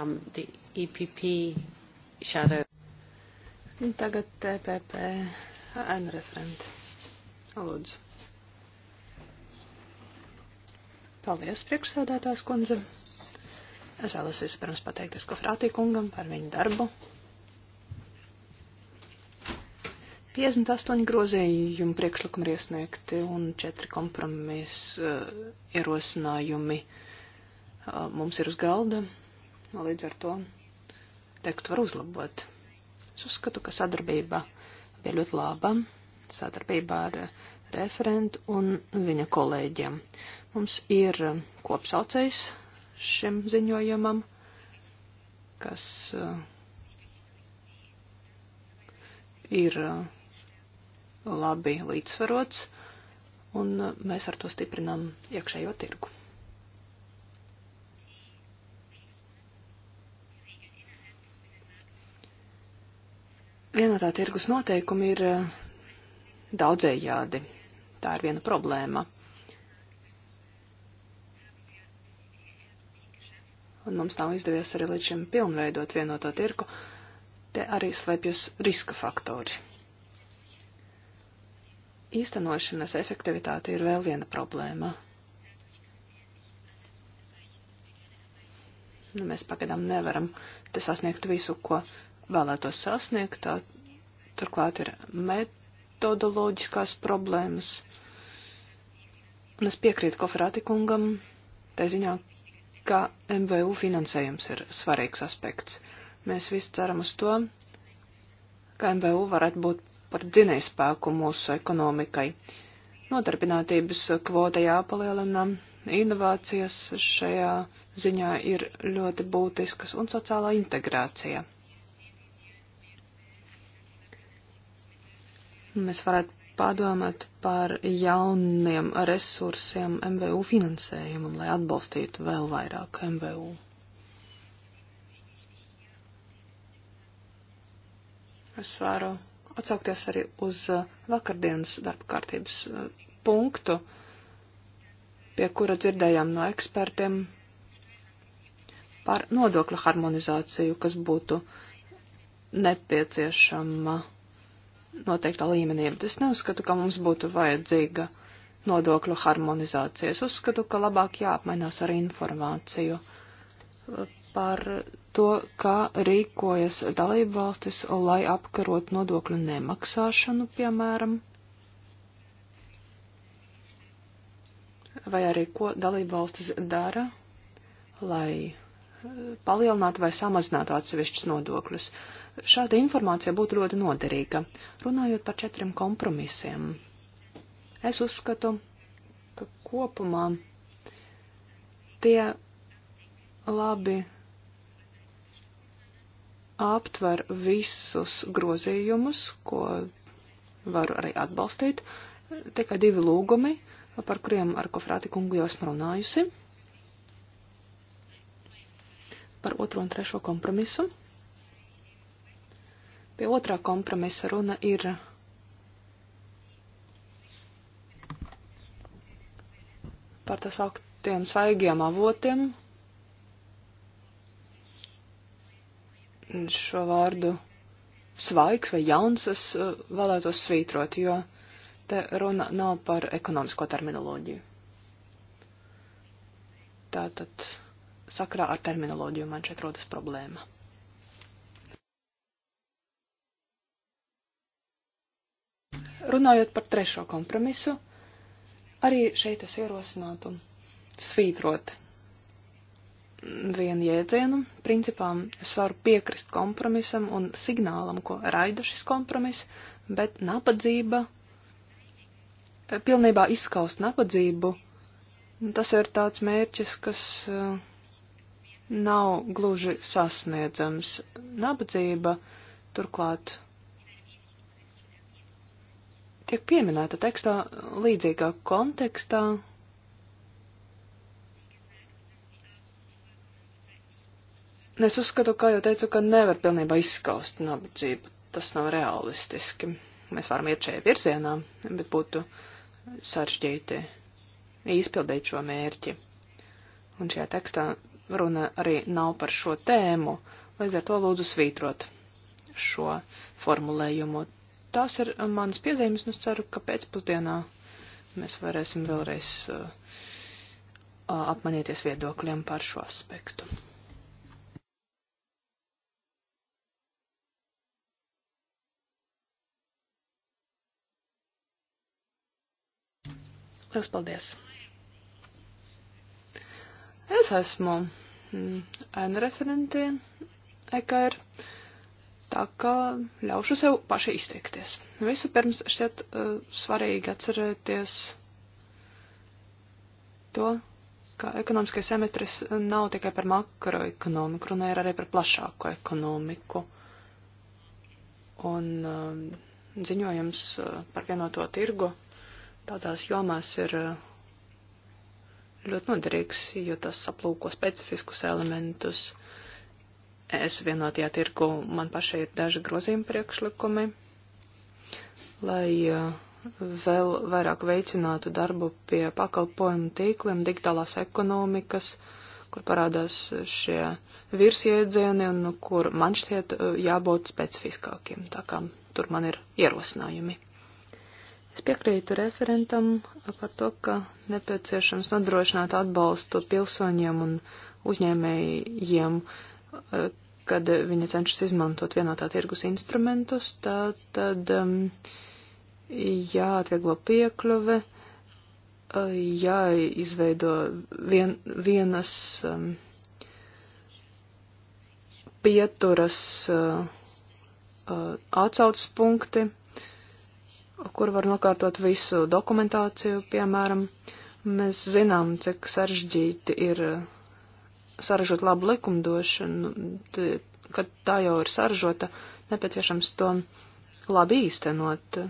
Um, the EPP shadow. Tagad TPP ēnu referenti. Lūdzu. Paldies, priekšsēdētājs kundze. Es vēlos vispirms pateikties Kofrātī kungam par viņu darbu. 58 grozējumu priekšlikumi ir iesniegti un 4 kompromisu uh, eh, ierosinājumi uh, mums ir uz galda. Līdz ar to tekstu var uzlabot. Es uzskatu, ka sadarbība pie ļoti laba sadarbībā ar referentu un viņa kolēģiem. Mums ir kopsaucējs šim ziņojumam, kas uh, ir uh, labi līdzsvarots, un uh, mēs ar to stiprinām iekšējo tirgu. vienotā tirgus noteikumi ir eh, daudzējādi. Tā ir viena problēma. Un mums nav izdevies arī līdz šim pilnveidot vienoto tirgu. Te arī slēpjas riska faktori. Īstenošanas efektivitāte ir vēl viena problēma. Nu, mēs pagaidām nevaram te sasniegt visu, ko vēlētos sasniegt. Tā, turklāt ir metodoloģiskās problēmas. Un es piekrītu Koferāti kungam, tā ziņā, ka MVU finansējums ir svarīgs aspekts. Mēs visi ceram uz to, ka MVU varētu būt par dzinējspēku mūsu ekonomikai. Nodarbinātības kvota jāpalielina, inovācijas šajā ziņā ir ļoti būtiskas un sociālā integrācija. Mēs varētu padomāt par jauniem resursiem MVU finansējumam, lai atbalstītu vēl vairāk MVU. Es varu atsaukties arī uz uh, vakardienas darba kārtības uh, punktu, pie kura dzirdējām no ekspertiem par nodokļu harmonizāciju, kas būtu nepieciešama noteiktā līmenī. Es neuzskatu, ka mums būtu vajadzīga nodokļu harmonizācija. Es uzskatu, ka labāk jāapmainās ar informāciju par to, kā rīkojas dalību valstis, lai apkarot nodokļu nemaksāšanu, piemēram, vai arī ko dalību valstis dara, lai palielinātu vai samazinātu atsevišķus nodokļus. Šāda informācija būtu ļoti noderīga. Runājot par četriem kompromisiem, es uzskatu, ka kopumā tie labi aptver visus grozījumus, ko varu arī atbalstīt. Tikai divi lūgumi, par kuriem ar Kofrāti kungu jau esmu runājusi. Par otro un trešo kompromisu. Pie otrā kompromisa runa ir par tas augtiem svaigiem avotiem. Šo vārdu svaigs vai jauns es eh, vēlētos svītrot, jo te runa nav par ekonomisko terminoloģiju. Tātad sakrā ar terminoloģiju man šeit rodas problēma. Runājot par trešo kompromisu, arī šeit es ierosinātu svītrot vienu jēdzienu. Principā es varu piekrist kompromisam un signālam, ko raida šis kompromis, bet nabadzība, pilnībā izskaust nabadzību, tas ir tāds mērķis, kas eh, nav gluži sasniedzams. Nabadzība turklāt tiek pieminēta tekstā līdzīgā kontekstā. Es uzskatu, kā jau teicu, ka nevar pilnībā izskaust nabadzību. Tas nav realistiski. Mēs varam iet šajā virzienā, bet būtu sarežģīti izpildīt šo mērķi. Un šajā tekstā runa arī nav par šo tēmu, līdz ar to lūdzu svītrot šo formulējumu tās ir uh, manas piezīmes, un es ceru, ka pēcpusdienā mēs varēsim vēlreiz uh, apmainīties viedokļiem par šo aspektu. Lielas paldies! Es esmu mm, N referentē EKR. Tā kā ļaušu sev pašai izteikties. Visu pirms šķiet uh, svarīgi atcerēties to, ka ekonomiskais semestris nav tikai par makroekonomiku, runā ir arī par plašāko ekonomiku. Un uh, ziņojums uh, par vienoto tirgu tādās jomās ir uh, ļoti noderīgs, jo tas aplūko specifiskus elementus. Uh, es vienotajā tirgu man pašai ir daži grozījumi priekšlikumi, lai eh, vēl vairāk veicinātu darbu pie pakalpojumu tīkliem, digitālās ekonomikas, kur parādās šie virsiedzieni un kur man šķiet eh, jābūt specifiskākiem. Tā kā tur man ir ierosinājumi. Es piekrītu referentam par to, ka nepieciešams nodrošināt atbalstu pilsoņiem un uzņēmējiem uh, kad viņa cenšas izmantot vienotā tirgus instrumentus, tā, tad um, jāatvieglo piekļuve, uh, jāizveido vien, vienas um, pieturas uh, uh, atsaucas punkti, kur var nokārtot visu dokumentāciju, piemēram. Mēs zinām, cik sarežģīti ir. Uh, saražot labu likumdošanu, kad tā jau ir saražota, nepieciešams to labi īstenot.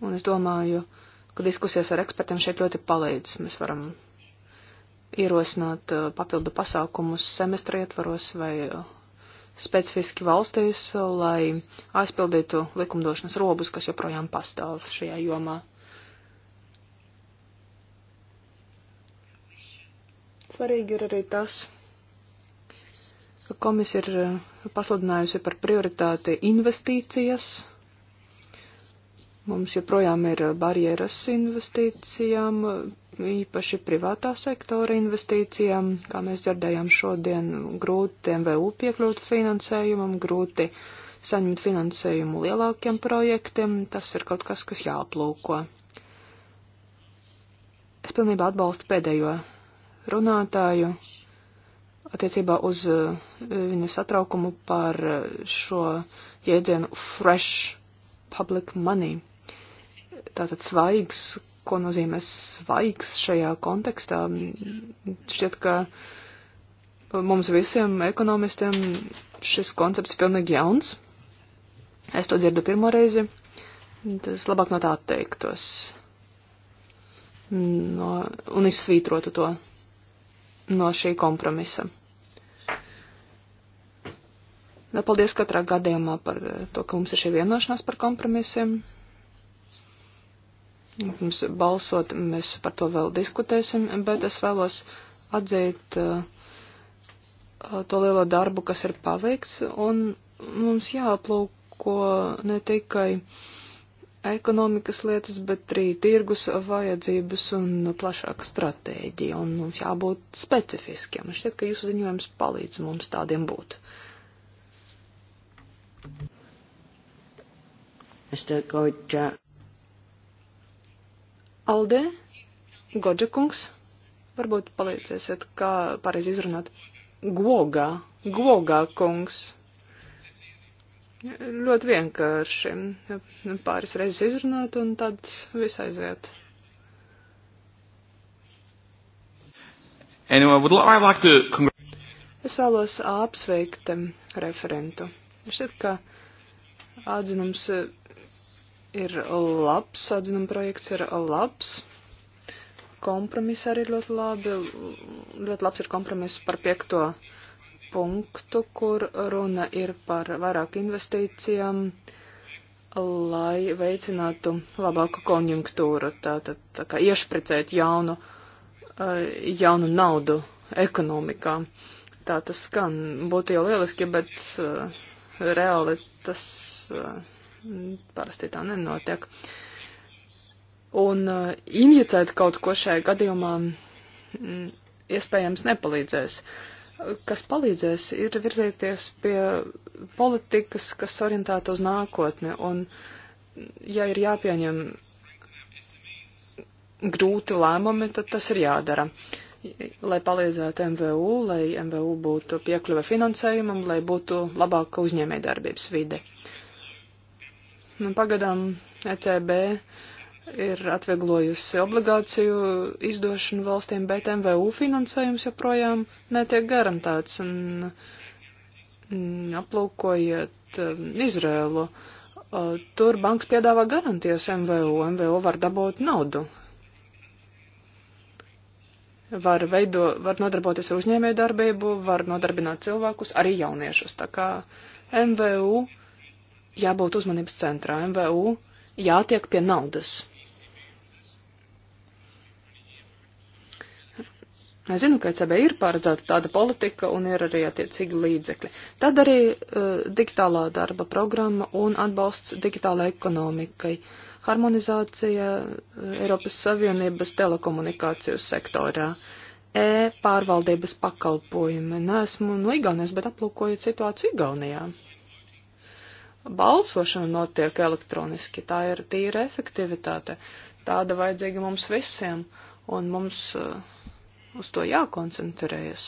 Un es domāju, ka diskusijas ar ekspertiem šeit ļoti palīdz. Mēs varam ierosināt uh, papildu pasākumus semestra ietvaros vai uh, specifiski valstīs, lai aizpildītu likumdošanas robus, kas joprojām pastāv šajā jomā. Svarīgi ir arī tas, ka komisija ir uh, pasludinājusi par prioritāti investīcijas. Mums joprojām ir uh, barjeras investīcijām, uh, īpaši privātā sektora investīcijām. Kā mēs dzirdējām šodien, grūti MVU piekļūt finansējumam, grūti saņemt finansējumu lielākiem projektiem. Tas ir kaut kas, kas jāaplūko. Es pilnībā atbalstu pēdējo runātāju attiecībā uz uh, viņa satraukumu par uh, šo jēdzienu fresh public money. Tātad svaigs, ko nozīmē svaigs šajā kontekstā. Šķiet, ka mums visiem ekonomistiem šis koncepts ir pilnīgi jauns. Es to dzirdu pirmo reizi. Tas labāk no tā atteiktos no, un izsvītrotu to no šī kompromisa. Nu, paldies katrā gadījumā par eh, to, ka mums ir šī vienošanās par kompromisiem. Mums balsot, mēs par to vēl diskutēsim, bet es vēlos atzīt uh, to lielo darbu, kas ir paveikts, un mums jāaplūko ne tikai uh, ekonomikas lietas, bet arī tirgus vajadzības un plašāka stratēģija, un mums jābūt specifiskiem. Šķiet, ka jūsu ziņojums palīdz mums tādiem būt. Godža. Alde, Godža kungs, varbūt palīdzēsiet, kā pareizi izrunāt. Gogā, Gogā kungs ļoti vienkārši. Pāris reizes izrunāt un tad viss aiziet. Es vēlos apsveikt referentu. Šķiet, ka atzinums eh, ir labs, atzinuma projekts ir labs, kompromiss arī ļoti labi, ļoti labs ir kompromiss par piekto punktu, kur runa ir par vairāk investīcijām, lai veicinātu labāku konjunktūru, tātad tā, tā kā iešpricēt jaunu, eh, jaunu naudu ekonomikā. Tā tas skan, būtu jau lieliski, bet eh, reāli tas eh, parasti tā nenotiek. Un injicēt kaut ko šajā gadījumā mm, iespējams nepalīdzēs. Uh, kas palīdzēs, ir virzīties pie politikas, kas orientēta uz nākotni. Un, ja ir jāpieņem grūti lēmumi, tad tas ir jādara. Lai palīdzētu MVU, lai MVU būtu piekļuve finansējumam, lai būtu labāka uzņēmējdarbības vide. Nu, pagadām ECB ir atvieglojusi obligāciju izdošanu valstīm, bet MVU finansējums joprojām netiek garantēts. Un, mm, aplūkojiet mm, Izrēlu, tur bankas piedāvā garantijas MVU, MVU var dabūt naudu. Var, veido, var nodarboties ar uzņēmēju darbību, var nodarbināt cilvēkus, arī jauniešus. Tā kā MVU jābūt uzmanības centrā, MVU jātiek pie naudas. Es zinu, ka ECB ir paredzēta tāda politika un ir arī attiecīgi līdzekļi. Tad arī uh, digitālā darba programma un atbalsts digitālai ekonomikai, harmonizācija uh, Eiropas Savienības telekomunikāciju sektorā, e-pārvaldības pakalpojumi. Nesmu no Igaunijas, bet aplūkoju situāciju Igaunijā. Balsošana notiek elektroniski, tā ir tīra efektivitāte. Tāda vajadzīga mums visiem, un mums uh, Uz to jākoncentrējas.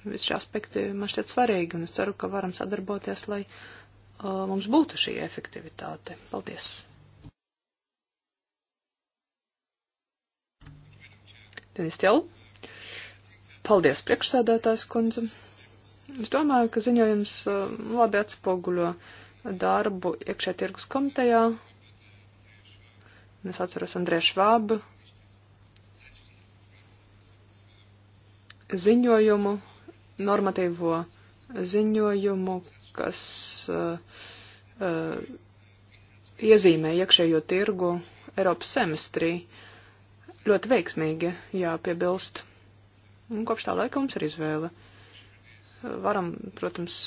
Visi šie aspekti man šķiet svarīgi, un es ceru, ka varam sadarboties, lai uh, mums būtu šī efektivitāte. Paldies! Denis Tjell. Paldies, priekšsēdētājs kundze. Es domāju, ka ziņojums uh, labi atspoguļo darbu iekšē tirgus komitejā Es atceros Andrēs Švābu ziņojumu, normatīvo ziņojumu, kas uh, uh, iezīmē iekšējo tirgu Eiropas semestrī. Ļoti veiksmīgi, jāpiebilst. Un kopš tā laika mums ir izvēle. Varam, protams,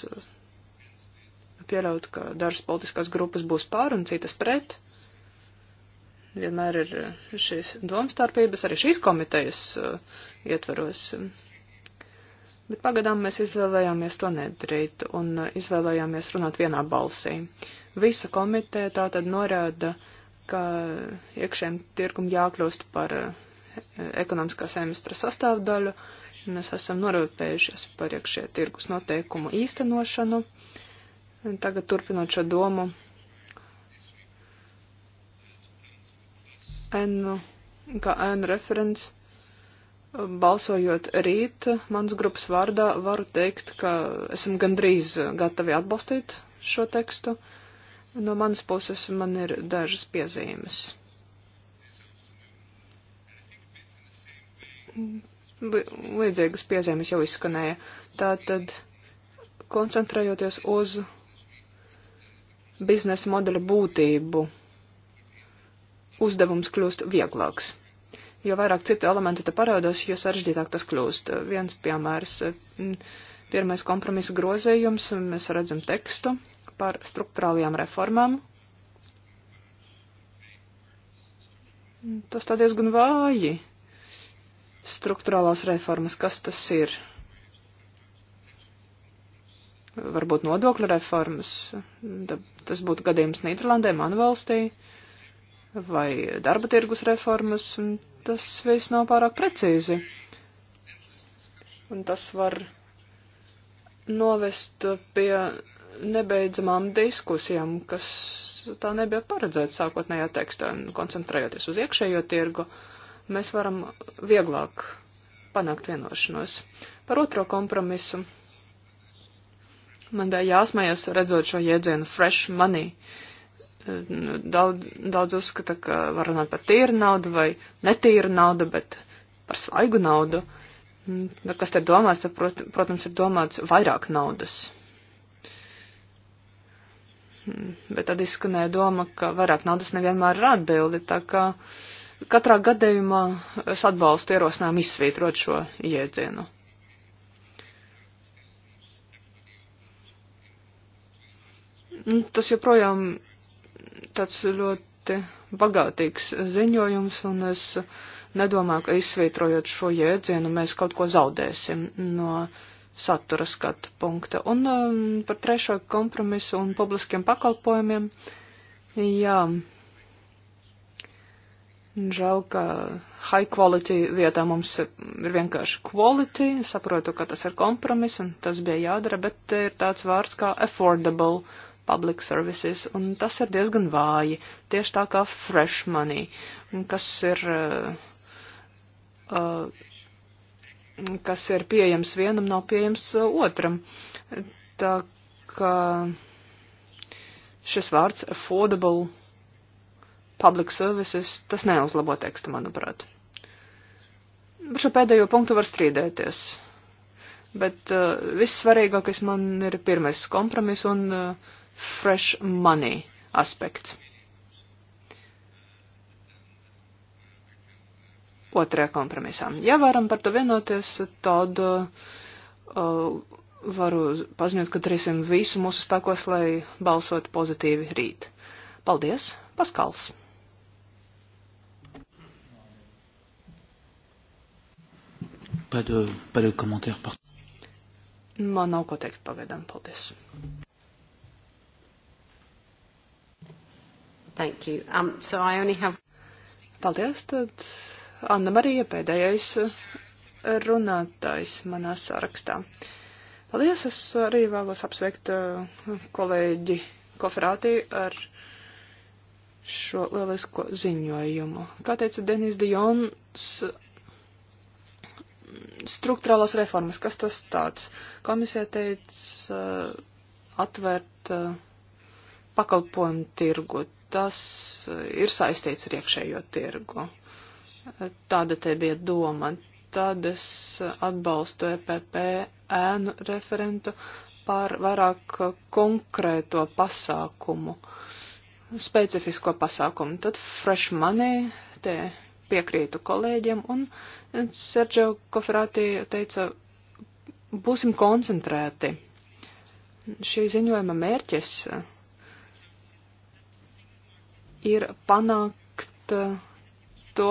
pieļaut, ka dažas politiskās grupas būs pār un citas pret. Uh, vienmēr ir eh, šīs domstarpības arī šīs komitejas eh, ietveros. Bet pagadām mēs izvēlējāmies to nedarīt un eh, izvēlējāmies runāt vienā balsī. Visa komiteja tā tad norāda, ka iekšējiem tirkum jākļūst par ekonomiskā semestra sastāvdaļu. Mēs esam norūpējušies par iekšējā tirgus noteikumu īstenošanu. Tagad turpinot šo domu, N, kā N referents. Balsojot rīt, mans grupas vārdā varu teikt, ka esam gandrīz gatavi atbalstīt šo tekstu. No manas puses man ir dažas piezīmes. Līdzīgas piezīmes jau izskanēja. Tātad, koncentrējoties uz biznesa modeļa būtību uzdevums kļūst vieglāks. Jo vairāk citu elementu te parādās, jo sarežģītāk tas kļūst. Viens piemērs, mm, pirmais kompromisa grozējums, mēs redzam tekstu par struktūrālajām reformām. Tas tā diezgan vāji. Struktūrālās reformas, kas tas ir? Varbūt nodokļu reformas, tas būtu gadījums Nīderlandē, man valstī. Uh, vai darba tirgus reformas, un tas viss nav pārāk precīzi. Un tas var novest pie nebeidzamām diskusijām, kas tā nebija paredzēta sākotnējā tekstā, un koncentrējoties uz iekšējo tirgu, mēs varam vieglāk panākt vienošanos. Par otro kompromisu man bija jāsmējas redzot šo jēdzienu fresh money. Uh, Daudz, daudz uzskata, ka var runāt par tīru naudu vai netīru naudu, bet par svaigu naudu. Mm, kas te domāts, tad, prot, protams, ir domāts vairāk naudas. Mm, bet tad izskanēja doma, ka vairāk naudas nevienmēr ir atbildi, tā kā katrā gadījumā es atbalstu ierosinājumu izsvītrot šo jēdzienu. Mm, tas joprojām tāds ļoti bagātīgs ziņojums, un es nedomāju, ka izsvītrojot šo jēdzienu, mēs kaut ko zaudēsim no satura skatu punkta. Un um, par trešo kompromisu un publiskiem pakalpojumiem. Jā. Žēl, ka high quality vietā mums ir vienkārši quality. Saprotu, ka tas ir kompromiss un tas bija jādara, bet ir tāds vārds kā affordable public services, un tas ir diezgan vāji, tieši tā kā fresh money, kas ir, uh, uh kas ir pieejams vienam, nav pieejams uh, otram. Tā kā šis vārds affordable public services, tas neuzlabo tekstu, manuprāt. Par šo pēdējo punktu var strīdēties. Bet uh, vissvarīgākais man ir pirmais kompromis un uh, fresh money aspekts. Otrajā kompromisā. Ja varam par to vienoties, tad uh, varu paziņot, ka darīsim visu mūsu spēkos, lai balsotu pozitīvi rīt. Paldies, Paskals! Pas de, pas de commentaires par... Man nav ko teikt pagaidām, paldies. Thank you. Um, so I only have... Paldies, tad Anna Marija pēdējais uh, runātājs manā sarakstā. Paldies, es arī vēlos apsveikt uh, kolēģi Koferātī ar šo lielisko ziņojumu. Kā teica Denis Dijons, struktūrālās reformas, kas tas tāds? Komisija teica uh, atvērt pakalpojumu tirgu tas ir saistīts ar iekšējo tirgu. Tāda te bija doma. Tad es atbalstu EPP ēnu referentu par vairāk konkrēto pasākumu, specifisko pasākumu. Tad fresh money, te piekrītu kolēģiem, un Sergio Koferāti teica, būsim koncentrēti. Šī ziņojuma mērķis ir panākt uh, to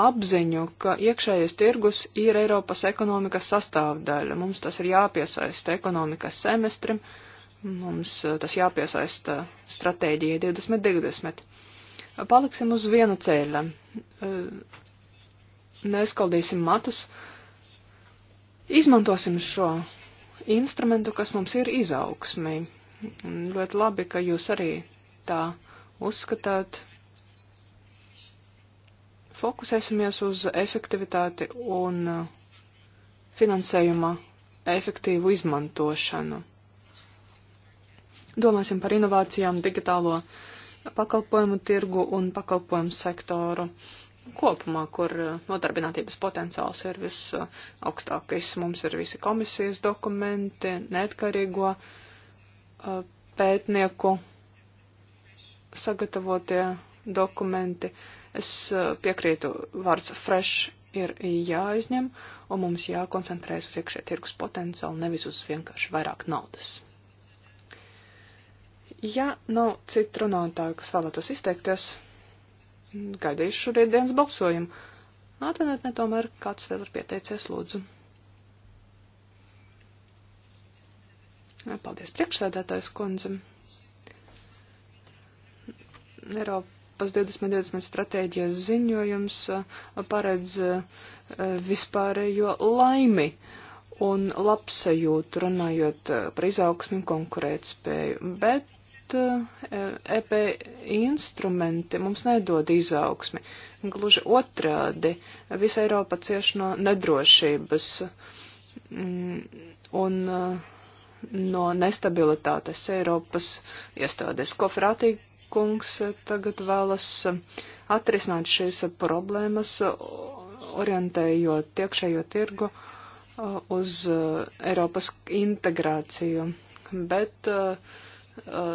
apziņu, ka iekšējais tirgus ir Eiropas ekonomikas sastāvdaļa. Mums tas ir jāpiesaista ekonomikas semestrim, mums uh, tas jāpiesaista uh, stratēģijai 2020. Paliksim uz viena ceļa. Neskaldīsim matus. Izmantosim šo instrumentu, kas mums ir izaugsmēji Ļoti labi, ka jūs arī tā uzskatāt. Fokusēsimies uz efektivitāti un uh, finansējuma efektīvu izmantošanu. Domāsim par inovācijām, digitālo pakalpojumu tirgu un pakalpojumu sektoru kopumā, kur uh, nodarbinātības potenciāls ir visaugstākais. Mums ir visi komisijas dokumenti, neatkarīgo uh, pētnieku sagatavotie dokumenti. Es piekrītu, vārds fresh ir jāizņem, un mums jākoncentrējas uz iekšē tirgus potenciālu, nevis uz vienkārši vairāk naudas. Ja nav citu runātāju, kas vēlētos izteikties, gaidīšu rītdienas balsojumu. Nātvienot, ne tomēr kāds vēl ir pieteicies, lūdzu. Paldies priekšsēdētājs kundzam. Eiropas 2020 stratēģijas ziņojums uh, paredz uh, vispārējo laimi un labsajūtu runājot uh, par izaugsmi un konkurētspēju. Bet EP instrumenti mums nedod izaugsmi. Gluži otrādi, visa Eiropa cieš no nedrošības. Mm, un no nestabilitātes Eiropas iestādēs. Ko Frātī kungs tagad vēlas atrisināt šīs problēmas, orientējot iekšējo tirgu uz eh, Eiropas integrāciju. Bet eh,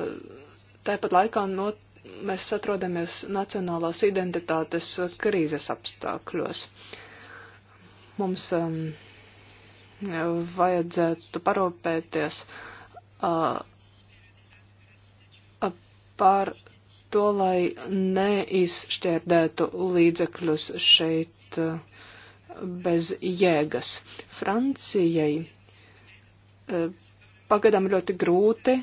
tāpat laikā not, mēs atrodamies nacionālās identitātes krīzes apstākļos. Mums um, vajadzētu parūpēties uh, par to, lai neizšķērdētu līdzekļus šeit uh, bez jēgas. Francijai uh, pagadam ļoti grūti.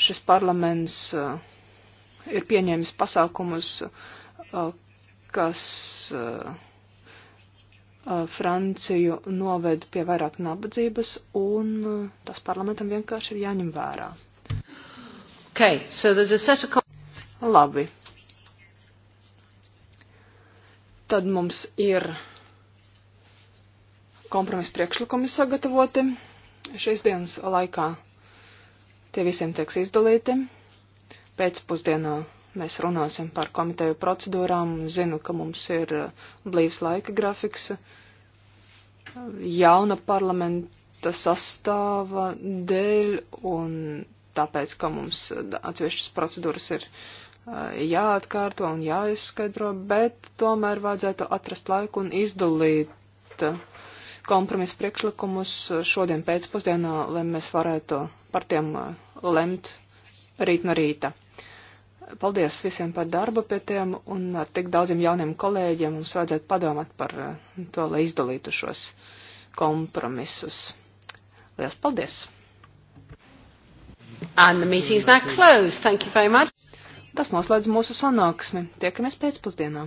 Šis parlaments ir pieņēmis pasākumus, kas uh, Franciju noved pie vairāk nabadzības, un tas parlamentam vienkārši ir jāņem vērā. Okay, so of... Labi. Tad mums ir kompromisa priekšlikumi sagatavoti. Šīs dienas laikā tie visiem tieks izdalīti. Pēcpusdienā Mēs runāsim par komiteju procedūrām. Zinu, ka mums ir uh, blīvs laika grafiks. Jauna parlamenta sastāva dēļ un tāpēc, ka mums uh, atsevišķas procedūras ir uh, jāatkārto un jāizskaidro, bet tomēr vajadzētu atrast laiku un izdalīt kompromisu priekšlikumus šodien pēcpusdienā, lai mēs varētu par tiem lemt rīt no rīta. Paldies visiem par darbu pie tiem, un ar tik daudziem jauniem kolēģiem mums vajadzētu padomāt par eh, to, lai izdalītu šos kompromisus. Lielas paldies! And the meeting is now closed. Thank you very much. Tas noslēdz mūsu sanāksmi. Tiekamies pēcpusdienā.